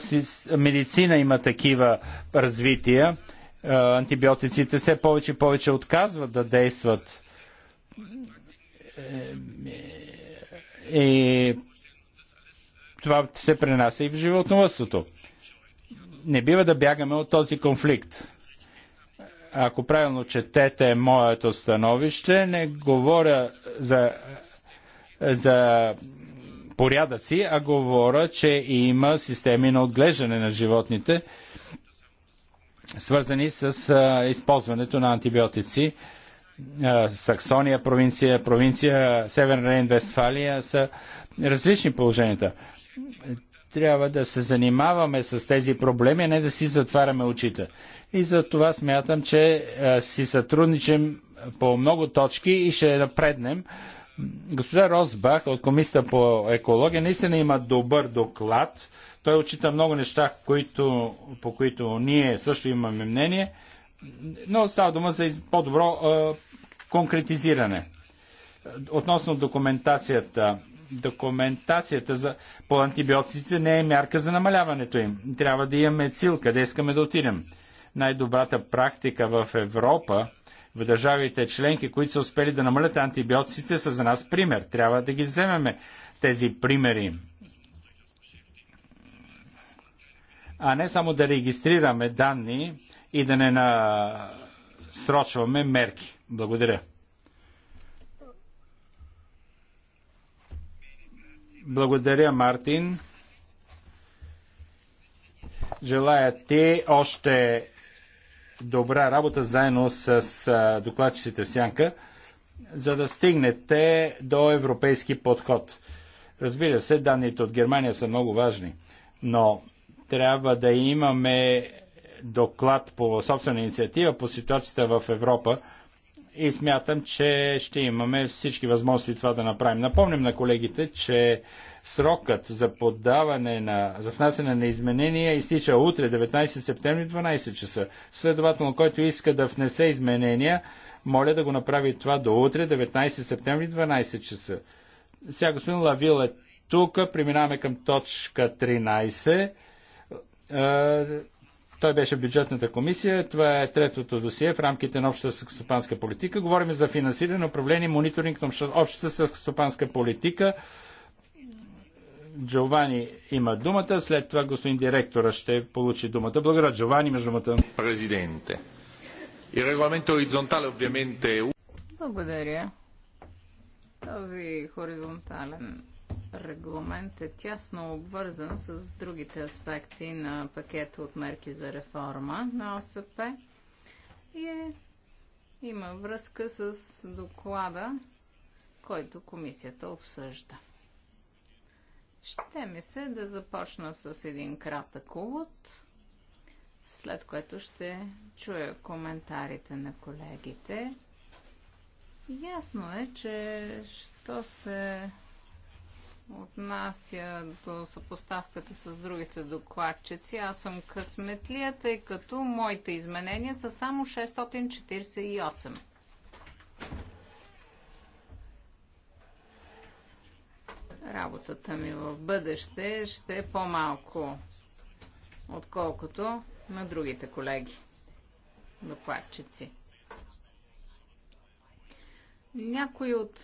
медицина има такива развития. Е, антибиотиците все повече и повече отказват да действат. И е, това се пренася и в животновътството. Не бива да бягаме от този конфликт. Ако правилно четете моето становище, не говоря за за порядъци, а говоря, че има системи на отглеждане на животните, свързани с използването на антибиотици. Саксония провинция, провинция Северна Рейн-Вестфалия са различни положенията. Трябва да се занимаваме с тези проблеми, а не да си затваряме очите. И за това смятам, че си сътрудничим по много точки и ще напреднем Госпожа Росбах от Комисията по екология наистина има добър доклад. Той отчита много неща, които, по които ние също имаме мнение, но става дума за по-добро конкретизиране. Относно документацията, документацията за, по антибиотиците не е мярка за намаляването им. Трябва да имаме цил, къде искаме да отидем. Най-добрата практика в Европа в държавите членки, които са успели да намалят антибиотиците, са за нас пример. Трябва да ги вземеме тези примери. А не само да регистрираме данни и да не насрочваме мерки. Благодаря. Благодаря, Мартин. Желая ти още добра работа заедно с докладчиците в Сянка, за да стигнете до европейски подход. Разбира се, данните от Германия са много важни, но трябва да имаме доклад по собствена инициатива по ситуацията в Европа и смятам, че ще имаме всички възможности това да направим. Напомням на колегите, че Срокът за подаване на, за внасяне на изменения изтича утре, 19 септември, 12 часа. Следователно, който иска да внесе изменения, моля да го направи това до утре, 19 септември, 12 часа. Сега господин Лавил е тук. Преминаваме към точка 13. Той беше бюджетната комисия. Това е третото досие в рамките на общата съкстопанска политика. Говорим за финансиране, управление, мониторинг на общата съкстопанска политика. Джовани има думата, след това господин директора ще получи думата. Благодаря, Джовани, между думата. Президенте. И регламент хоризонтален, обвименте... Благодаря. Този хоризонтален регламент е тясно обвързан с другите аспекти на пакета от мерки за реформа на ОСП и е, има връзка с доклада, който комисията обсъжда. Ще ми се да започна с един кратък увод, след което ще чуя коментарите на колегите. Ясно е, че що се отнася до съпоставката с другите докладчици, аз съм късметлия, тъй като моите изменения са само 648. работата ми в бъдеще ще е по-малко, отколкото на другите колеги докладчици. Някои от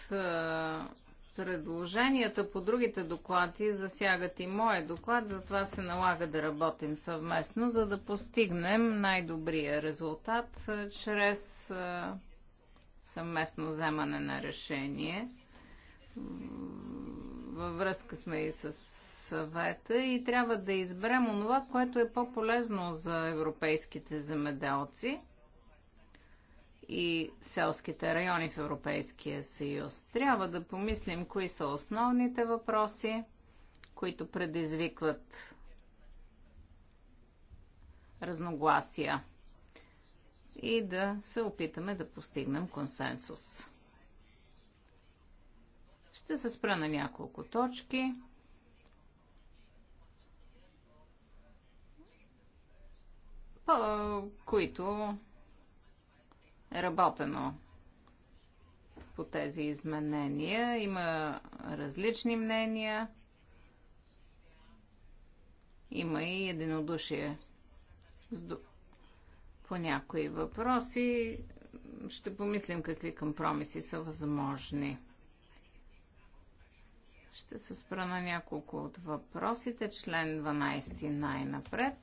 предложенията по другите доклади засягат и моят доклад, затова се налага да работим съвместно, за да постигнем най-добрия резултат чрез съвместно вземане на решение във връзка сме и с съвета и трябва да изберем онова, което е по-полезно за европейските земеделци и селските райони в Европейския съюз. Трябва да помислим кои са основните въпроси, които предизвикват разногласия и да се опитаме да постигнем консенсус. Ще се спра на няколко точки. по които е работено по тези изменения. Има различни мнения. Има и единодушие по някои въпроси. Ще помислим какви компромиси са възможни. Ще се спра на няколко от въпросите. Член 12 най-напред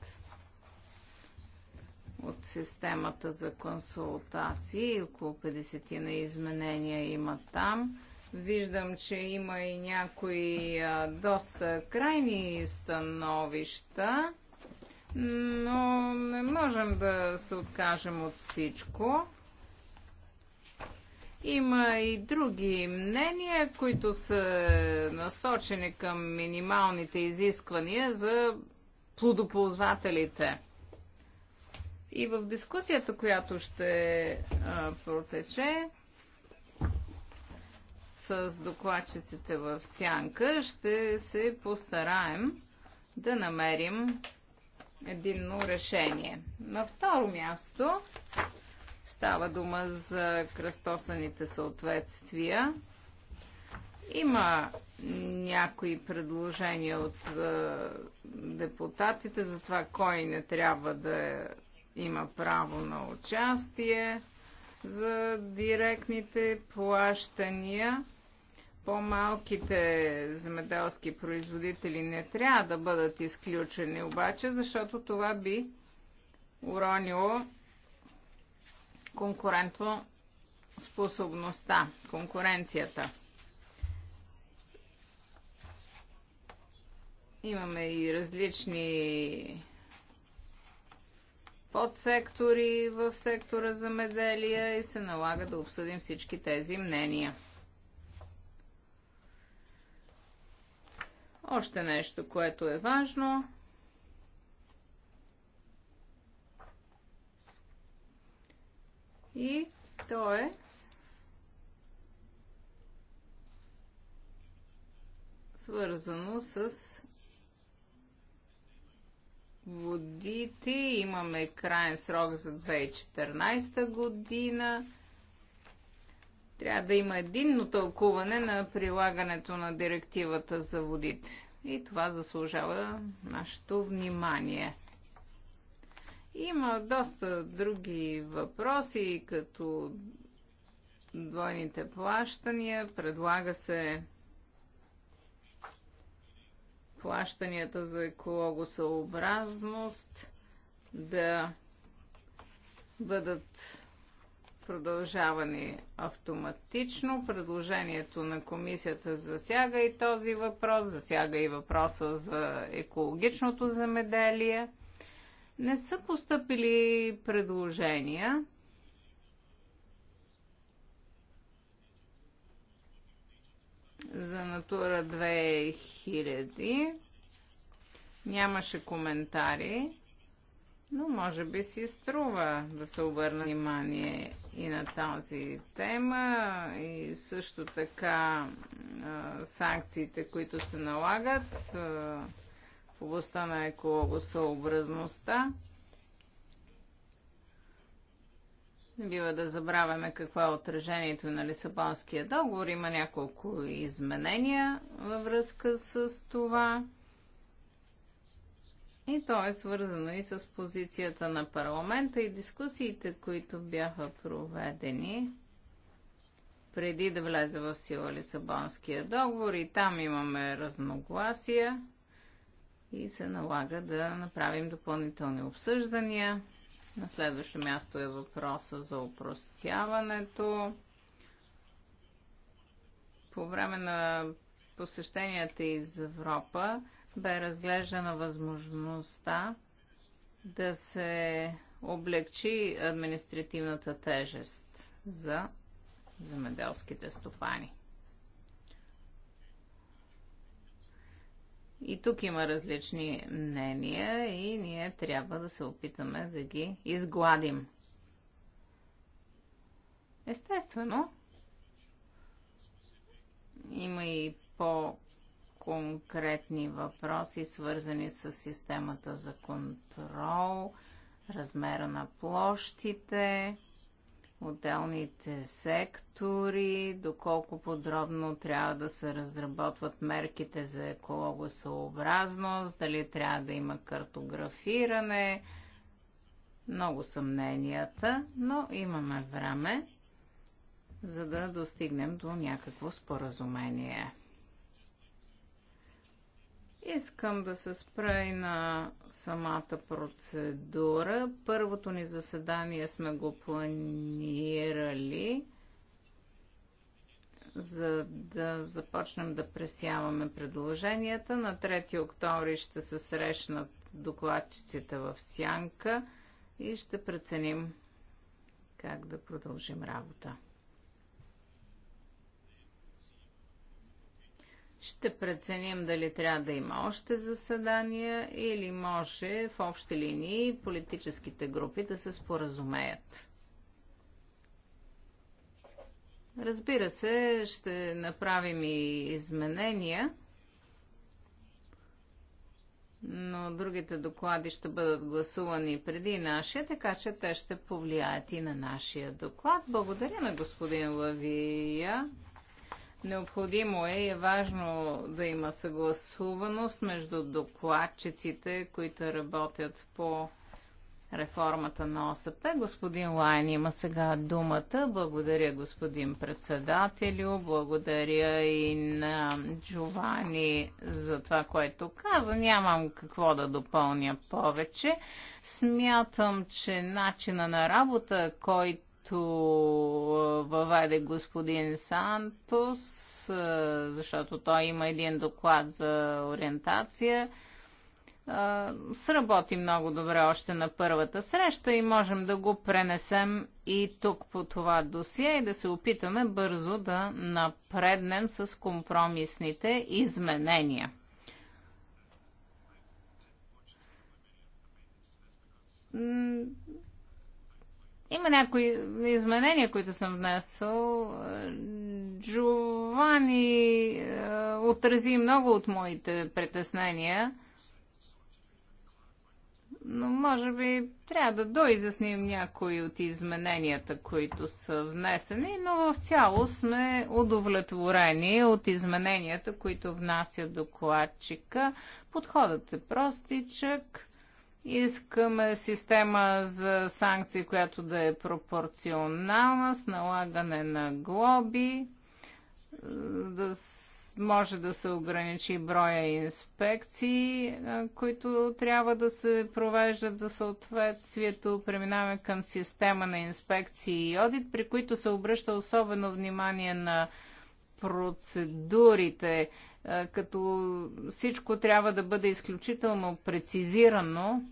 от системата за консултации. Около 50 на изменения има там. Виждам, че има и някои а, доста крайни становища, но не можем да се откажем от всичко. Има и други мнения, които са насочени към минималните изисквания за плодоползвателите. И в дискусията, която ще протече с докладчиците в Сянка, ще се постараем да намерим единно решение. На второ място Става дума за кръстосаните съответствия. Има някои предложения от е, депутатите за това кой не трябва да има право на участие за директните плащания. По-малките земеделски производители не трябва да бъдат изключени обаче, защото това би уронило конкурентно способността, конкуренцията. Имаме и различни подсектори в сектора за меделия и се налага да обсъдим всички тези мнения. Още нещо, което е важно. И то е свързано с водите. Имаме крайен срок за 2014 година. Трябва да има единно тълкуване на прилагането на директивата за водите. И това заслужава нашето внимание. Има доста други въпроси, като двойните плащания. Предлага се плащанията за екологосъобразност да бъдат продължавани автоматично. Предложението на комисията засяга и този въпрос, засяга и въпроса за екологичното замеделие. Не са поступили предложения. за Натура 2000. Нямаше коментари, но може би си струва да се обърна внимание и на тази тема и също така санкциите, които се налагат областта на екологосъобразността. Не бива да забравяме какво е отражението на Лисабонския договор. Има няколко изменения във връзка с това. И то е свързано и с позицията на парламента и дискусиите, които бяха проведени преди да влезе в сила Лисабонския договор. И там имаме разногласия и се налага да направим допълнителни обсъждания. На следващо място е въпроса за упростяването. По време на посещенията из Европа бе разглеждана възможността да се облегчи административната тежест за земеделските стопани. И тук има различни мнения и ние трябва да се опитаме да ги изгладим. Естествено, има и по-конкретни въпроси, свързани с системата за контрол, размера на площите, отделните сектори, доколко подробно трябва да се разработват мерките за екологосъобразност, дали трябва да има картографиране. Много съмненията, но имаме време, за да достигнем до някакво споразумение. Искам да се спра и на самата процедура. Първото ни заседание сме го планирали, за да започнем да пресяваме предложенията. На 3 октомври ще се срещнат докладчиците в Сянка и ще преценим как да продължим работа. ще преценим дали трябва да има още заседания или може в общи линии политическите групи да се споразумеят. Разбира се, ще направим и изменения, но другите доклади ще бъдат гласувани преди нашия, така че те ще повлияят и на нашия доклад. Благодаря на господин Лавия. Необходимо е и е важно да има съгласуваност между докладчиците, които работят по реформата на ОСП. Господин Лайн има сега думата. Благодаря, господин председателю. Благодаря и на Джовани за това, което каза. Нямам какво да допълня повече. Смятам, че начина на работа, който който въведе господин Сантос, защото той има един доклад за ориентация, сработи много добре още на първата среща и можем да го пренесем и тук по това досие и да се опитаме бързо да напреднем с компромисните изменения. Има някои изменения, които съм внесъл. Джовани е, отрази много от моите притеснения, но може би трябва да доизясним някои от измененията, които са внесени, но в цяло сме удовлетворени от измененията, които внася докладчика. Подходът е простичък Искаме система за санкции, която да е пропорционална, с налагане на глоби, да може да се ограничи броя инспекции, които трябва да се провеждат за съответствието. Преминаваме към система на инспекции и одит, при които се обръща особено внимание на процедурите, е, като всичко трябва да бъде изключително прецизирано.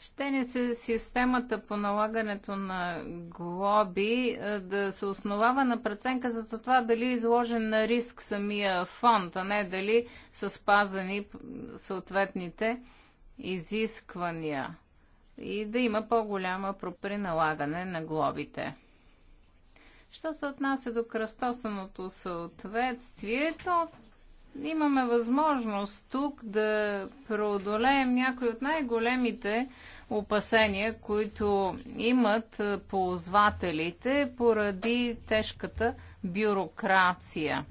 Ще ни се системата по налагането на глоби е, да се основава на преценка за това дали е изложен на риск самия фонд, а не дали са спазани съответните изисквания и да има по-голяма при налагане на глобите. Що се отнася до кръстосаното съответствие, то имаме възможност тук да преодолеем някои от най-големите опасения, които имат ползвателите поради тежката бюрокрация.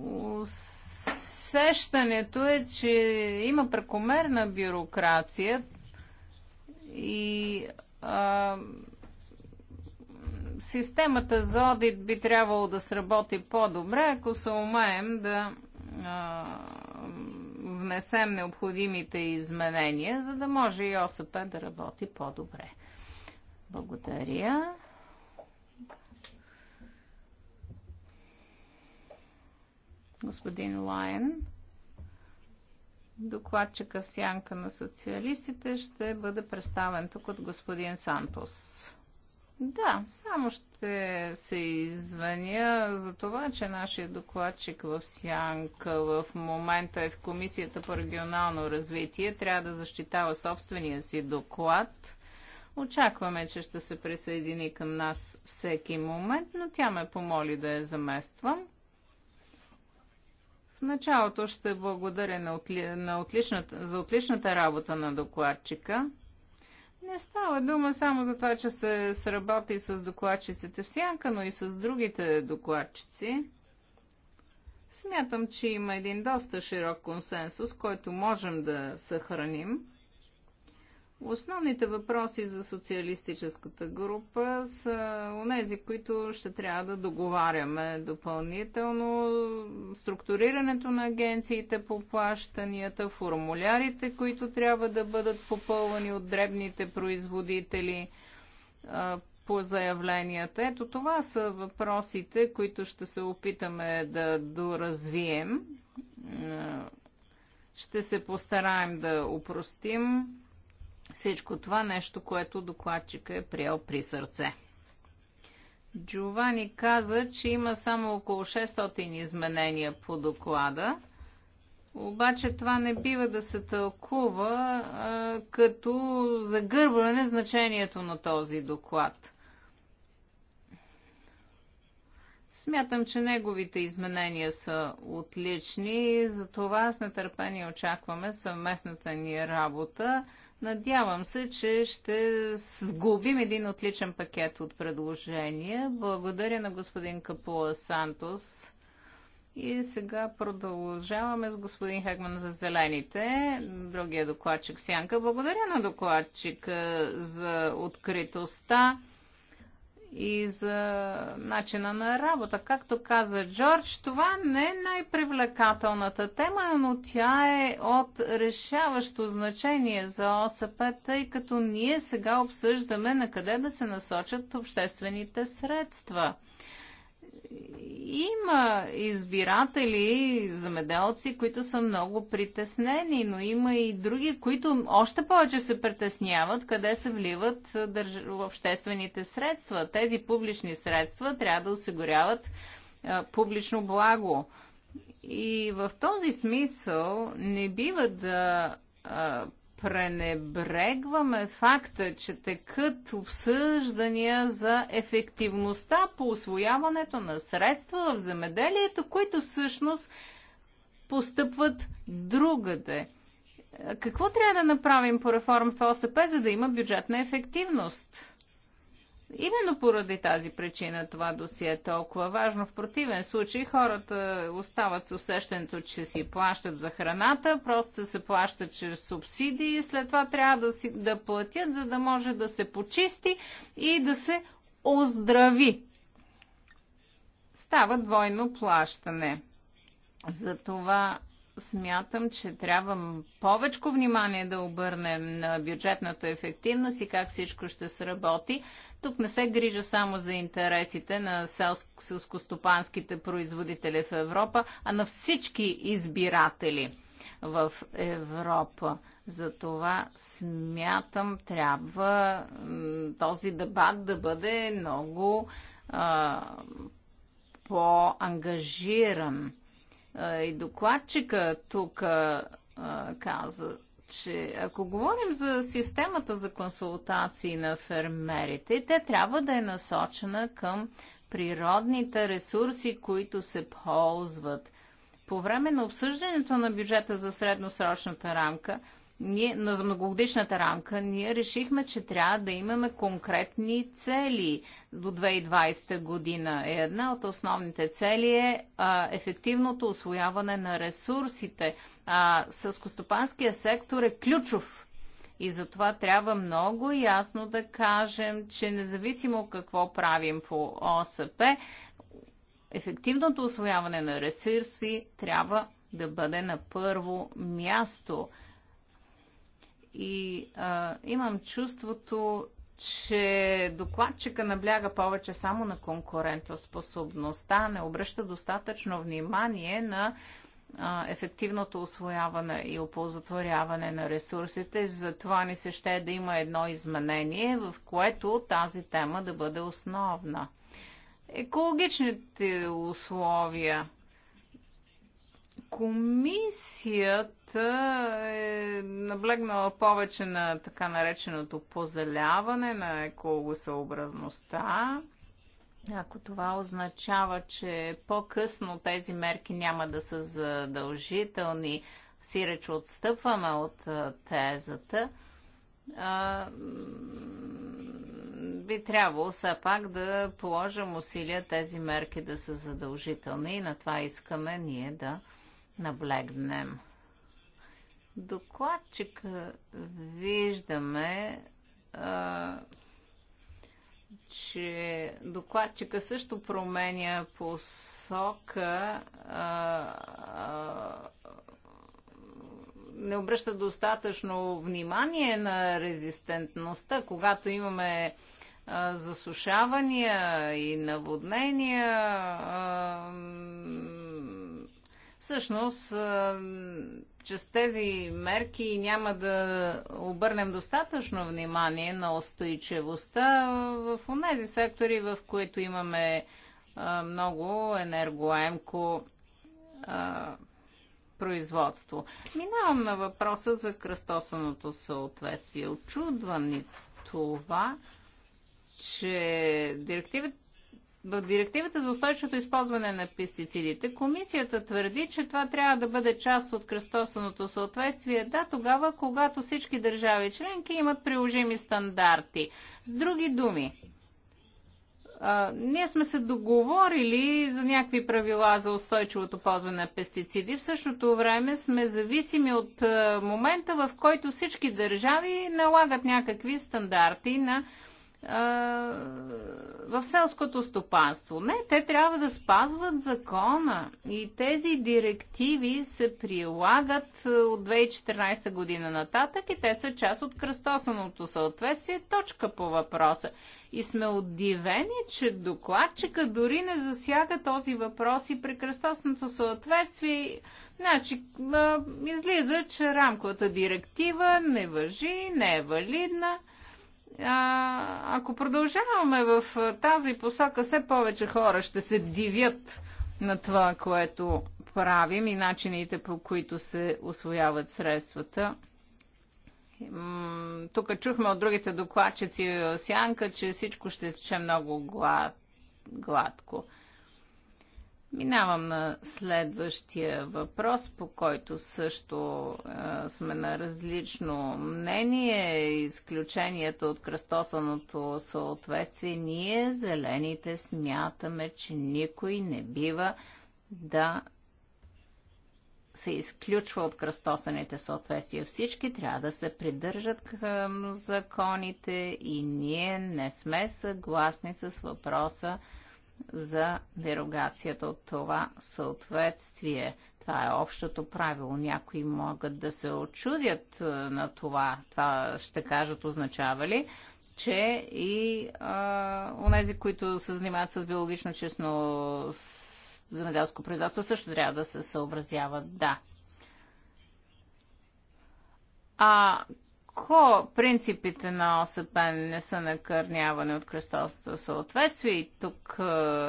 Усещането е, че има прекомерна бюрокрация и а, системата за одит би трябвало да сработи по-добре, ако се умеем да а, внесем необходимите изменения, за да може и ОСП да работи по-добре. Благодаря. Господин Лайен, докладчика в сянка на социалистите, ще бъде представен тук от господин Сантос. Да, само ще се извиня за това, че нашия докладчик в Сянка в момента е в Комисията по регионално развитие. Трябва да защитава собствения си доклад. Очакваме, че ще се присъедини към нас всеки момент, но тя ме помоли да я замествам. В началото ще благодаря на отли... на отличната... за отличната работа на докладчика. Не става дума само за това, че се сработи с докладчиците в сянка, но и с другите докладчици. Смятам, че има един доста широк консенсус, който можем да съхраним. Основните въпроси за социалистическата група са онези, които ще трябва да договаряме допълнително. Структурирането на агенциите по плащанията, формулярите, които трябва да бъдат попълвани от дребните производители по заявленията. Ето това са въпросите, които ще се опитаме да доразвием. Ще се постараем да упростим всичко това нещо, което докладчика е приел при сърце. Джовани каза, че има само около 600 изменения по доклада. Обаче това не бива да се тълкува а, като загърбване значението на този доклад. Смятам, че неговите изменения са отлични, затова с нетърпение очакваме съвместната ни работа Надявам се, че ще сгубим един отличен пакет от предложения. Благодаря на господин Капула Сантос. И сега продължаваме с господин Хегман за зелените, другия докладчик Сянка. Благодаря на докладчика за откритостта и за начина на работа. Както каза Джордж, това не е най-привлекателната тема, но тя е от решаващо значение за ОСП, тъй като ние сега обсъждаме на къде да се насочат обществените средства. Има избиратели, замеделци, които са много притеснени, но има и други, които още повече се притесняват къде се вливат държ... обществените средства. Тези публични средства трябва да осигуряват а, публично благо. И в този смисъл не бива да а, пренебрегваме факта, че текат обсъждания за ефективността по освояването на средства в земеделието, които всъщност постъпват другаде. Какво трябва да направим по реформата ОСП, за да има бюджетна ефективност? Именно поради тази причина това досие е толкова важно. В противен случай хората остават с усещането, че си плащат за храната, просто се плащат чрез субсидии и след това трябва да, си, да платят, за да може да се почисти и да се оздрави. Става двойно плащане. Затова смятам, че трябва повече внимание да обърнем на бюджетната ефективност и как всичко ще сработи. Тук не се грижа само за интересите на селскостопанските производители в Европа, а на всички избиратели в Европа. Затова смятам, трябва този дебат да бъде много а, по-ангажиран и докладчика тук каза, че ако говорим за системата за консултации на фермерите, те трябва да е насочена към природните ресурси, които се ползват. По време на обсъждането на бюджета за средносрочната рамка, ние, на многогодишната рамка, ние решихме, че трябва да имаме конкретни цели до 2020 година. Е една от основните цели е а, ефективното освояване на ресурсите. А, съскостопанския сектор е ключов и затова трябва много ясно да кажем, че независимо какво правим по ОСП, ефективното освояване на ресурси трябва да бъде на първо място. И а, имам чувството, че докладчика набляга повече само на конкурентоспособността, не обръща достатъчно внимание на а, ефективното освояване и оползотворяване на ресурсите. Затова ни се ще да има едно изменение, в което тази тема да бъде основна. Екологичните условия – Комисията е наблегнала повече на така нареченото позеляване на екологосъобразността. Ако това означава, че по-късно тези мерки няма да са задължителни, си рече отстъпваме от тезата, а, би трябвало все пак да положим усилия тези мерки да са задължителни и на това искаме ние да наблегнем. Докладчика виждаме, а, че докладчика също променя посока. А, а, не обръща достатъчно внимание на резистентността, когато имаме засушавания и наводнения, Всъщност, чрез тези мерки няма да обърнем достатъчно внимание на устойчивостта в тези сектори, в които имаме много енергоемко производство. Минавам на въпроса за кръстосаното съответствие. Очудва ни това, че директивата в директивата за устойчивото използване на пестицидите, комисията твърди, че това трябва да бъде част от кръстосаното съответствие, да, тогава, когато всички държави членки имат приложими стандарти. С други думи, а, ние сме се договорили за някакви правила за устойчивото ползване на пестициди. В същото време сме зависими от а, момента, в който всички държави налагат някакви стандарти на в селското стопанство. Не, те трябва да спазват закона и тези директиви се прилагат от 2014 година нататък и те са част от кръстосаното съответствие, точка по въпроса. И сме удивени, че докладчика дори не засяга този въпрос и при кръстосното съответствие. Значи, излиза, че рамковата директива не въжи, не е валидна – а, ако продължаваме в тази посока, все повече хора ще се дивят на това, което правим и начините по които се освояват средствата. Тук чухме от другите докладчици Сянка, че всичко ще тече много глад, гладко. Минавам на следващия въпрос, по който също а, сме на различно мнение. Изключението от кръстосаното съответствие. Ние, зелените, смятаме, че никой не бива да се изключва от кръстосаните съответствия. Всички трябва да се придържат към законите и ние не сме съгласни с въпроса за дерогацията от това съответствие. Това е общото правило. Някои могат да се очудят е, на това. Това ще кажат означава ли, че и онези, които се занимават с биологично честно земеделско производство, също трябва да се съобразяват. Да. А ако принципите на ОСП не са накърнявани от кръстовството съответствие, и тук е,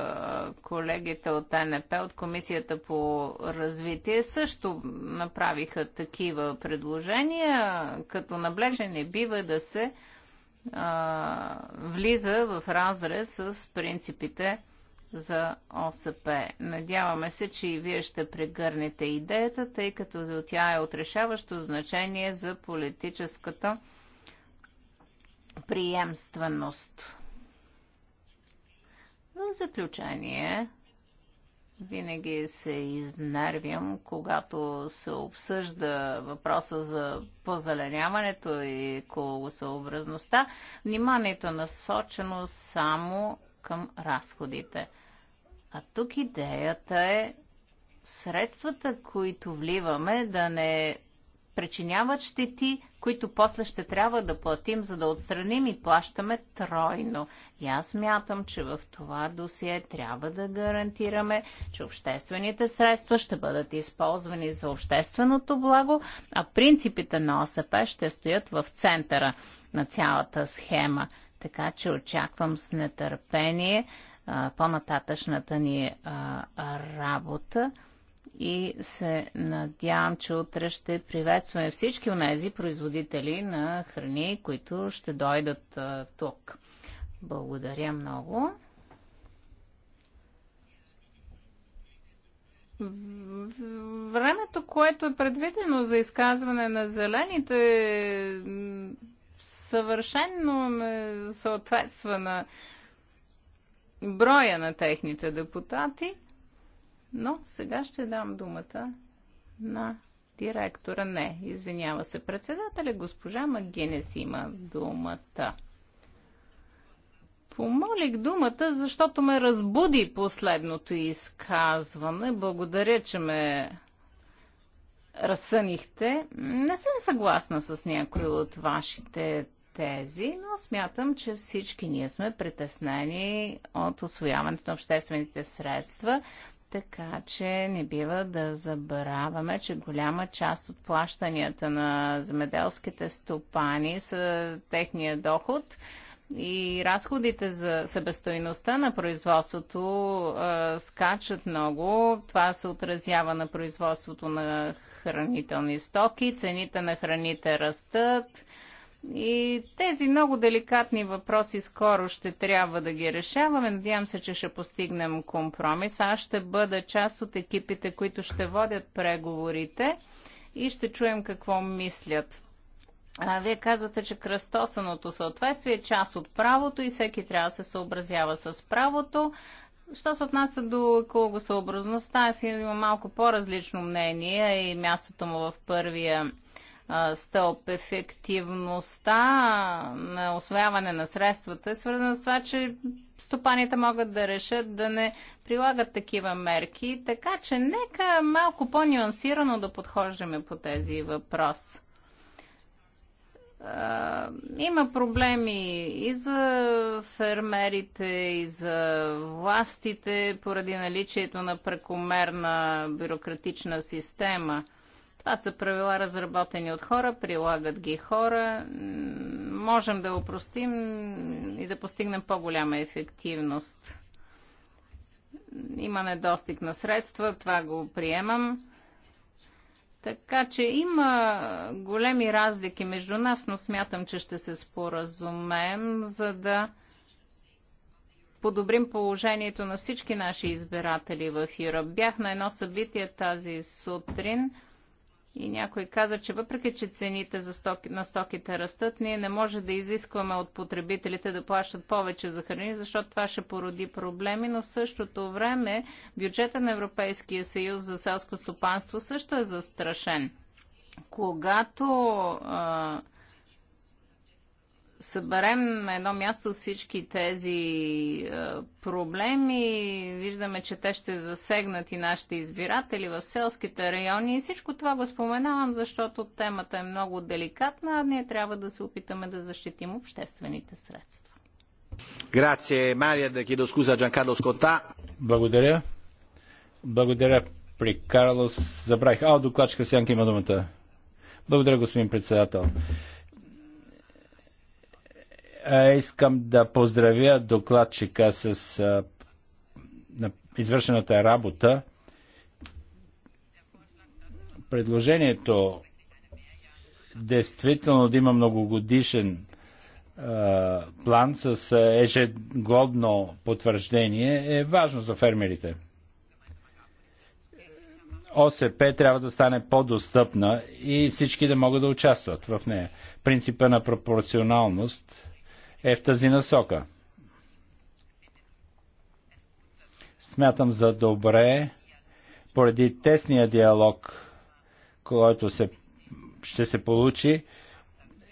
колегите от НП, от Комисията по развитие, също направиха такива предложения, като наблежен не бива да се а, влиза в разрез с принципите за ОСП. Надяваме се, че и вие ще прегърнете идеята, тъй като тя е отрешаващо значение за политическата приемственост. В заключение, винаги се изнервям, когато се обсъжда въпроса за позаленяването и екологосъобразността. Вниманието е насочено само към разходите. А тук идеята е средствата, които вливаме, да не причиняват щети, които после ще трябва да платим, за да отстраним и плащаме тройно. И аз мятам, че в това досие трябва да гарантираме, че обществените средства ще бъдат използвани за общественото благо, а принципите на ОСП ще стоят в центъра на цялата схема. Така че очаквам с нетърпение по-нататъчната ни а, работа и се надявам, че утре ще приветстваме всички от тези производители на храни, които ще дойдат а, тук. Благодаря много. Времето, което е предвидено за изказване на зелените, съвършенно не съответства на броя на техните депутати, но сега ще дам думата на директора. Не, извинява се председателя, госпожа Магинес има думата. Помолих думата, защото ме разбуди последното изказване. Благодаря, че ме разсънихте. Не съм съгласна с някои от вашите тези, но смятам, че всички ние сме притеснени от освояването на обществените средства, така че не бива да забравяме, че голяма част от плащанията на земеделските стопани са техния доход и разходите за себестоиността на производството а, скачат много. Това се отразява на производството на хранителни стоки, цените на храните растат и тези много деликатни въпроси скоро ще трябва да ги решаваме. Надявам се, че ще постигнем компромис. Аз ще бъда част от екипите, които ще водят преговорите и ще чуем какво мислят. А, вие казвате, че кръстосаното съответствие е част от правото и всеки трябва да се съобразява с правото. Що се отнася до екологосъобразността, аз имам малко по-различно мнение и мястото му в първия стълб. Ефективността на освояване на средствата е свързана с това, че стопаните могат да решат да не прилагат такива мерки, така че нека малко по-нюансирано да подхождаме по тези въпроси има проблеми и за фермерите, и за властите, поради наличието на прекомерна бюрократична система – това са правила разработени от хора, прилагат ги хора. Можем да опростим и да постигнем по-голяма ефективност. Има недостиг на средства, това го приемам. Така че има големи разлики между нас, но смятам, че ще се споразумеем, за да подобрим положението на всички наши избиратели в Юра. Бях на едно събитие тази сутрин – и някой каза, че въпреки, че цените за стоки, на стоките растат, ние не може да изискваме от потребителите да плащат повече за храни, защото това ще породи проблеми, но в същото време бюджета на Европейския съюз за селско стопанство също е застрашен. Когато а, съберем на едно място всички тези е, проблеми, виждаме, че те ще засегнат и нашите избиратели в селските райони. И всичко това го споменавам, защото темата е много деликатна, а ние трябва да се опитаме да защитим обществените средства. Грация, Мария, да кидо скуза Джанкарло Скота. Благодаря. Благодаря при Карлос. Забравих. А, докладчика Сянки има думата. Благодаря, господин председател. Искам да поздравя докладчика с извършената работа. Предложението действително да има многогодишен план с ежегодно потвърждение е важно за фермерите. ОСП трябва да стане по-достъпна и всички да могат да участват в нея. Принципа на пропорционалност е в тази насока. Смятам за добре, поради тесния диалог, който се, ще се получи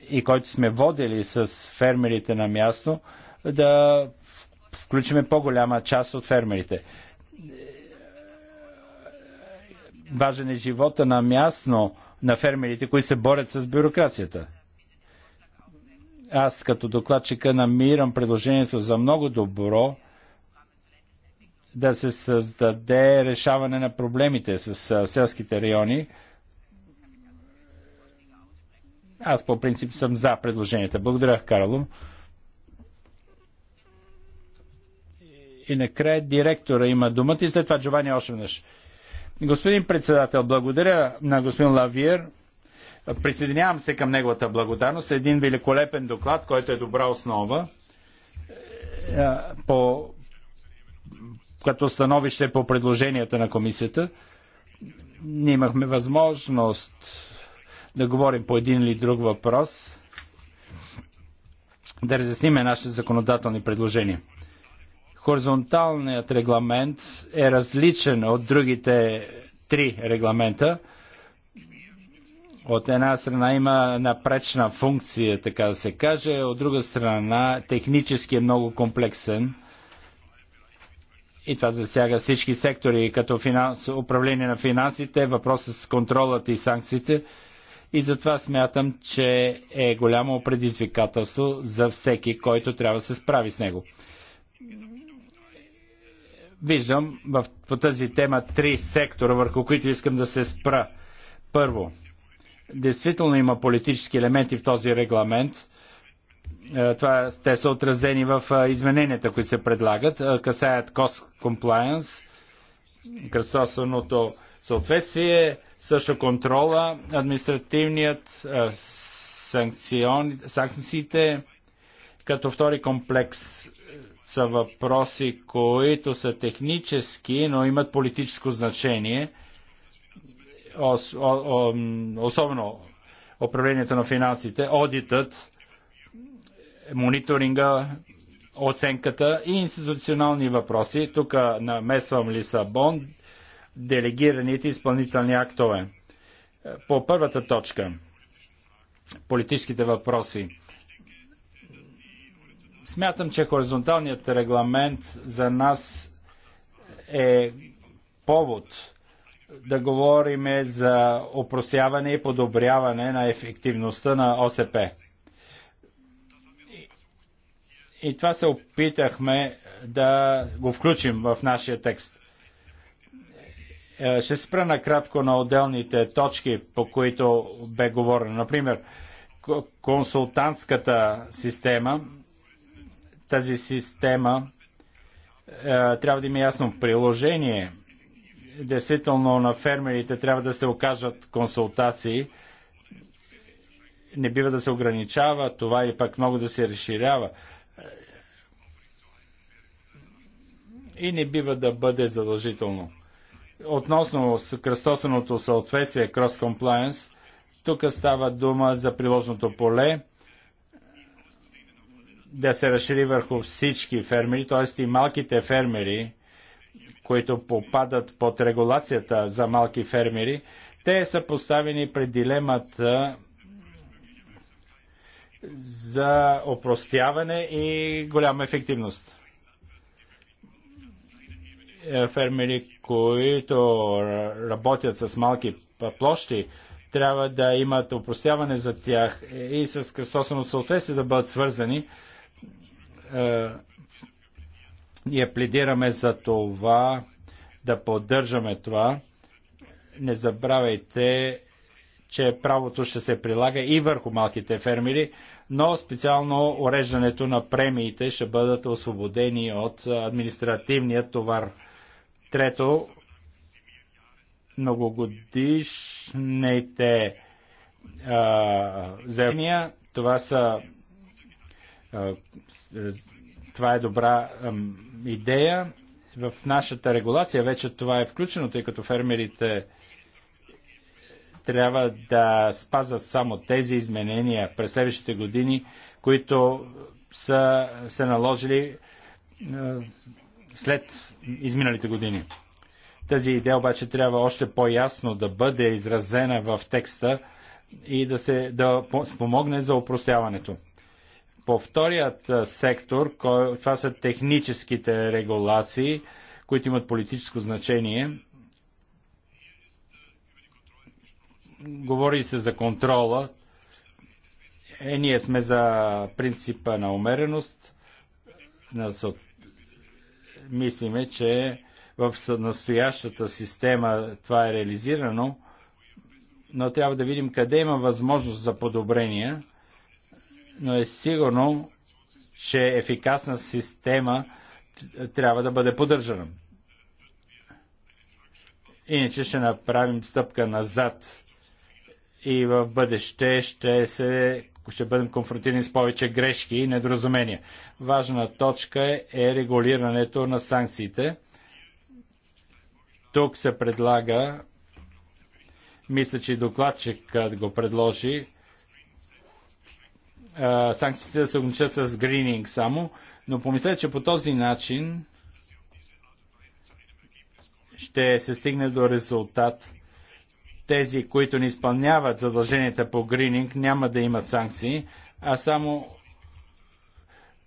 и който сме водили с фермерите на място, да включиме по-голяма част от фермерите. Важен е живота на място на фермерите, които се борят с бюрокрацията. Аз като докладчика намирам предложението за много добро да се създаде решаване на проблемите с селските райони. Аз по принцип съм за предложенията. Благодаря, Карло. И накрая директора има думата и след това Джовани още веднъж. Господин председател, благодаря на господин Лавиер. Присъединявам се към неговата благодарност. Един великолепен доклад, който е добра основа е, по, като становище по предложенията на комисията. Ние имахме възможност да говорим по един или друг въпрос, да разясниме нашите законодателни предложения. Хоризонталният регламент е различен от другите три регламента – от една страна има напречна функция, така да се каже, от друга страна технически е много комплексен. И това засяга всички сектори, като финанс, управление на финансите, въпроса с контролът и санкциите. И затова смятам, че е голямо предизвикателство за всеки, който трябва да се справи с него. Виждам в, по тази тема три сектора, върху които искам да се спра. Първо, Действително има политически елементи в този регламент. Е, това, те са отразени в е, измененията, които се предлагат. Е, касаят cost compliance, кръстосаното съответствие, също контрола, административният, санкциите, като втори комплекс са въпроси, които са технически, но имат политическо значение – ос, о, о, особено управлението на финансите, одитът, мониторинга, оценката и институционални въпроси. Тук намесвам Лисабон, делегираните изпълнителни актове. По първата точка, политическите въпроси. Смятам, че хоризонталният регламент за нас е повод да говорим за опросяване и подобряване на ефективността на ОСП. И, това се опитахме да го включим в нашия текст. Е, ще спра накратко на отделните точки, по които бе говорено. Например, консултантската система. Тази система е, трябва да има ясно приложение – действително на фермерите трябва да се окажат консултации. Не бива да се ограничава това и пък много да се разширява. И не бива да бъде задължително. Относно с кръстосаното съответствие, cross compliance, тук става дума за приложното поле да се разшири върху всички фермери, т.е. и малките фермери, които попадат под регулацията за малки фермери, те са поставени пред дилемата за опростяване и голяма ефективност. Е, фермери, които работят с малки площи, трябва да имат опростяване за тях и с кръстосано съответствие да бъдат свързани е, ние пледираме за това да поддържаме това. Не забравяйте, че правото ще се прилага и върху малките фермери, но специално уреждането на премиите ще бъдат освободени от административния товар. Трето, многогодишните земния, това са това е добра ам, идея. В нашата регулация вече това е включено, тъй като фермерите трябва да спазват само тези изменения през следващите години, които са се наложили след изминалите години. Тази идея обаче трябва още по-ясно да бъде изразена в текста и да, се, да спомогне за упростяването. По вторият сектор, кой, това са техническите регулации, които имат политическо значение. Говори се за контрола. Е, ние сме за принципа на умереност. На Мислиме, че в настоящата система това е реализирано, но трябва да видим къде има възможност за подобрения но е сигурно, че ефикасна система трябва да бъде поддържана. Иначе ще направим стъпка назад и в бъдеще ще, се, ще бъдем конфронтирани с повече грешки и недоразумения. Важна точка е регулирането на санкциите. Тук се предлага, мисля, че докладчикът го предложи, санкциите да се ограничат с грининг само, но помислете, че по този начин ще се стигне до резултат. Тези, които не изпълняват задълженията по грининг, няма да имат санкции, а само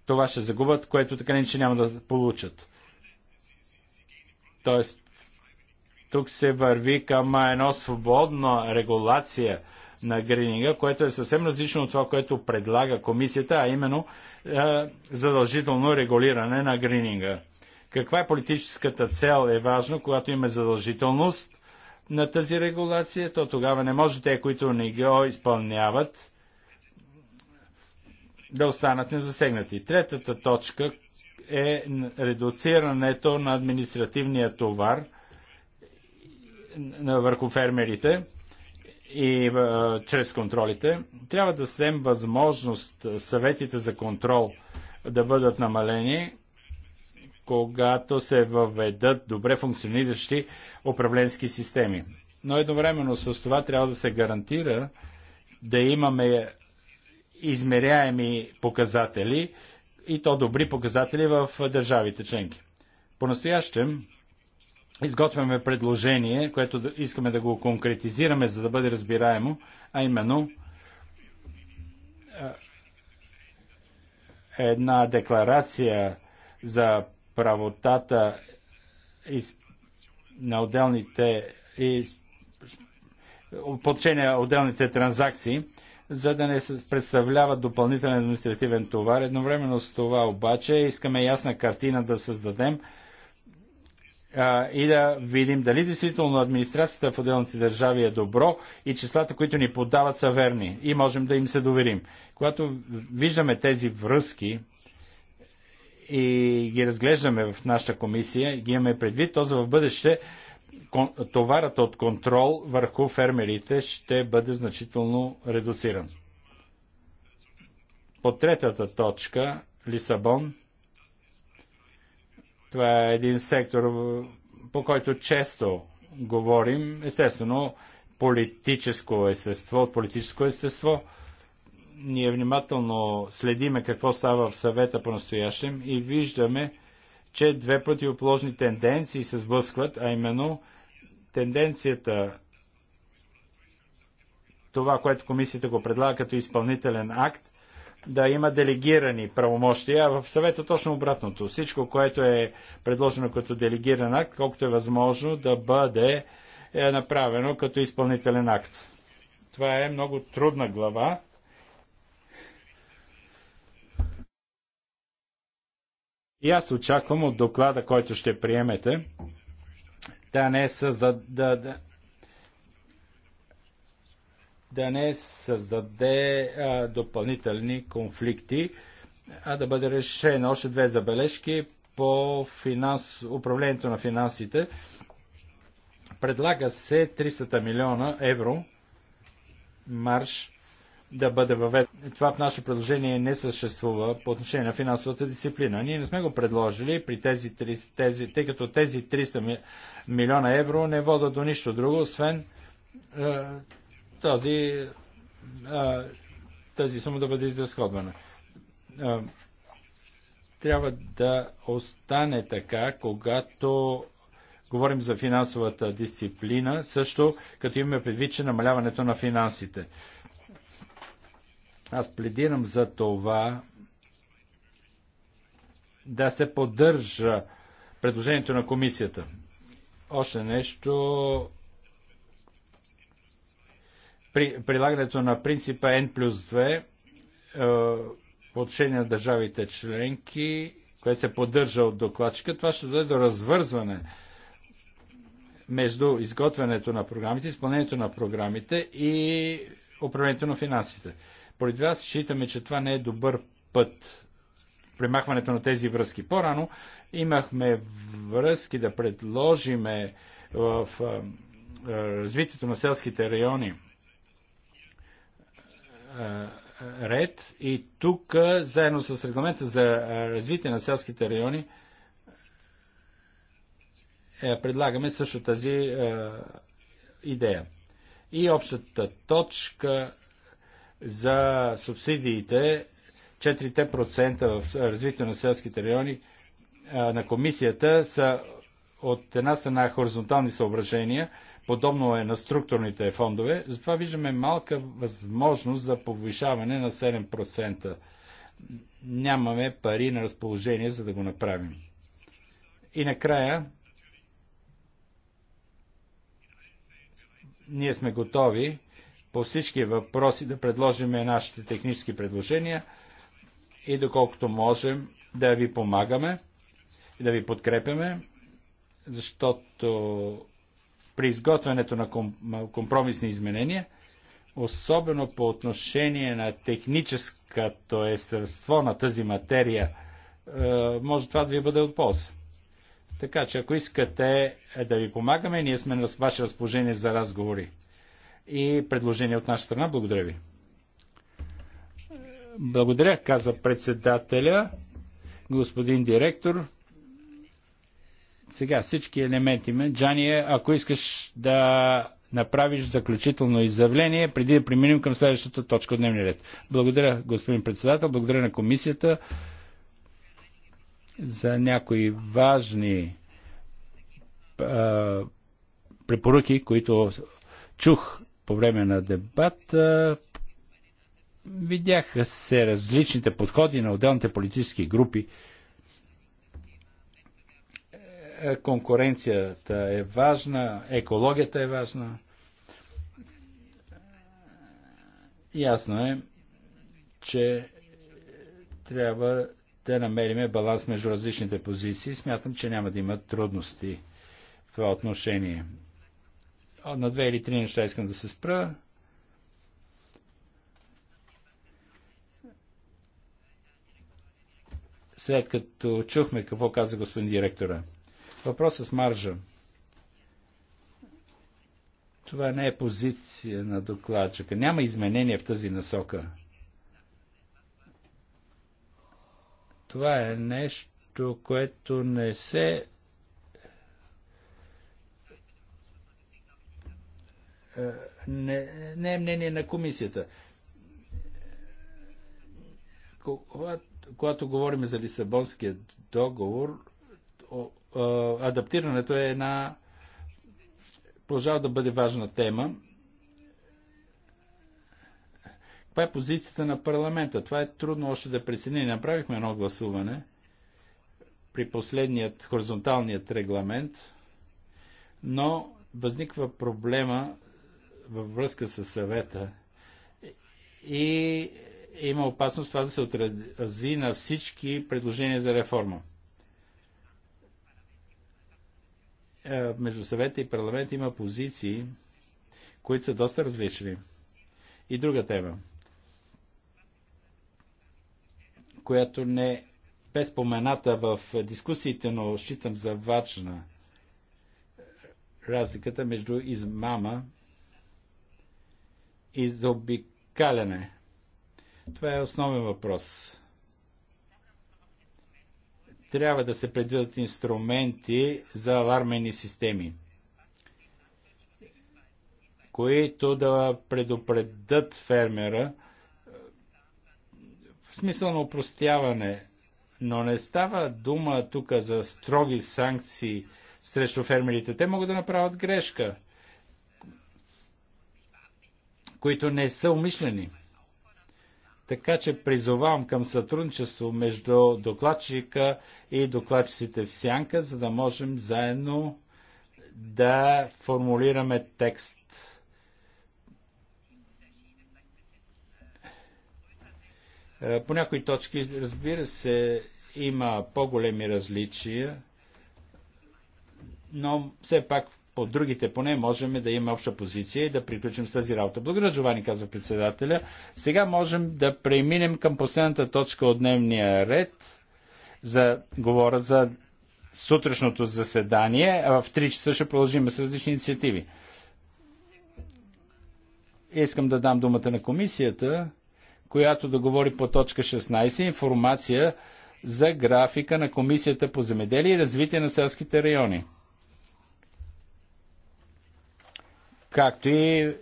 това ще загубят, което така не че няма да получат. Тоест, тук се върви към едно свободна регулация – на грининга, което е съвсем различно от това, което предлага комисията, а именно е, задължително регулиране на грининга. Каква е политическата цел е важно, когато има задължителност на тази регулация, то тогава не може те, които не го изпълняват, да останат незасегнати. Третата точка е редуцирането на административния товар – върху фермерите и а, чрез контролите. Трябва да следем възможност съветите за контрол да бъдат намалени, когато се въведат добре функциониращи управленски системи. Но едновременно с това трябва да се гарантира да имаме измеряеми показатели и то добри показатели в държавите членки. По-настоящем изготвяме предложение, което да, искаме да го конкретизираме, за да бъде разбираемо, а именно една декларация за правотата из, на отделните и подчения отделните транзакции, за да не представляват допълнителен административен товар. Едновременно с това обаче искаме ясна картина да създадем – и да видим дали действително администрацията в отделните държави е добро и числата, които ни подават са верни и можем да им се доверим. Когато виждаме тези връзки и ги разглеждаме в нашата комисия, ги имаме предвид, то за в бъдеще товарът от контрол върху фермерите ще бъде значително редуциран. По третата точка, Лисабон – това е един сектор, по който често говорим, естествено, политическо естество, от политическо естество. Ние внимателно следиме какво става в съвета по-настоящем и виждаме, че две противоположни тенденции се сблъскват, а именно тенденцията това, което комисията го предлага като изпълнителен акт да има делегирани правомощия, а в съвета точно обратното. Всичко, което е предложено като делегиран акт, колкото е възможно да бъде е направено като изпълнителен акт. Това е много трудна глава. И аз очаквам от доклада, който ще приемете, да не създаде, да, да, да не създаде а, допълнителни конфликти, а да бъде решено още две забележки по финанс, управлението на финансите. Предлага се 300 милиона евро марш да бъде въведен. Това в наше предложение не съществува по отношение на финансовата дисциплина. Ние не сме го предложили, при тези, тези, тъй като тези 300 милиона евро не водят до нищо друго, освен тази, а, тази сума да бъде изразходвана. А, трябва да остане така, когато говорим за финансовата дисциплина, също като имаме предвид, че намаляването на финансите. Аз пледирам за това да се поддържа предложението на комисията. Още нещо при прилагането на принципа N плюс 2 е, по отношение на държавите членки, което се поддържа от докладчика, това ще даде до развързване между изготвянето на програмите, изпълнението на програмите и управлението на финансите. Поради това считаме, че това не е добър път примахването на тези връзки. По-рано имахме връзки да предложиме в развитието на селските райони – е, ред и тук, е, заедно с регламента за е, развитие на селските райони, предлагаме също тази идея. И общата точка за субсидиите 4% в развитие на селските райони на комисията са от една страна хоризонтални съображения – Подобно е на структурните фондове, затова виждаме малка възможност за повишаване на 7%. Нямаме пари на разположение, за да го направим. И накрая, ние сме готови по всички въпроси да предложим нашите технически предложения и доколкото можем да ви помагаме и да ви подкрепяме, защото при изготвянето на компромисни изменения, особено по отношение на техническото естество на тази материя, е, може това да ви бъде от полза. Така че, ако искате да ви помагаме, ние сме на ваше разположение за разговори и предложения от наша страна. Благодаря ви. Благодаря, каза председателя, господин директор. Сега всички елементи. Джани, ако искаш да направиш заключително изявление, преди да преминем към следващата точка от дневния ред. Благодаря, господин председател, благодаря на комисията за някои важни а, препоръки, които чух по време на дебата. Видяха се различните подходи на отделните политически групи е, конкуренцията е важна, екологията е важна. Ясно е, че трябва да намериме баланс между различните позиции. Смятам, че няма да има трудности в това отношение. На две или три неща искам да се спра. След като чухме какво каза господин директора – Въпросът с маржа. Това не е позиция на докладчика. Няма изменения в тази насока. Това е нещо, което не се е, не, не е мнение на комисията. Когато, когато говорим за Лисабонския договор, адаптирането е една продължава да бъде важна тема. Каква е позицията на парламента? Това е трудно още да прецени. Направихме едно гласуване при последният хоризонталният регламент, но възниква проблема във връзка с съвета и има опасност това да се отрази на всички предложения за реформа. Е, между съвета и парламент има позиции, които са доста различни. И друга тема, която не е без спомената в дискусиите, но считам за важна разликата между измама и заобикаляне. Това е основен въпрос трябва да се предвидят инструменти за алармени системи, които да предупредят фермера е, в смисъл на упростяване, но не става дума тук за строги санкции срещу фермерите. Те могат да направят грешка, които не са умишлени. Така че призовавам към сътрудничество между докладчика и докладчиците в сянка, за да можем заедно да формулираме текст. Е, по някои точки, разбира се, има по-големи различия, но все пак по другите поне можем да имаме обща позиция и да приключим с тази работа. Благодаря, Джовани, казва председателя. Сега можем да преминем към последната точка от дневния ред. За, говоря за сутрешното заседание. В 3 часа ще продължим с различни инициативи. Искам да дам думата на комисията, която да говори по точка 16 информация за графика на Комисията по земеделие и развитие на селските райони. както и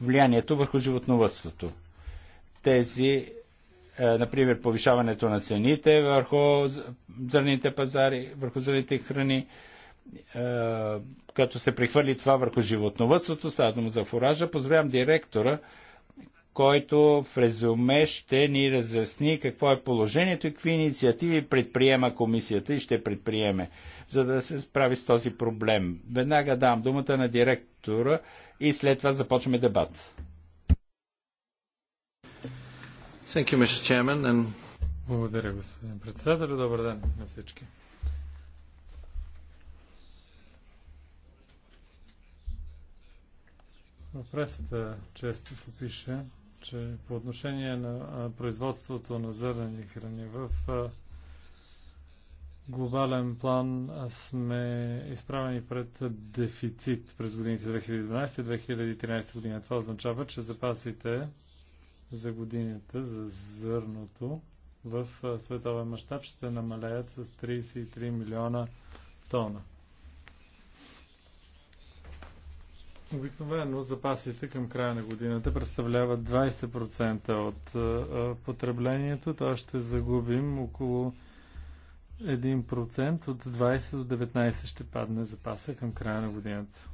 влиянието върху животновътството. Тези, е, например, повишаването на цените върху зърните пазари, върху зърните храни, е, като се прехвърли това върху животновътството, става дума за фуража, позволявам директора който в резюме ще ни разясни какво е положението и какви инициативи предприема комисията и ще предприеме, за да се справи с този проблем. Веднага дам думата на директора и след това започваме дебат. Thank you, Mr. Chairman, and... Благодаря, господин председател. Добър ден на всички. В пресата често се пише, че по отношение на производството на зърнени храни в глобален план сме изправени пред дефицит през годините 2012-2013 година. Това означава, че запасите за годината за зърното в световен мащаб ще намалеят с 33 милиона тона. Обикновено запасите към края на годината представляват 20% от а, потреблението, Това ще загубим около 1% от 20 до 19 ще падне запаса към края на годината.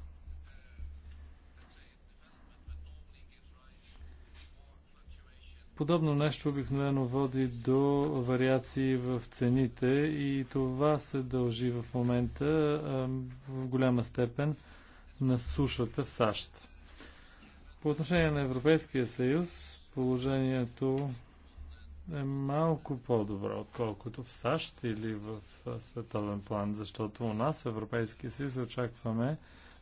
Подобно нещо обикновено води до вариации в цените и това се дължи в момента а, в голяма степен – на сушата в САЩ. По отношение на Европейския съюз, положението е малко по-добро, отколкото в САЩ или в световен план, защото у нас в Европейския съюз очакваме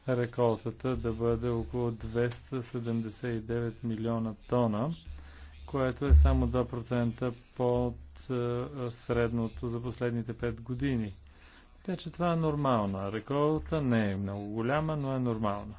реколтата да бъде около 279 милиона тона, което е само 2% под средното за последните 5 години. Така че това е нормално. Реколта не е много голяма, но е нормална.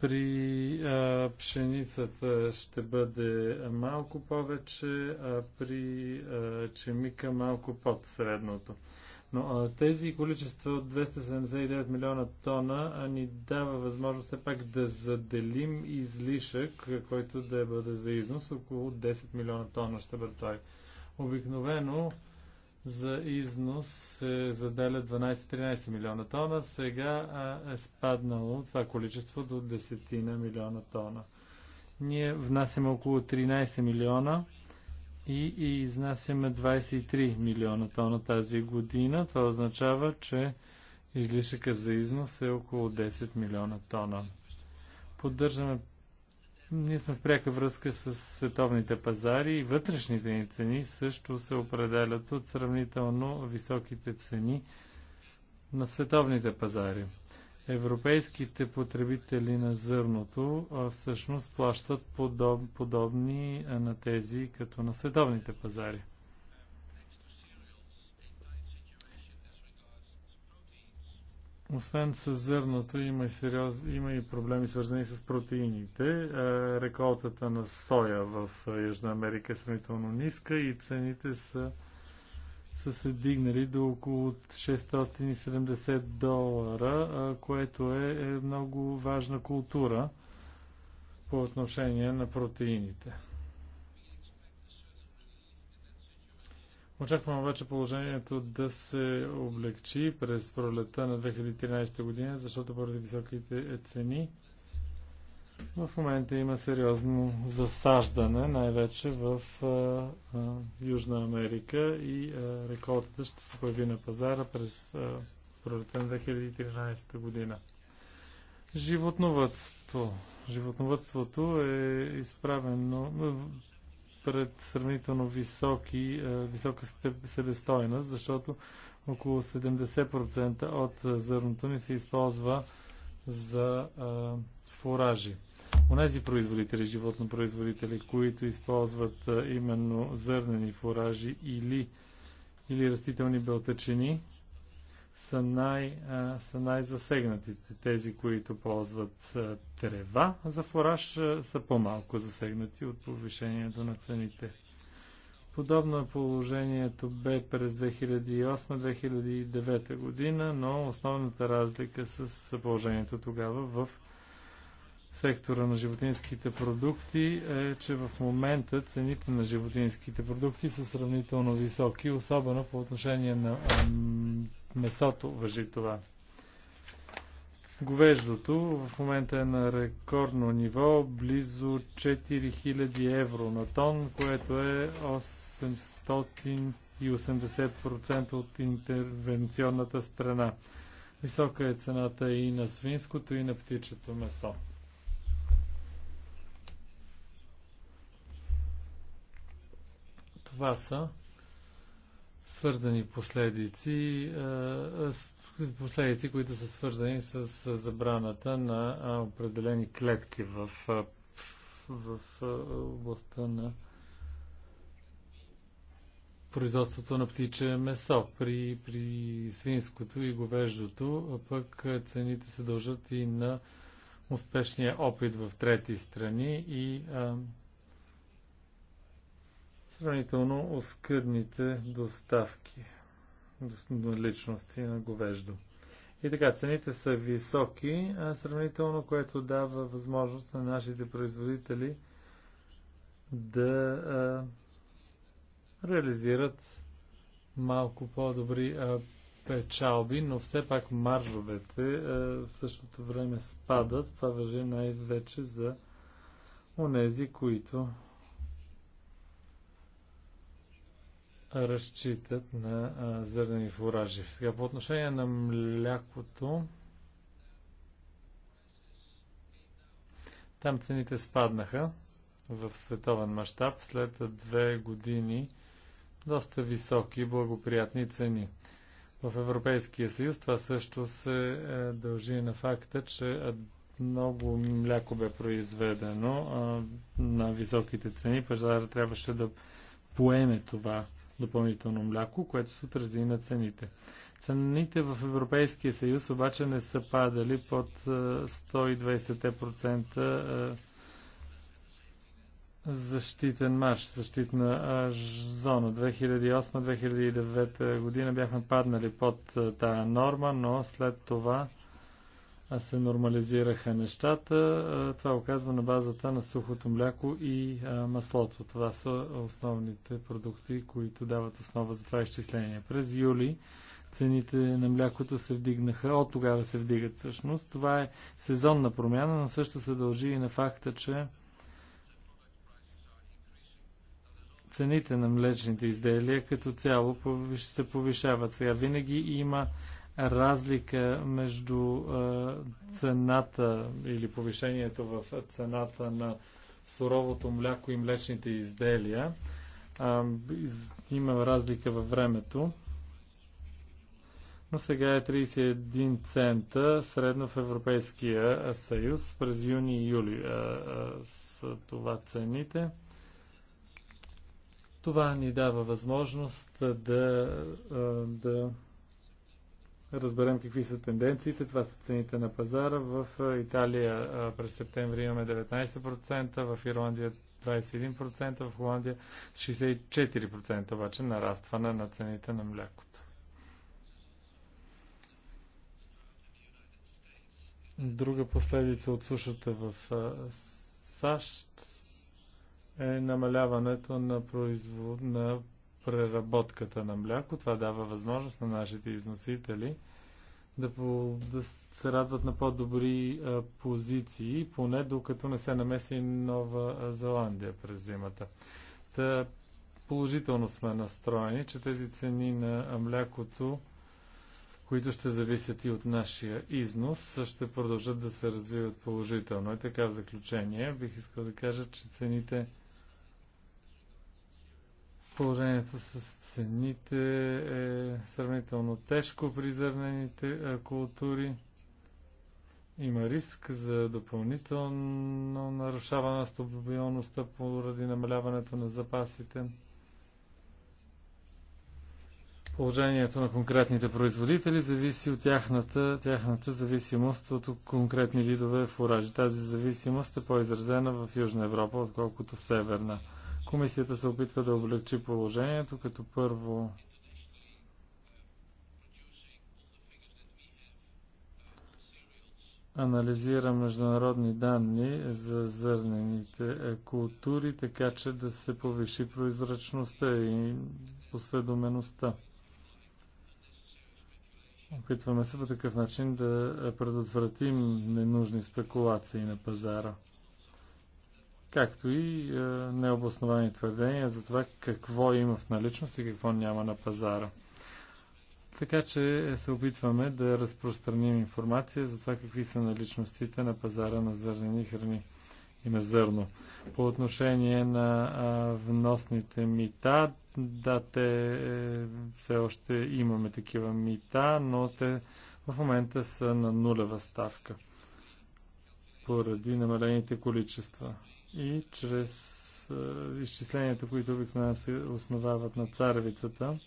При а, пшеницата ще бъде малко повече, а при а, чемика малко под средното. Но а, тези количества от 279 милиона тона а, ни дава възможност все пак да заделим излишък, който да бъде за износ. Около 10 милиона тона ще бъде той. Обикновено за износ се заделя 12-13 милиона тона. Сега а, е спаднало това количество до 10 милиона тона. Ние внасяме около 13 милиона тона и, и изнасяме 23 милиона тона тази година. Това означава, че излишъка за износ е около 10 милиона тона. Поддържаме ние сме в пряка връзка с световните пазари и вътрешните ни цени също се определят от сравнително високите цени на световните пазари европейските потребители на зърното а, всъщност плащат подоб, подобни на тези като на световните пазари. Освен с зърното има и, сериоз, има и проблеми свързани с протеините. Реколтата на соя в Южна Америка е сравнително ниска и цените са са се дигнали до около 670 долара, което е, е, много важна култура по отношение на протеините. Очаквам обаче положението да се облегчи през пролета на 2013 година, защото поради високите цени в момента има сериозно засаждане, най-вече в а, а, Южна Америка и а, реколтата ще се появи на пазара през пролетта на 2013 година. Животновътство. Животновътството е изправено пред сравнително високи, висока себестойност, защото около 70% от зърното ни се използва за а, фуражи онези производители, животнопроизводители, които използват именно зърнени фуражи или, или растителни белтъчини, са, най, са най-засегнатите. Тези, които ползват трева за фураж, са по-малко засегнати от повишението на цените. Подобно е положението бе през 2008-2009 година, но основната разлика с положението тогава в сектора на животинските продукти е, че в момента цените на животинските продукти са сравнително високи, особено по отношение на месото въжи това. Говеждото в момента е на рекордно ниво, близо 4000 евро на тон, което е 880% от интервенционната страна. Висока е цената и на свинското, и на птичето месо. това са свързани последици, последици, които са свързани с забраната на определени клетки в, в, в областта на производството на птиче месо. При, при свинското и говеждото а пък цените се дължат и на успешния опит в трети страни и сравнително оскъдните доставки на личности на говеждо. И така, цените са високи, а сравнително, което дава възможност на нашите производители да а, реализират малко по-добри печалби, но все пак маржовете а, в същото време спадат. Това въжи най-вече за онези, които разчитат на а, зърнени фуражи. Сега по отношение на млякото, там цените спаднаха в световен мащаб след две години доста високи благоприятни цени. В Европейския съюз това също се е, дължи на факта, че много мляко бе произведено а, на високите цени. Пазара трябваше да поеме това допълнително мляко, което се отрази на цените. Цените в Европейския съюз обаче не са падали под 120% защитен марш, защитна зона. 2008-2009 година бяхме паднали под тая норма, но след това се нормализираха нещата. Това оказва на базата на сухото мляко и маслото. Това са основните продукти, които дават основа за това изчисление. През юли цените на млякото се вдигнаха, от тогава се вдигат всъщност. Това е сезонна промяна, но също се дължи и на факта, че цените на млечните изделия като цяло се повишават. Сега винаги има разлика между цената или повишението в цената на суровото мляко и млечните изделия. Има разлика във времето но сега е 31 цента средно в Европейския съюз през юни и юли а, а, с това цените. Това ни дава възможност да, а, да разберем какви са тенденциите. Това са цените на пазара. В Италия през септември имаме 19%, в Ирландия 21%, в Холандия 64% обаче нарастване на цените на млякото. Друга последица от сушата в САЩ е намаляването на, производ... на преработката на мляко. Това дава възможност на нашите износители да, по, да се радват на по-добри позиции, поне докато не се намеси Нова Зеландия през зимата. Та положително сме настроени, че тези цени на млякото, които ще зависят и от нашия износ, ще продължат да се развиват положително. И така в заключение бих искал да кажа, че цените Положението с цените е сравнително тежко при зърнените е, култури. Има риск за допълнително нарушаване на стабилността поради намаляването на запасите. Положението на конкретните производители зависи от тяхната, тяхната зависимост от конкретни видове фуражи. Тази зависимост е по-изразена в Южна Европа, отколкото в Северна. Комисията се опитва да облегчи положението, като първо анализира международни данни за зърнените култури, така че да се повиши прозрачността и осведомеността. Опитваме се по такъв начин да предотвратим ненужни спекулации на пазара както и е, необосновани твърдения за това какво има в наличност и какво няма на пазара. Така че е, се опитваме да разпространим информация за това какви са наличностите на пазара на зърнени храни и на зърно. По отношение на а, вносните мита, да, те е, все още имаме такива мита, но те в момента са на нулева ставка поради намалените количества и чрез изчисленията, които обикновено се основават на царевицата,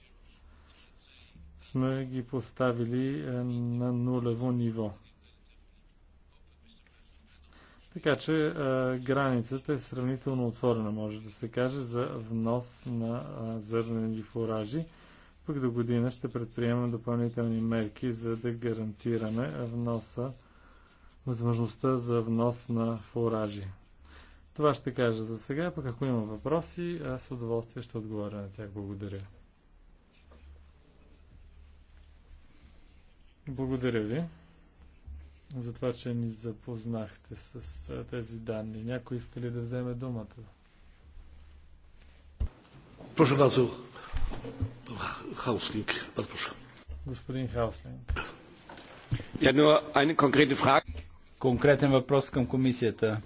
сме ги поставили е, на нулево ниво. Така че границата е сравнително отворена, може да се каже, за внос на а, зърнени фуражи. Пък до година ще предприемем допълнителни мерки, за да гарантираме вноса, възможността за внос на фуражи. Това ще кажа за сега, пък ако има въпроси, аз с удоволствие ще отговоря на тях. Благодаря. Благодаря ви за това, че ни запознахте с тези данни. Някой иска ли да вземе думата? Прошу вас, Хауслинг. Господин Хауслинг. Конкретен въпрос към комисията.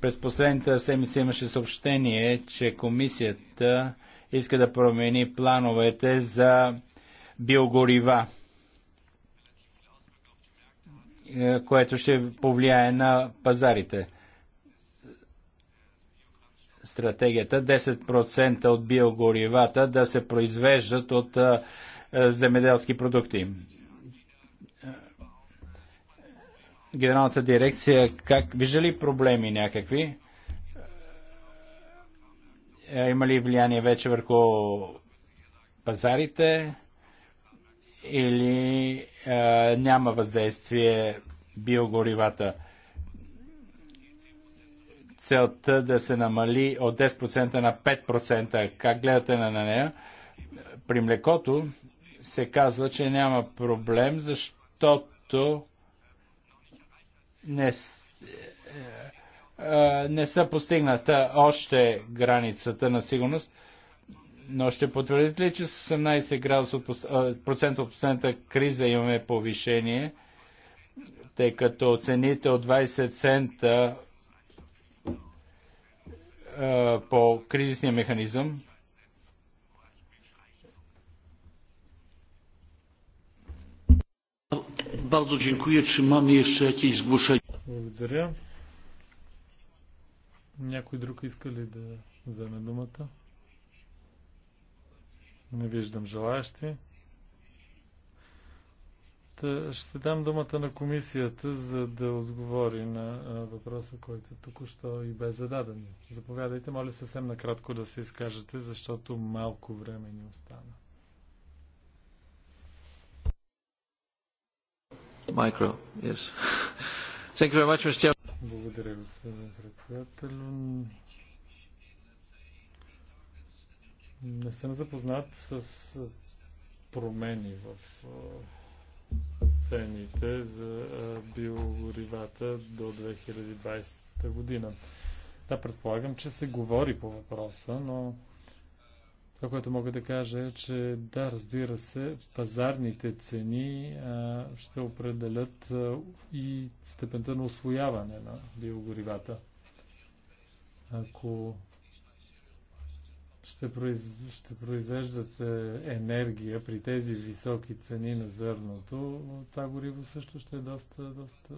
През последната седмица имаше съобщение, че комисията иска да промени плановете за биогорива, е, което ще повлияе на пазарите. Стратегията 10% от биогоривата да се произвеждат от е, е, земеделски продукти. генералната дирекция как вижда ли проблеми някакви? Е, има ли влияние вече върху пазарите или е, няма въздействие биогоривата? Целта да се намали от 10% на 5%. Как гледате на нея? При млекото се казва, че няма проблем, защото не, е, е, е, не са постигната още границата на сигурност, но ще потвърдите ли, че с 18 градуса процент от последната криза имаме повишение, тъй като цените от 20 цента по кризисния механизъм Bardzo dziękuję. Czy mamy jeszcze jakieś zgłoszenie? Благодаря. Някой друг иска ли да вземе думата? Не виждам желаящи. Та ще дам думата на комисията, за да отговори на въпроса, който току-що и бе зададен. Заповядайте, моля съвсем накратко да се изкажете, защото малко време ни остана. Micro, yes. *laughs* Thank you very much, Mr. Благодаря, господин председател. Не съм запознат с промени в цените за биогоривата до 2020 година. Да, предполагам, че се говори по въпроса, но това, което мога да кажа е, че да, разбира се, пазарните цени а, ще определят а, и степента на освояване на биогоривата. Ако ще, произ... ще произвеждате енергия при тези високи цени на зърното, това гориво също ще е доста, доста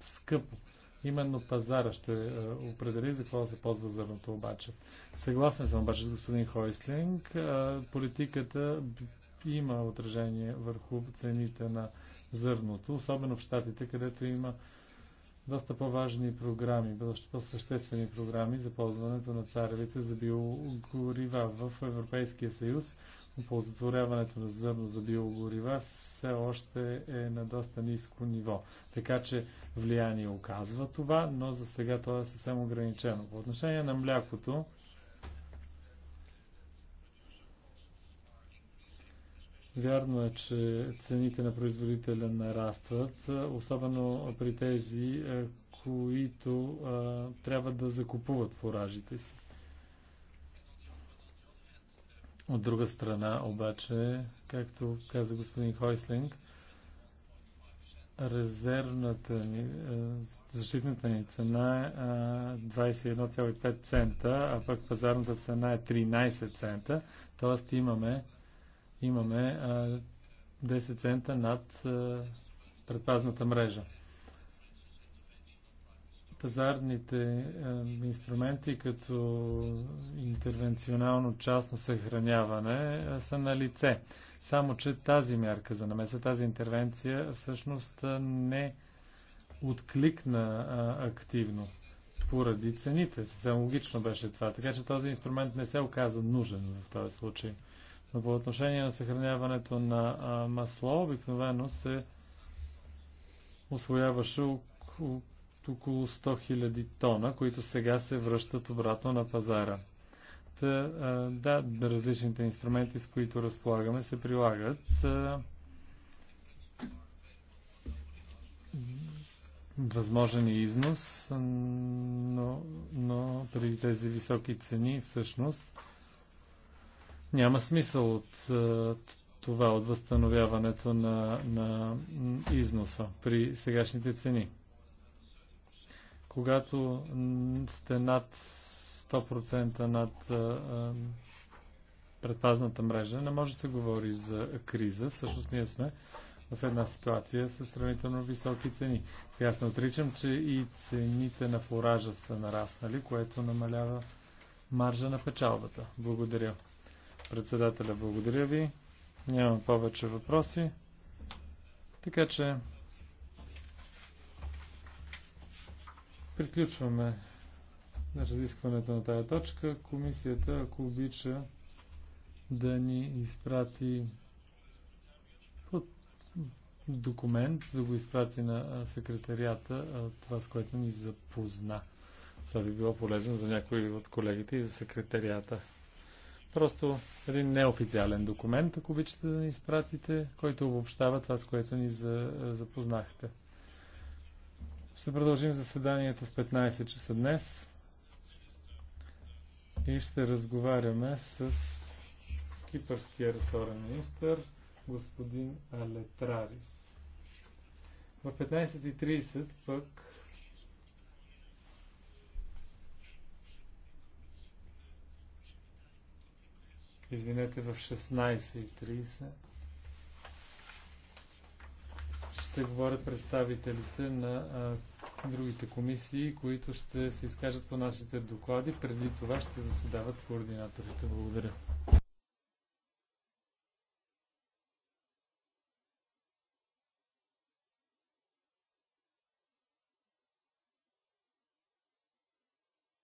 скъпо. Именно пазара ще е, определи за какво се ползва зърното обаче. Съгласен съм обаче с господин Хойслинг. Политиката има отражение върху цените на зърното, особено в щатите, където има доста по-важни програми, доста по-съществени програми за ползването на царевите за биогорива в Европейския съюз оползотворяването на зърно за биогорива все още е на доста ниско ниво. Така че влияние оказва това, но за сега то е съвсем ограничено. По отношение на млякото, Вярно е, че цените на производителя нарастват, особено при тези, е, които а, е, трябва да закупуват фуражите си. От друга страна, обаче, както каза господин Хойслинг, резервната ни, е, защитната ни цена е 21,5 цента, а пък пазарната цена е 13 цента, т.е. имаме, имаме 10 цента над е, предпазната мрежа пазарните е, инструменти като интервенционално частно съхраняване е, са на лице. Само, че тази мярка за намеса, тази интервенция всъщност е, не откликна активно поради цените. Съвсем логично беше това. Така че този инструмент не се оказа нужен в този случай. Но по отношение на съхраняването на масло, обикновено се освояваше около 100 000 тона, които сега се връщат обратно на пазара. Та, да, различните инструменти, с които разполагаме, се прилагат. Възможен е износ, но, но при тези високи цени всъщност няма смисъл от това, от възстановяването на, на износа при сегашните цени когато сте над 100% над предпазната мрежа, не може да се говори за криза. Всъщност ние сме в една ситуация с сравнително високи цени. Сега аз не отричам, че и цените на фуража са нараснали, което намалява маржа на печалбата. Благодаря. Председателя, благодаря ви. Нямам повече въпроси. Така че Приключваме разискването на тази точка. Комисията, ако обича, да ни изпрати документ, да го изпрати на секретарията, това с което ни запозна. Това би било полезно за някои от колегите и за секретарията. Просто един неофициален документ, ако обичате да ни изпратите, който обобщава това, с което ни запознахте. Ще продължим заседанието в 15 часа днес и ще разговаряме с кипърския ресорен министр господин Алетрарис. В 15.30 пък Извинете, в 16.30 ще говорят представителите на а, другите комисии, които ще се изкажат по нашите доклади. Преди това ще заседават координаторите. Благодаря.